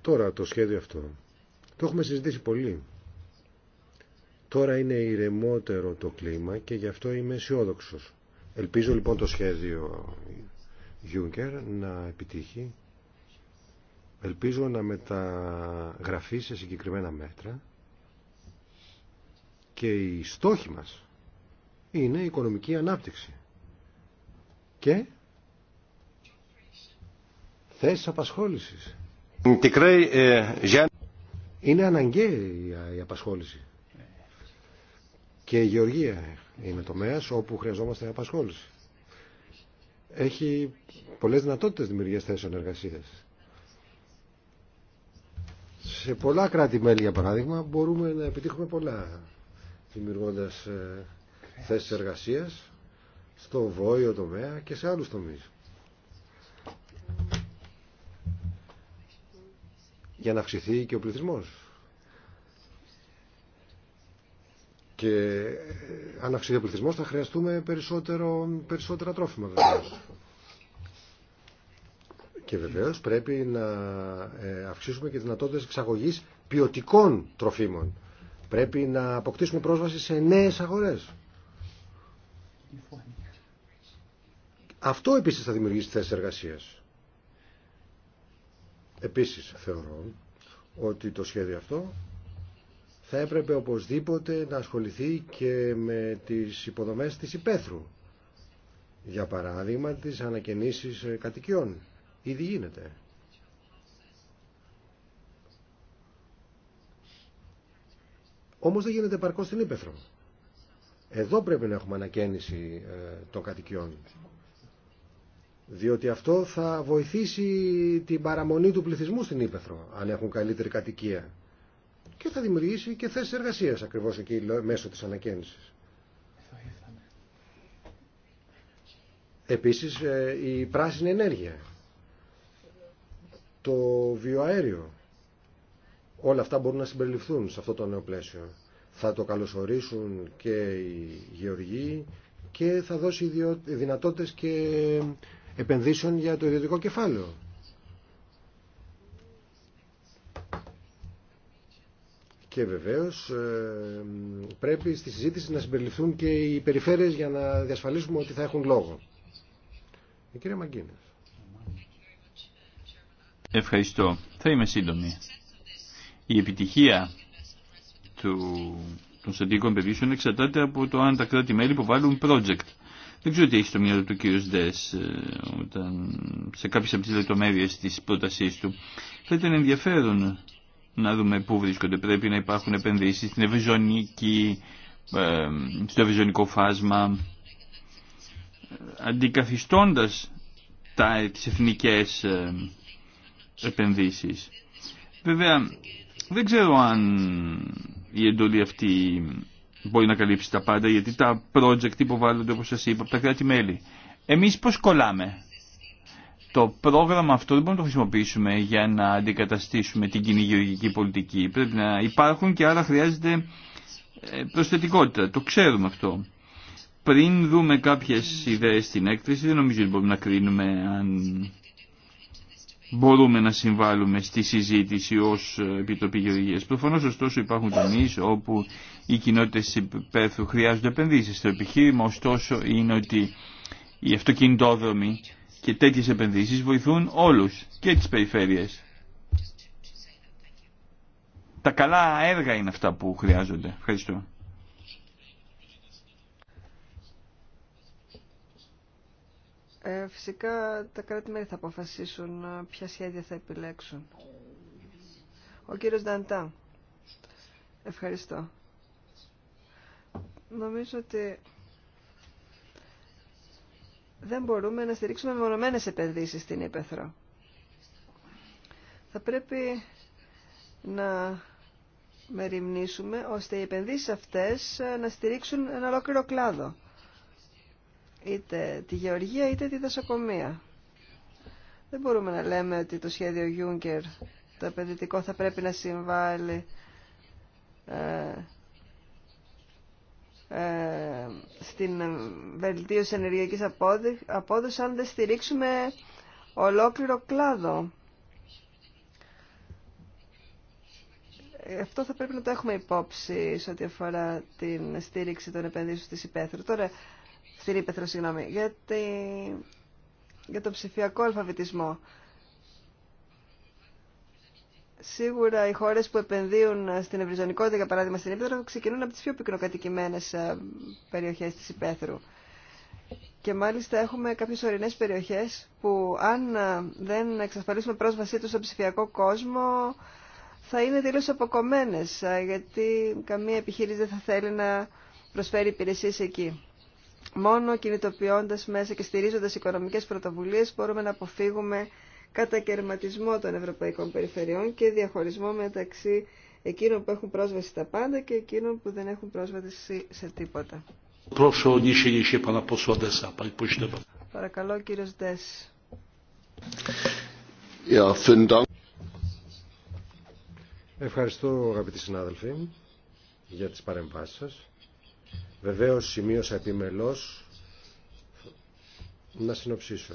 Τώρα το σχέδιο αυτό το έχουμε συζητήσει πολύ. Τώρα είναι ηρεμότερο το κλίμα και γι' αυτό είμαι αισιόδοξο. Ελπίζω λοιπόν το σχέδιο Γιούγκερ να επιτύχει Ελπίζω να μεταγραφεί σε συγκεκριμένα μέτρα και η στόχη μας είναι η οικονομική ανάπτυξη και θέσει απασχόλησης. Είναι αναγκαία η απασχόληση. Και η γεωργία είναι τομέας όπου χρειαζόμαστε απασχόληση. Έχει πολλές δυνατότητες δημιουργίας θέσεων εργασίας σε πολλά κράτη-μέλη, για παράδειγμα, μπορούμε να επιτύχουμε πολλά δημιουργώντας ε, θέσεις εργασίας στο βόηο τομέα και σε άλλους τομείς. Για να αυξηθεί και ο πληθυσμός. Και ε, αν αυξηθεί ο πληθυσμός θα χρειαστούμε περισσότερο, περισσότερα τρόφιμα και βεβαίω πρέπει να ε, αυξήσουμε και τι δυνατότητες εξαγωγής ποιοτικών τροφίμων. Πρέπει να αποκτήσουμε πρόσβαση σε νέες αγορές. Αυτό επίσης θα δημιουργήσει θέσεις εργασίας. Επίση, θεωρώ ότι το σχέδιο αυτό θα έπρεπε οπωσδήποτε να ασχοληθεί και με τις υποδομές της υπαίθρου. Για παράδειγμα, τις ανακαινήσεις ε, κατοικιών. Ήδη γίνεται. Όμως δεν γίνεται παρκώς στην Ήπεθρο. Εδώ πρέπει να έχουμε ανακαίνιση ε, των κατοικιών. Διότι αυτό θα βοηθήσει την παραμονή του πληθυσμού στην Ήπεθρο, αν έχουν καλύτερη κατοικία. Και θα δημιουργήσει και θέσεις εργασίας ακριβώς εκεί μέσω της ανακαίνησης. Επίσης ε, η πράσινη ενέργεια το βιοαέριο. Όλα αυτά μπορούν να συμπεριληφθούν σε αυτό το νέο πλαίσιο. Θα το καλωσορίσουν και οι γεωργοί και θα δώσει δυνατότητες και επενδύσεων για το ιδιωτικό κεφάλαιο. Και βεβαίως ε, πρέπει στη συζήτηση να συμπεριληφθούν και οι περιφέρειες για να διασφαλίσουμε ότι θα έχουν λόγο. Η κυρία Μαγκίνες.
Ευχαριστώ. Θα είμαι σύντομη. Η επιτυχία του, των στρατηγικών επενδύσεων εξαρτάται από το αν τα κράτη-μέλη υποβάλλουν project. Δεν ξέρω τι έχει στο μυαλό του κ. Δες ε, σε κάποιε από τι λεπτομέρειε τη πρότασή του. Θα ήταν ενδιαφέρον να δούμε πού βρίσκονται. Πρέπει να υπάρχουν επενδύσει στην ευρυζωνική ε, στο ευρυζωνικό φάσμα, ε, αντικαθιστώντας τι εθνικέ επενδύσεις. Βέβαια, δεν ξέρω αν η εντολή αυτή μπορεί να καλύψει τα πάντα, γιατί τα project υποβάλλονται, όπως σας είπα, από τα κράτη-μέλη. Εμείς πώς κολλάμε. Το πρόγραμμα αυτό δεν μπορούμε να το χρησιμοποιήσουμε για να αντικαταστήσουμε την κοινή γεωργική πολιτική. Πρέπει να υπάρχουν και άρα χρειάζεται ε, προσθετικότητα. Το ξέρουμε αυτό. Πριν δούμε κάποιες ιδέες στην έκθεση, δεν νομίζω ότι μπορούμε να κρίνουμε αν μπορούμε να συμβάλλουμε στη συζήτηση ως Επιτροπή Γεωργίας. Προφανώς ωστόσο υπάρχουν τομείς όπου οι κοινότητες υπαίθρου χρειάζονται επενδύσεις. Το επιχείρημα ωστόσο είναι ότι οι αυτοκινητόδρομοι και τέτοιες επενδύσεις βοηθούν όλους και τις περιφέρειες. Τα καλά έργα είναι αυτά που χρειάζονται. Ευχαριστώ.
Ε, φυσικά τα κρατη μελη θα αποφασίσουν ε, ποια σχέδια θα επιλέξουν. Ο κύριος Νταντά. Ευχαριστώ. Νομίζω ότι δεν μπορούμε να στηρίξουμε μεμονωμένες επενδύσεις στην Ήπεθρο. Θα πρέπει να μεριμνήσουμε ώστε οι επενδύσεις αυτές ε, να στηρίξουν ένα ολόκληρο κλάδο είτε τη γεωργία είτε τη δασοκομεία. Δεν μπορούμε να λέμε ότι το σχέδιο Juncker, το επενδυτικό, θα πρέπει να συμβάλλει ε, ε, στην βελτίωση ενεργειακής απόδοσης αν δεν στηρίξουμε ολόκληρο κλάδο. Αυτό θα πρέπει να το έχουμε υπόψη σε ό,τι αφορά την στήριξη των επενδύσεων της υπαίθρου. Τώρα, στην Ήπεθρο, συγγνώμη, για, τη, για τον ψηφιακό αλφαβητισμό. Σίγουρα οι χώρε που επενδύουν στην ευρυζωνικότητα, για παράδειγμα στην Ήπεθρο, ξεκινούν από τι πιο πυκνοκατοικημένε ε, περιοχέ τη Ήπεθρου. Και μάλιστα έχουμε κάποιες ορεινές περιοχές που αν ε, δεν εξασφαλίσουμε πρόσβασή τους στον ψηφιακό κόσμο θα είναι τελείως αποκομμένες ε, γιατί καμία επιχείρηση δεν θα θέλει να προσφέρει υπηρεσίες εκεί. Μόνο κινητοποιώντας μέσα και στηρίζοντας οικονομικές πρωτοβουλίες μπορούμε να αποφύγουμε κατακαιρματισμό των ευρωπαϊκών περιφερειών και διαχωρισμό μεταξύ εκείνων που έχουν πρόσβαση στα πάντα και εκείνων που δεν έχουν πρόσβαση σε τίποτα. Παρακαλώ κύριος Ντες.
Ευχαριστώ αγαπητοί συνάδελφοι για τις παρεμβάσεις σας. Βεβαίως σημείωσα επιμελώς να συνοψίσω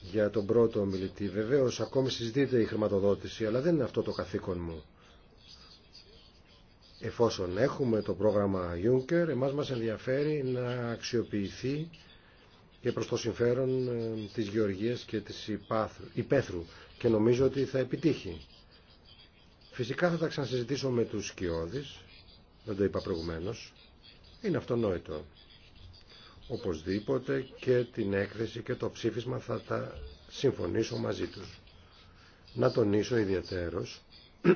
για τον πρώτο ομιλητή. Βεβαίως ακόμη συζητείται η χρηματοδότηση, αλλά δεν είναι αυτό το καθήκον μου. Εφόσον έχουμε το πρόγραμμα Juncker, εμάς μας ενδιαφέρει να αξιοποιηθεί και προς το συμφέρον ε, της γεωργίας και της Υπέθρου και νομίζω ότι θα επιτύχει. Φυσικά θα τα ξανασυζητήσω με τους σκιώδεις, δεν το είπα προηγουμένως, είναι αυτονόητο. Οπωσδήποτε και την έκθεση και το ψήφισμα θα τα συμφωνήσω μαζί τους. Να τονίσω ιδιαίτερος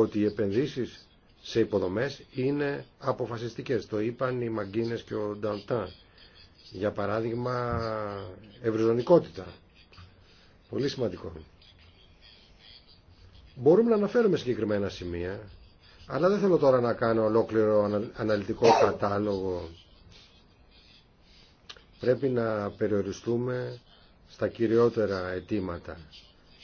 ότι οι επενδύσεις σε υποδομές είναι αποφασιστικές. Το είπαν οι Μαγκίνες και ο Νταντά. Για παράδειγμα, ευρυζωνικότητα. Πολύ σημαντικό. Μπορούμε να αναφέρουμε συγκεκριμένα σημεία αλλά δεν θέλω τώρα να κάνω ολόκληρο αναλυτικό κατάλογο. Πρέπει να περιοριστούμε στα κυριότερα αιτήματα.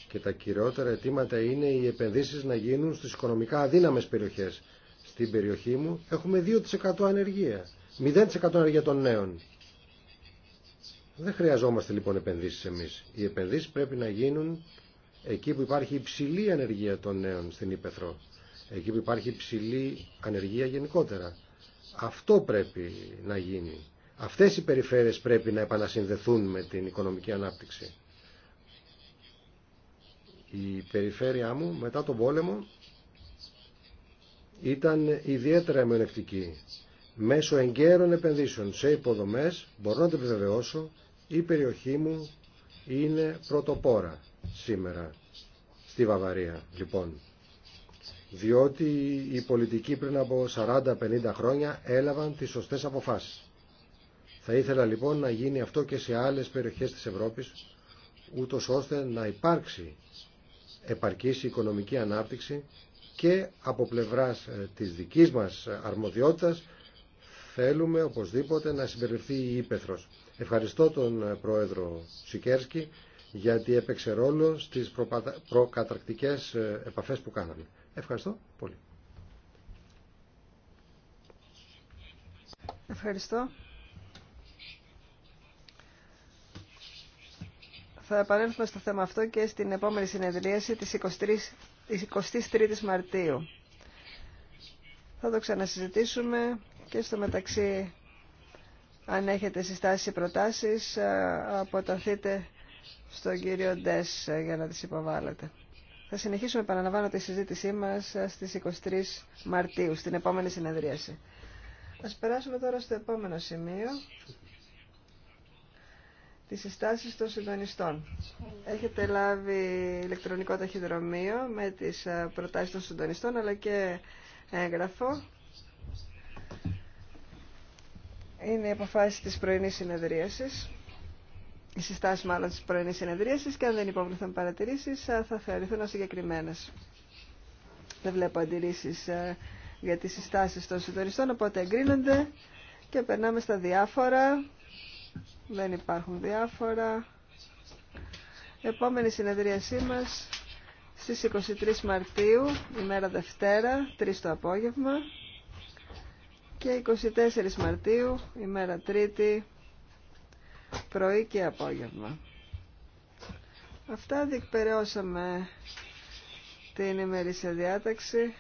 Και τα κυριότερα αιτήματα είναι οι επενδύσεις να γίνουν στις οικονομικά αδύναμες περιοχές. Στην περιοχή μου έχουμε 2% ανεργία. 0% ανεργία των νέων. Δεν χρειαζόμαστε λοιπόν επενδύσεις εμείς. Οι επενδύσεις πρέπει να γίνουν εκεί που υπάρχει υψηλή ανεργία των νέων στην Ήπεθρο εκεί που υπάρχει υψηλή ανεργία γενικότερα. Αυτό πρέπει να γίνει. Αυτές οι περιφέρειες πρέπει να επανασυνδεθούν με την οικονομική ανάπτυξη. Η περιφέρειά μου μετά τον πόλεμο ήταν ιδιαίτερα μειονεκτική. Μέσω εγκαίρων επενδύσεων σε υποδομές, μπορώ να το επιβεβαιώσω, η περιοχή μου είναι πρωτοπόρα σήμερα στη Βαβαρία. Λοιπόν, διότι οι πολιτικοί πριν από 40-50 χρόνια έλαβαν τις σωστές αποφάσεις. Θα ήθελα λοιπόν να γίνει αυτό και σε άλλες περιοχές της Ευρώπης, ούτω ώστε να υπάρξει επαρκής οικονομική ανάπτυξη και από πλευράς ε, της δικής μας αρμοδιότητας θέλουμε οπωσδήποτε να συμπεριληφθεί η Ήπεθρος. Ευχαριστώ τον ε, Πρόεδρο Σικέρσκι γιατί έπαιξε ρόλο στις προκαταρκτικές ε, επαφές που κάναμε. Ευχαριστώ πολύ.
Ευχαριστώ. Θα επανέλθουμε στο θέμα αυτό και στην επόμενη συνεδρίαση της 23ης Μαρτίου. Θα το ξανασυζητήσουμε και στο μεταξύ αν έχετε συστάσεις ή προτάσεις ε, αποταθείτε στον κύριο Ντές ε, για να τις υποβάλλετε. Θα συνεχίσουμε, επαναλαμβάνω, τη συζήτησή μας ε, στις 23 Μαρτίου, στην επόμενη συνεδρίαση. Ας περάσουμε τώρα στο επόμενο σημείο, τις συστάσεις των συντονιστών. Έχετε λάβει ηλεκτρονικό ταχυδρομείο με τις ε, προτάσεις των συντονιστών, αλλά και έγγραφο. Είναι η αποφάση της πρωινής συνεδρίασης οι συστάση μάλλον της πρωινής συνεδρίασης και αν δεν υποβληθούν παρατηρήσεις ε, θα θεωρηθούν ως συγκεκριμένες. Δεν βλέπω αντιρρήσεις ε, για τις συστάσεις των συντοριστών, οπότε εγκρίνονται και περνάμε στα διάφορα. Δεν υπάρχουν διάφορα. Επόμενη συνεδρίασή μας στις 23 Μαρτίου, ημέρα Δευτέρα, 3 το απόγευμα και 24 Μαρτίου, ημέρα Τρίτη, πρωί και απόγευμα. Αυτά διεκπαιρεώσαμε την ημερήσια διάταξη.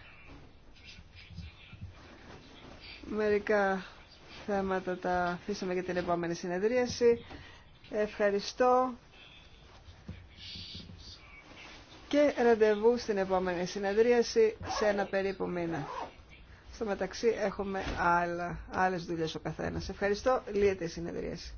Μερικά θέματα τα αφήσαμε για την επόμενη συνεδρίαση. Ευχαριστώ και ραντεβού στην επόμενη συνεδρίαση σε ένα περίπου μήνα. Στο μεταξύ έχουμε άλλα, άλλες δουλειές ο καθένας. Ευχαριστώ. Λύεται η συνεδρίαση.